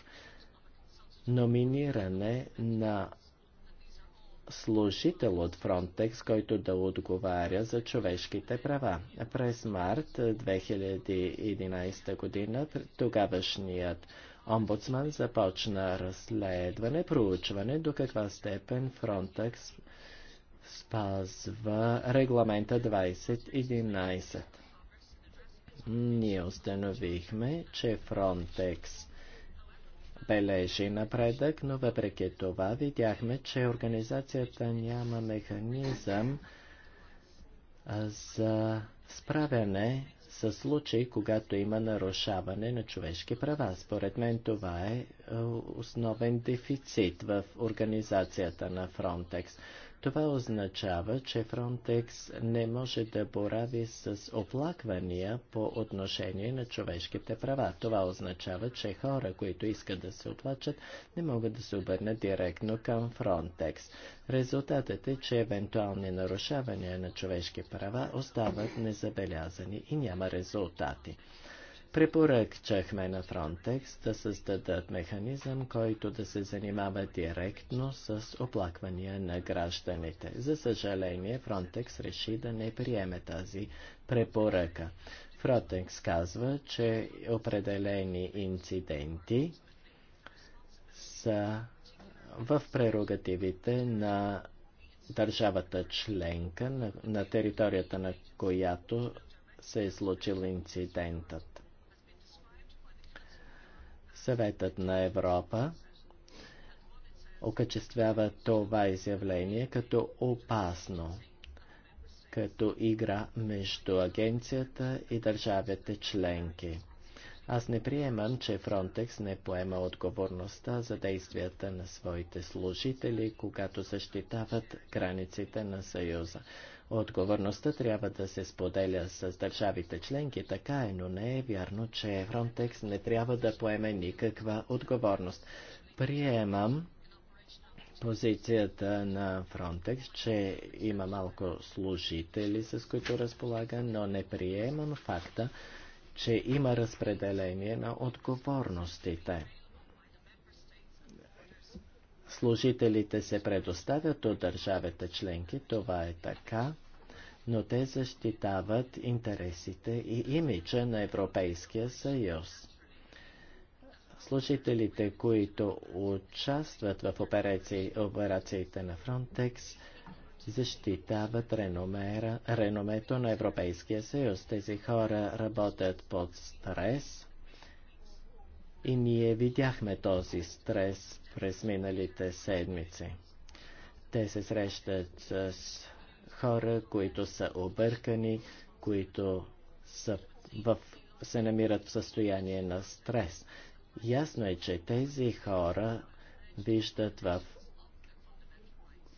номиниране на служител от Фронтекс, който да отговаря за човешките права. През март 2011 година тогавашният омбудсман започна разследване, проучване до каква степен Фронтекс спазва регламента 2011. Ние установихме, че Фронтекс бележи напредък, но въпреки това видяхме, че организацията няма механизъм за справяне с случаи, когато има нарушаване на човешки права. Според мен това е, е основен дефицит в организацията на Фронтекс. Това означава, че Фронтекс не може да борави с оплаквания по отношение на човешките права. Това означава, че хора, които искат да се оплачат, не могат да се обърнат директно към Фронтекс. Резултатът е, че евентуални нарушавания на човешки права остават незабелязани и няма резултати. Препоръчахме на Frontex да създадат механизъм, който да се занимава директно с оплаквания на гражданите. За съжаление, Frontex реши да не приеме тази препоръка. Frontex казва, че определени инциденти са в прерогативите на държавата членка, на, на територията на която се е случил инцидентът. Съветът на Европа окачествява това изявление като опасно, като игра между агенцията и държавите членки. Аз не приемам, че Фронтекс не поема отговорността за действията на своите служители, когато защитават границите на Съюза. Отговорността трябва да се споделя с държавите членки, така е, но не е вярно, че Frontex не трябва да поеме никаква отговорност. Приемам позицията на Frontex, че има малко служители, с които разполага, но не приемам факта, че има разпределение на отговорностите. Служителите се предоставят от държавата членки, това е така, но те защитават интересите и имиджа на Европейския съюз. Служителите, които участват в операции, операциите на Frontex, защитават реномера, реномето на Европейския съюз. Тези хора работят под стрес и ние видяхме този стрес през миналите седмици. Те се срещат с хора, които са объркани, които са в, се намират в състояние на стрес. Ясно е, че тези хора виждат в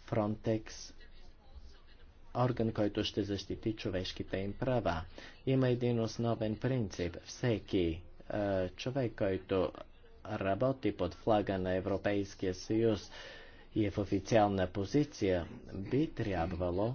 Фронтекс орган, който ще защити човешките им права. Има един основен принцип. Всеки човек, който работи под флага на Европейския съюз и е в официална позиция, би трябвало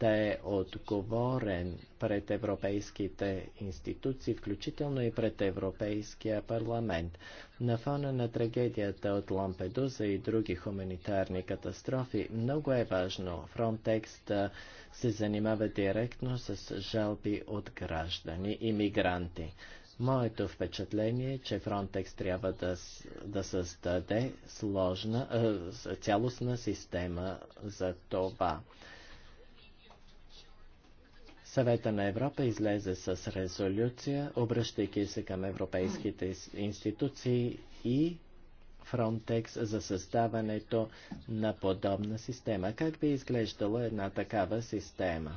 да е отговорен пред европейските институции, включително и пред Европейския парламент. На фона на трагедията от Лампедуза и други хуманитарни катастрофи, много е важно Frontex да се занимава директно с жалби от граждани и мигранти. Моето впечатление е, че Frontex трябва да, да създаде сложна, э, цялостна система за това. Съвета на Европа излезе с резолюция, обръщайки се към европейските институции и Frontex за създаването на подобна система. Как би изглеждала една такава система?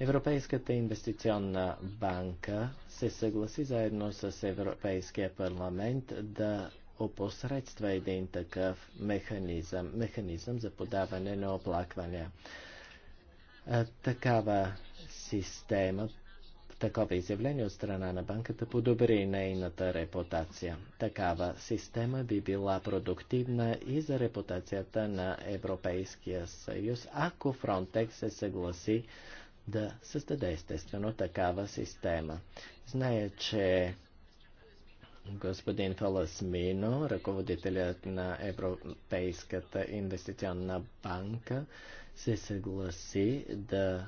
Европейската инвестиционна банка се съгласи заедно с Европейския парламент да опосредства един такъв механизъм, механизъм за подаване на оплаквания. Такава система, такова изявление от страна на банката подобри нейната репутация. Такава система би била продуктивна и за репутацията на Европейския съюз, ако Фронтекс се съгласи да създаде естествено такава система. Зная, че господин Фаласмино, ръководителят на Европейската инвестиционна банка, се съгласи да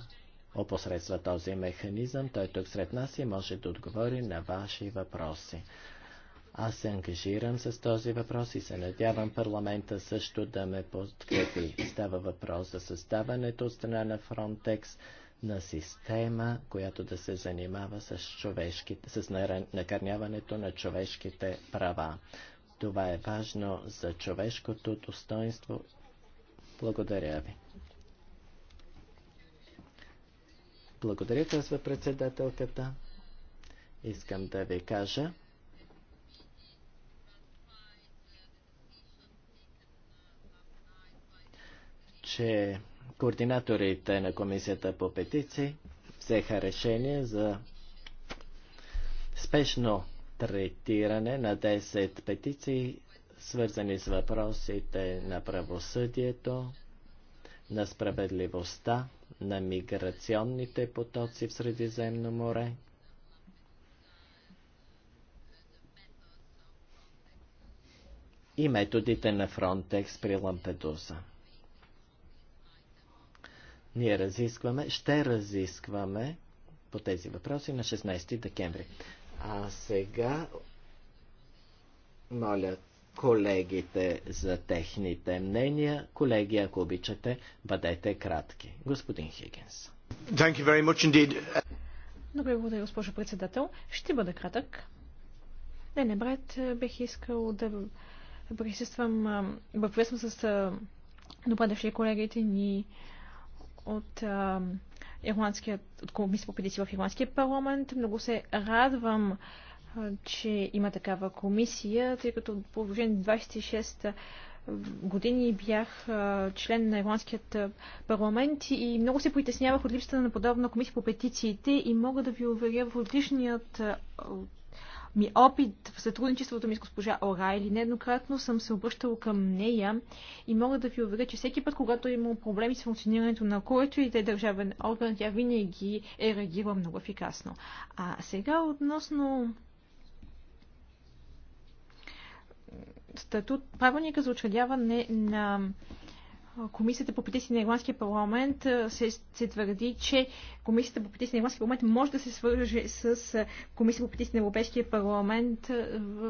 опосредства този механизъм. Той е тук сред нас и може да отговори на ваши въпроси. Аз се ангажирам с този въпрос и се надявам парламента също да ме подкрепи. Става въпрос за създаването от страна на Фронтекс на система, която да се занимава с, човешките, с накърняването на човешките права. Това е важно за човешкото достоинство. Благодаря ви. Благодаря, казва председателката. Искам да ви кажа, че Координаторите на Комисията по петиции взеха решение за спешно третиране на 10 петиции, свързани с въпросите на правосъдието, на справедливостта, на миграционните потоци в Средиземно море. и методите на Фронтекс при Лампедуса. Ние разискваме, ще разискваме по тези въпроси на 16 декември. А сега моля колегите за техните мнения. Колеги, ако обичате, бъдете кратки. Господин Хигенс. Thank you very much indeed. Много ви благодаря, госпожо председател. Ще бъда кратък. Не, не, брат, бих искал да присъствам, да с добре дошли колегите ни от а, ирландският, от комисия по петиции в ирландския парламент. Много се радвам, а, че има такава комисия, тъй като от положение 26 години бях член на ирландският парламент и много се притеснявах от липсата на подобна комисия по петициите и мога да ви уверя в отличният ми опит в сътрудничеството ми с госпожа Орайли. Нееднократно съм се обръщала към нея и мога да ви уверя, че всеки път, когато има проблеми с функционирането на който и да е държавен орган, тя винаги е реагирала много ефикасно. А сега относно статут, правилника за учредяване на Комисията по петиции на Ирландския парламент се, се твърди, че Комисията по петиции на Ирландския парламент може да се свърже с Комисията по петиции на Европейския парламент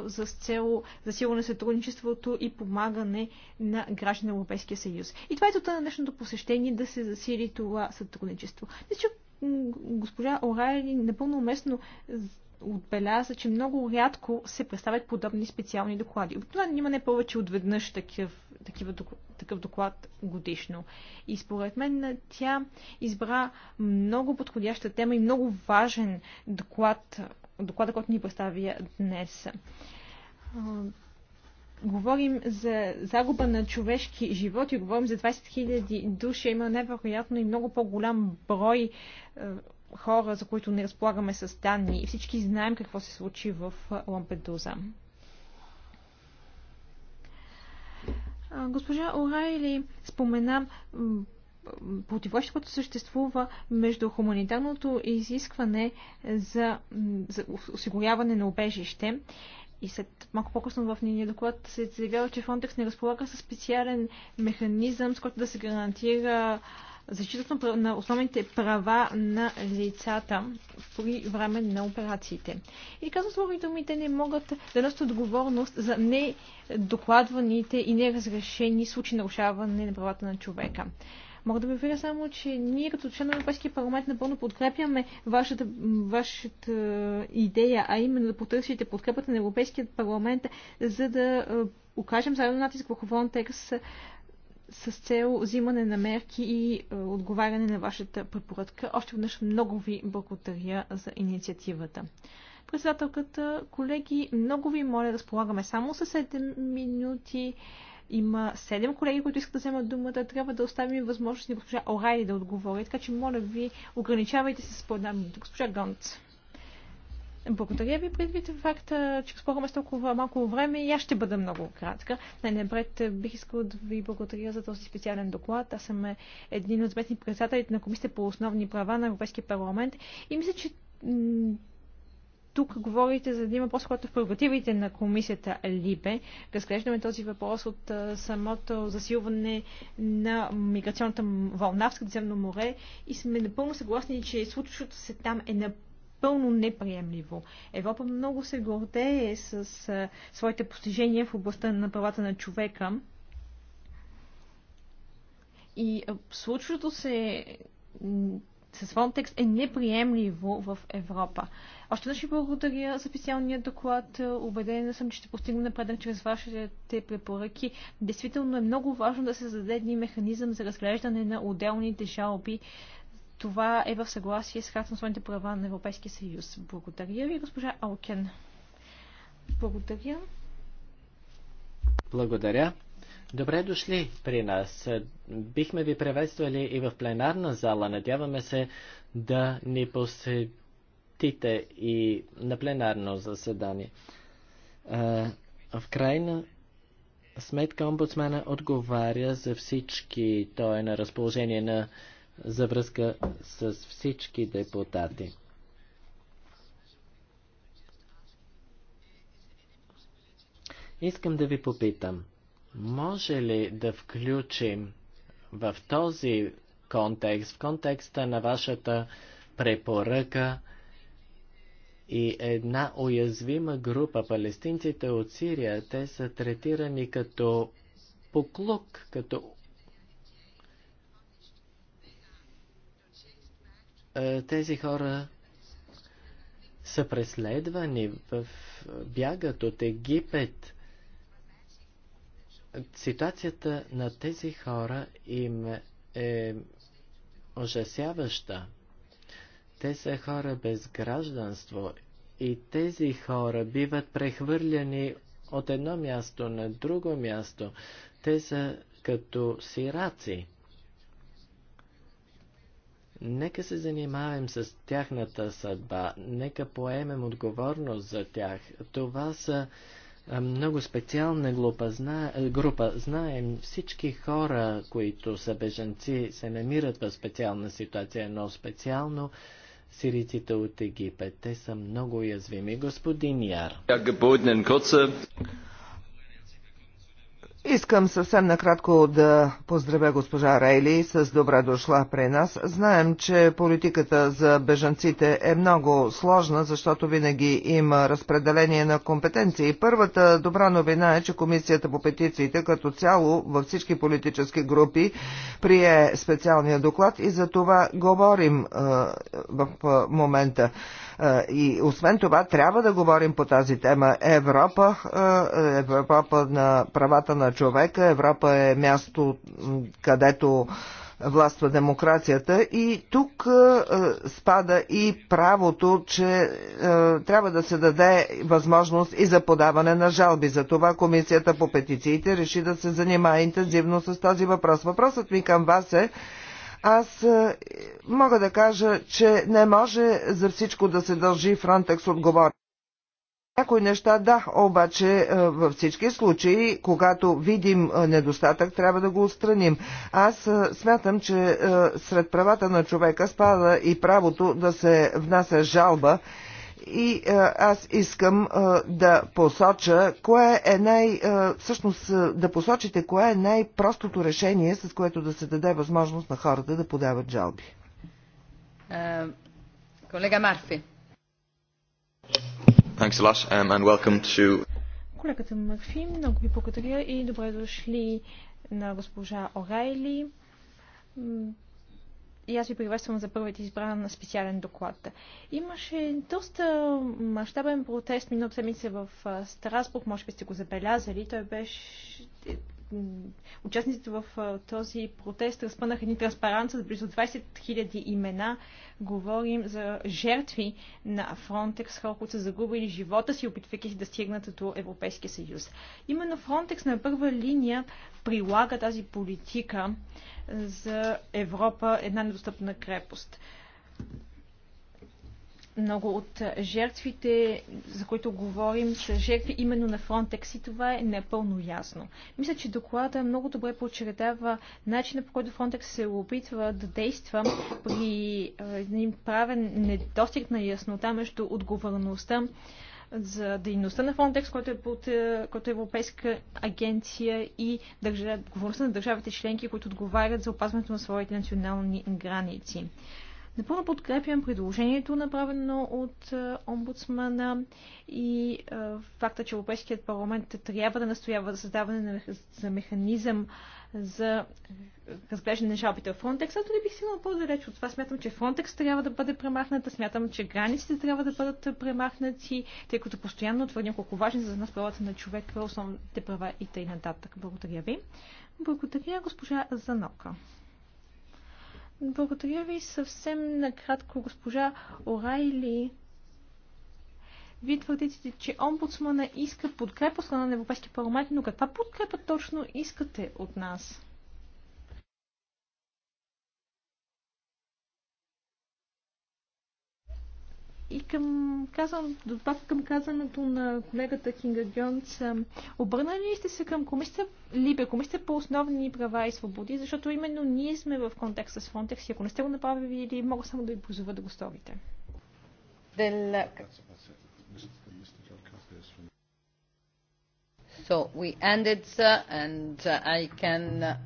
за цел засилване на сътрудничеството и помагане на граждани на Европейския съюз. И това е целта на днешното посещение да се засили това сътрудничество. Мисля, госпожа Орайли напълно уместно отбеляза, че много рядко се представят подобни специални доклади. Обикновено има не повече от веднъж такъв, такива, такъв доклад годишно. И според мен тя избра много подходяща тема и много важен доклад, доклада, който ни представя днес. Говорим за загуба на човешки животи, говорим за 20 000 души, има невероятно и много по-голям брой хора, за които не разполагаме с данни и всички знаем какво се случи в Лампедуза. Госпожа Орайли спомена противоречие, което съществува между хуманитарното изискване за, за осигуряване на обежище и след малко по-късно в нейния доклад се заявява, че Фронтекс не разполага със специален механизъм, с който да се гарантира защитата на основните права на лицата при време на операциите. И казвам слови думите не могат да носят отговорност за недокладваните и неразрешени случаи нарушаване на правата на човека. Мога да ви уверя само, че ние като член на Европейския парламент напълно подкрепяме вашата, вашата идея, а именно да потърсите подкрепата на Европейския парламент, за да е, окажем заедно натиск върху Frontex с цел взимане на мерки и е, отговаряне на вашата препоръка. Още веднъж много ви благодаря за инициативата. Председателката, колеги, много ви моля, разполагаме само с 7 минути. Има 7 колеги, които искат да вземат думата. Трябва да оставим възможност на госпожа Орайли да отговори. Така че, моля ви, ограничавайте се с по една минута. Госпожа Гонц. Благодаря ви предвид факта, че спорваме с толкова малко време и аз ще бъда много кратка. Най-напред е, бих искал да ви благодаря за този специален доклад. Аз съм е, един от заместни председателите на Комисията по основни права на Европейския парламент и мисля, че тук говорите за един въпрос, който в прерогативите на комисията Либе. Разглеждаме този въпрос от е, самото засилване на миграционната вълна в Средиземно море и сме напълно съгласни, че случващото се там е напълно напълно неприемливо. Европа много се гордее с своите постижения в областта на правата на човека. И случващото се с Frontex е неприемливо в Европа. Още веднъж ви благодаря за официалния доклад. Убедена съм, че ще постигнем напредък чрез вашите препоръки. Действително е много важно да се зададе един механизъм за разглеждане на отделните жалби това е в съгласие с хартата на основните права на Европейския съюз. Благодаря ви, госпожа Алкен. Благодаря. Благодаря. Добре дошли при нас. Бихме ви приветствали и в пленарна зала. Надяваме се да ни посетите и на пленарно заседание. В крайна сметка омбудсмена отговаря за всички. Той е на разположение на за връзка с всички депутати. Искам да ви попитам, може ли да включим в този контекст, в контекста на вашата препоръка и една уязвима група, палестинците от Сирия, те са третирани като поклук, като Е, тези хора са преследвани, в, бягат от Египет. Ситуацията на тези хора им е ужасяваща. Те са хора без гражданство и тези хора биват прехвърляни от едно място на друго място. Те са като сираци. Нека се занимаем с тяхната съдба, нека поемем отговорност за тях. Това са много специална група. Зна... група. Знаем всички хора, които са бежанци, се намират в специална ситуация, но специално сириците от Египет. Те са много уязвими. Господин Яр. Искам съвсем накратко да поздравя госпожа Рейли с добра дошла при нас. Знаем, че политиката за бежанците е много сложна, защото винаги има разпределение на компетенции. Първата добра новина е, че Комисията по петициите като цяло във всички политически групи прие специалния доклад и за това говорим е, в момента. И освен това, трябва да говорим по тази тема. Европа, Европа на правата на човека, Европа е място, където властва демокрацията и тук е, спада и правото, че е, трябва да се даде възможност и за подаване на жалби. За това комисията по петициите реши да се занимае интензивно с този въпрос. Въпросът ми към вас е аз е, мога да кажа, че не може за всичко да се дължи Фронтекс отговор. Някои неща да, обаче е, във всички случаи, когато видим е, недостатък, трябва да го отстраним. Аз смятам, че сред правата на човека спада и правото да се внася жалба и е, аз искам е, да посоча, кое е най... Е, всъщност да посочите кое е най-простото решение, с което да се даде възможност на хората да подават жалби. Колега Марфи. Um, Колегата Марфи, много ви благодаря и добре дошли на госпожа Орайли и аз ви приветствам за първият избран на специален доклад. Имаше доста мащабен протест миналата седмица в Страсбург, може би сте го забелязали. Той беше участниците в този протест разпънах едни транспаранта с близо 20 000 имена. Говорим за жертви на Фронтекс, хора, които са загубили живота си, опитвайки се да стигнат до Европейския съюз. Именно Фронтекс на първа линия прилага тази политика за Европа една недостъпна крепост. Много от жертвите, за които говорим, са жертви именно на Frontex и това е напълно ясно. Мисля, че доклада много добре подчертава начина по който Frontex се опитва да действа при един правен недостиг на яснота между отговорността за дейността на Frontex, който е, под, който е европейска агенция и държа, отговорността на държавите членки, които отговарят за опазването на своите национални граници. Напълно подкрепям предложението, направено от е, омбудсмана и е, факта, че Европейският парламент трябва да настоява за създаване на за механизъм за разглеждане на жалбите в Frontex, ато не бих стигнал по-далеч от това. Смятам, че Frontex трябва да бъде премахната, смятам, че границите трябва да бъдат премахнати, тъй като постоянно твърдим е колко важни за нас правата на човека, основните права и т.н. Благодаря ви. Благодаря госпожа Занока. Благодаря ви съвсем накратко, госпожа Орайли. Вие твърдите, че омбудсмана иска подкрепа страна на Европейския парламент, но каква подкрепа точно искате от нас? И към, казвам, добавка към казването на колегата Кинга Гьонц, обърнали ли сте се към комисията Либе, комисията по основни права и свободи, защото именно ние сме в контакт с Фронтекс и ако не сте го направили, мога само да ви позова да го сторите. So we ended, sir, and uh, I can uh,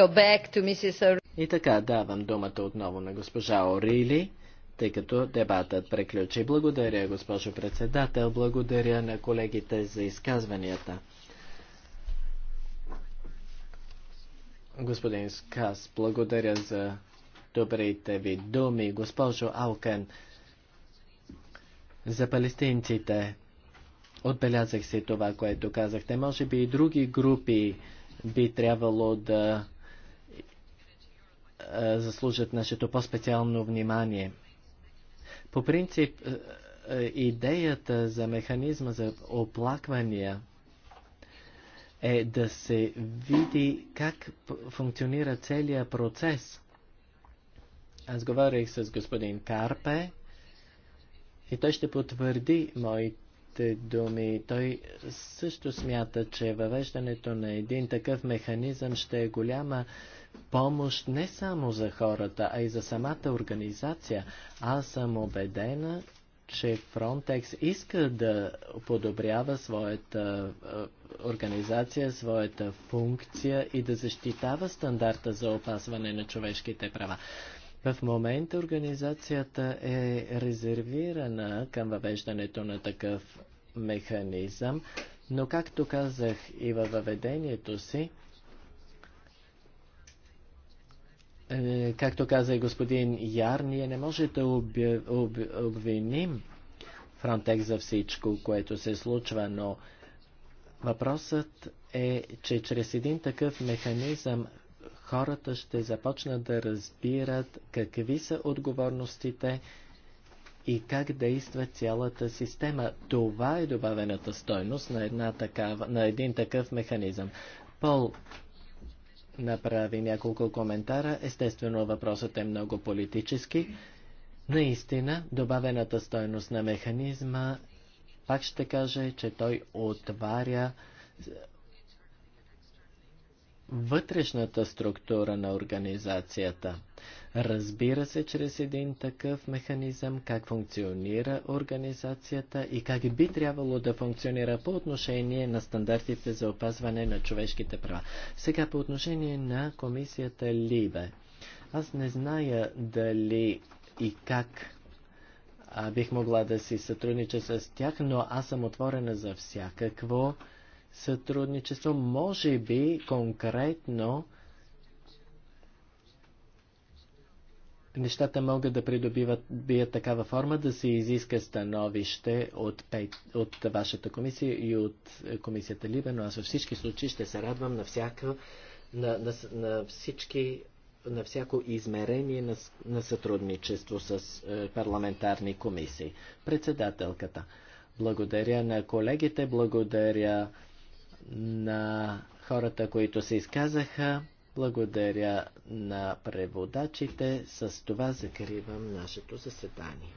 go back to Mrs. И така давам думата отново на госпожа Орили тъй като дебатът приключи. Благодаря, госпожо председател, благодаря на колегите за изказванията. Господин Скас, благодаря за добрите ви думи. Госпожо Алкен, за палестинците отбелязах си това, което казахте. Може би и други групи би трябвало да заслужат нашето по-специално внимание. По принцип, е, е, идеята за механизма за оплаквания е да се види как функционира целият процес. Аз говорих с господин Карпе и той ще потвърди моите думи. Той също смята, че въвеждането на един такъв механизъм ще е голяма помощ не само за хората, а и за самата организация. Аз съм убедена, че Frontex иска да подобрява своята е, организация, своята функция и да защитава стандарта за опазване на човешките права. В момента организацията е резервирана към въвеждането на такъв механизъм, но както казах и във въведението си, Е, както каза и господин Яр, ние не може да обвиним Фронтекс за всичко, което се случва, но въпросът е, че чрез един такъв механизъм хората ще започнат да разбират какви са отговорностите и как действа цялата система. Това е добавената стойност на, една такава, на един такъв механизъм. Пол направи няколко коментара. Естествено, въпросът е много политически. Наистина, добавената стойност на механизма, пак ще кажа, е, че той отваря вътрешната структура на организацията. Разбира се, чрез един такъв механизъм, как функционира организацията и как би трябвало да функционира по отношение на стандартите за опазване на човешките права. Сега по отношение на комисията Либе. Аз не зная дали и как а, бих могла да си сътруднича с тях, но аз съм отворена за всякакво сътрудничество, може би конкретно нещата могат да придобиват бият такава форма да се изиска становище от, пет, от вашата комисия и от комисията Либе, но аз във всички случаи ще се радвам на, всяка, на, на, на всички на всяко измерение на, на сътрудничество с е, парламентарни комисии. Председателката. Благодаря на колегите, благодаря на хората, които се изказаха. Благодаря на преводачите. С това закривам нашето заседание.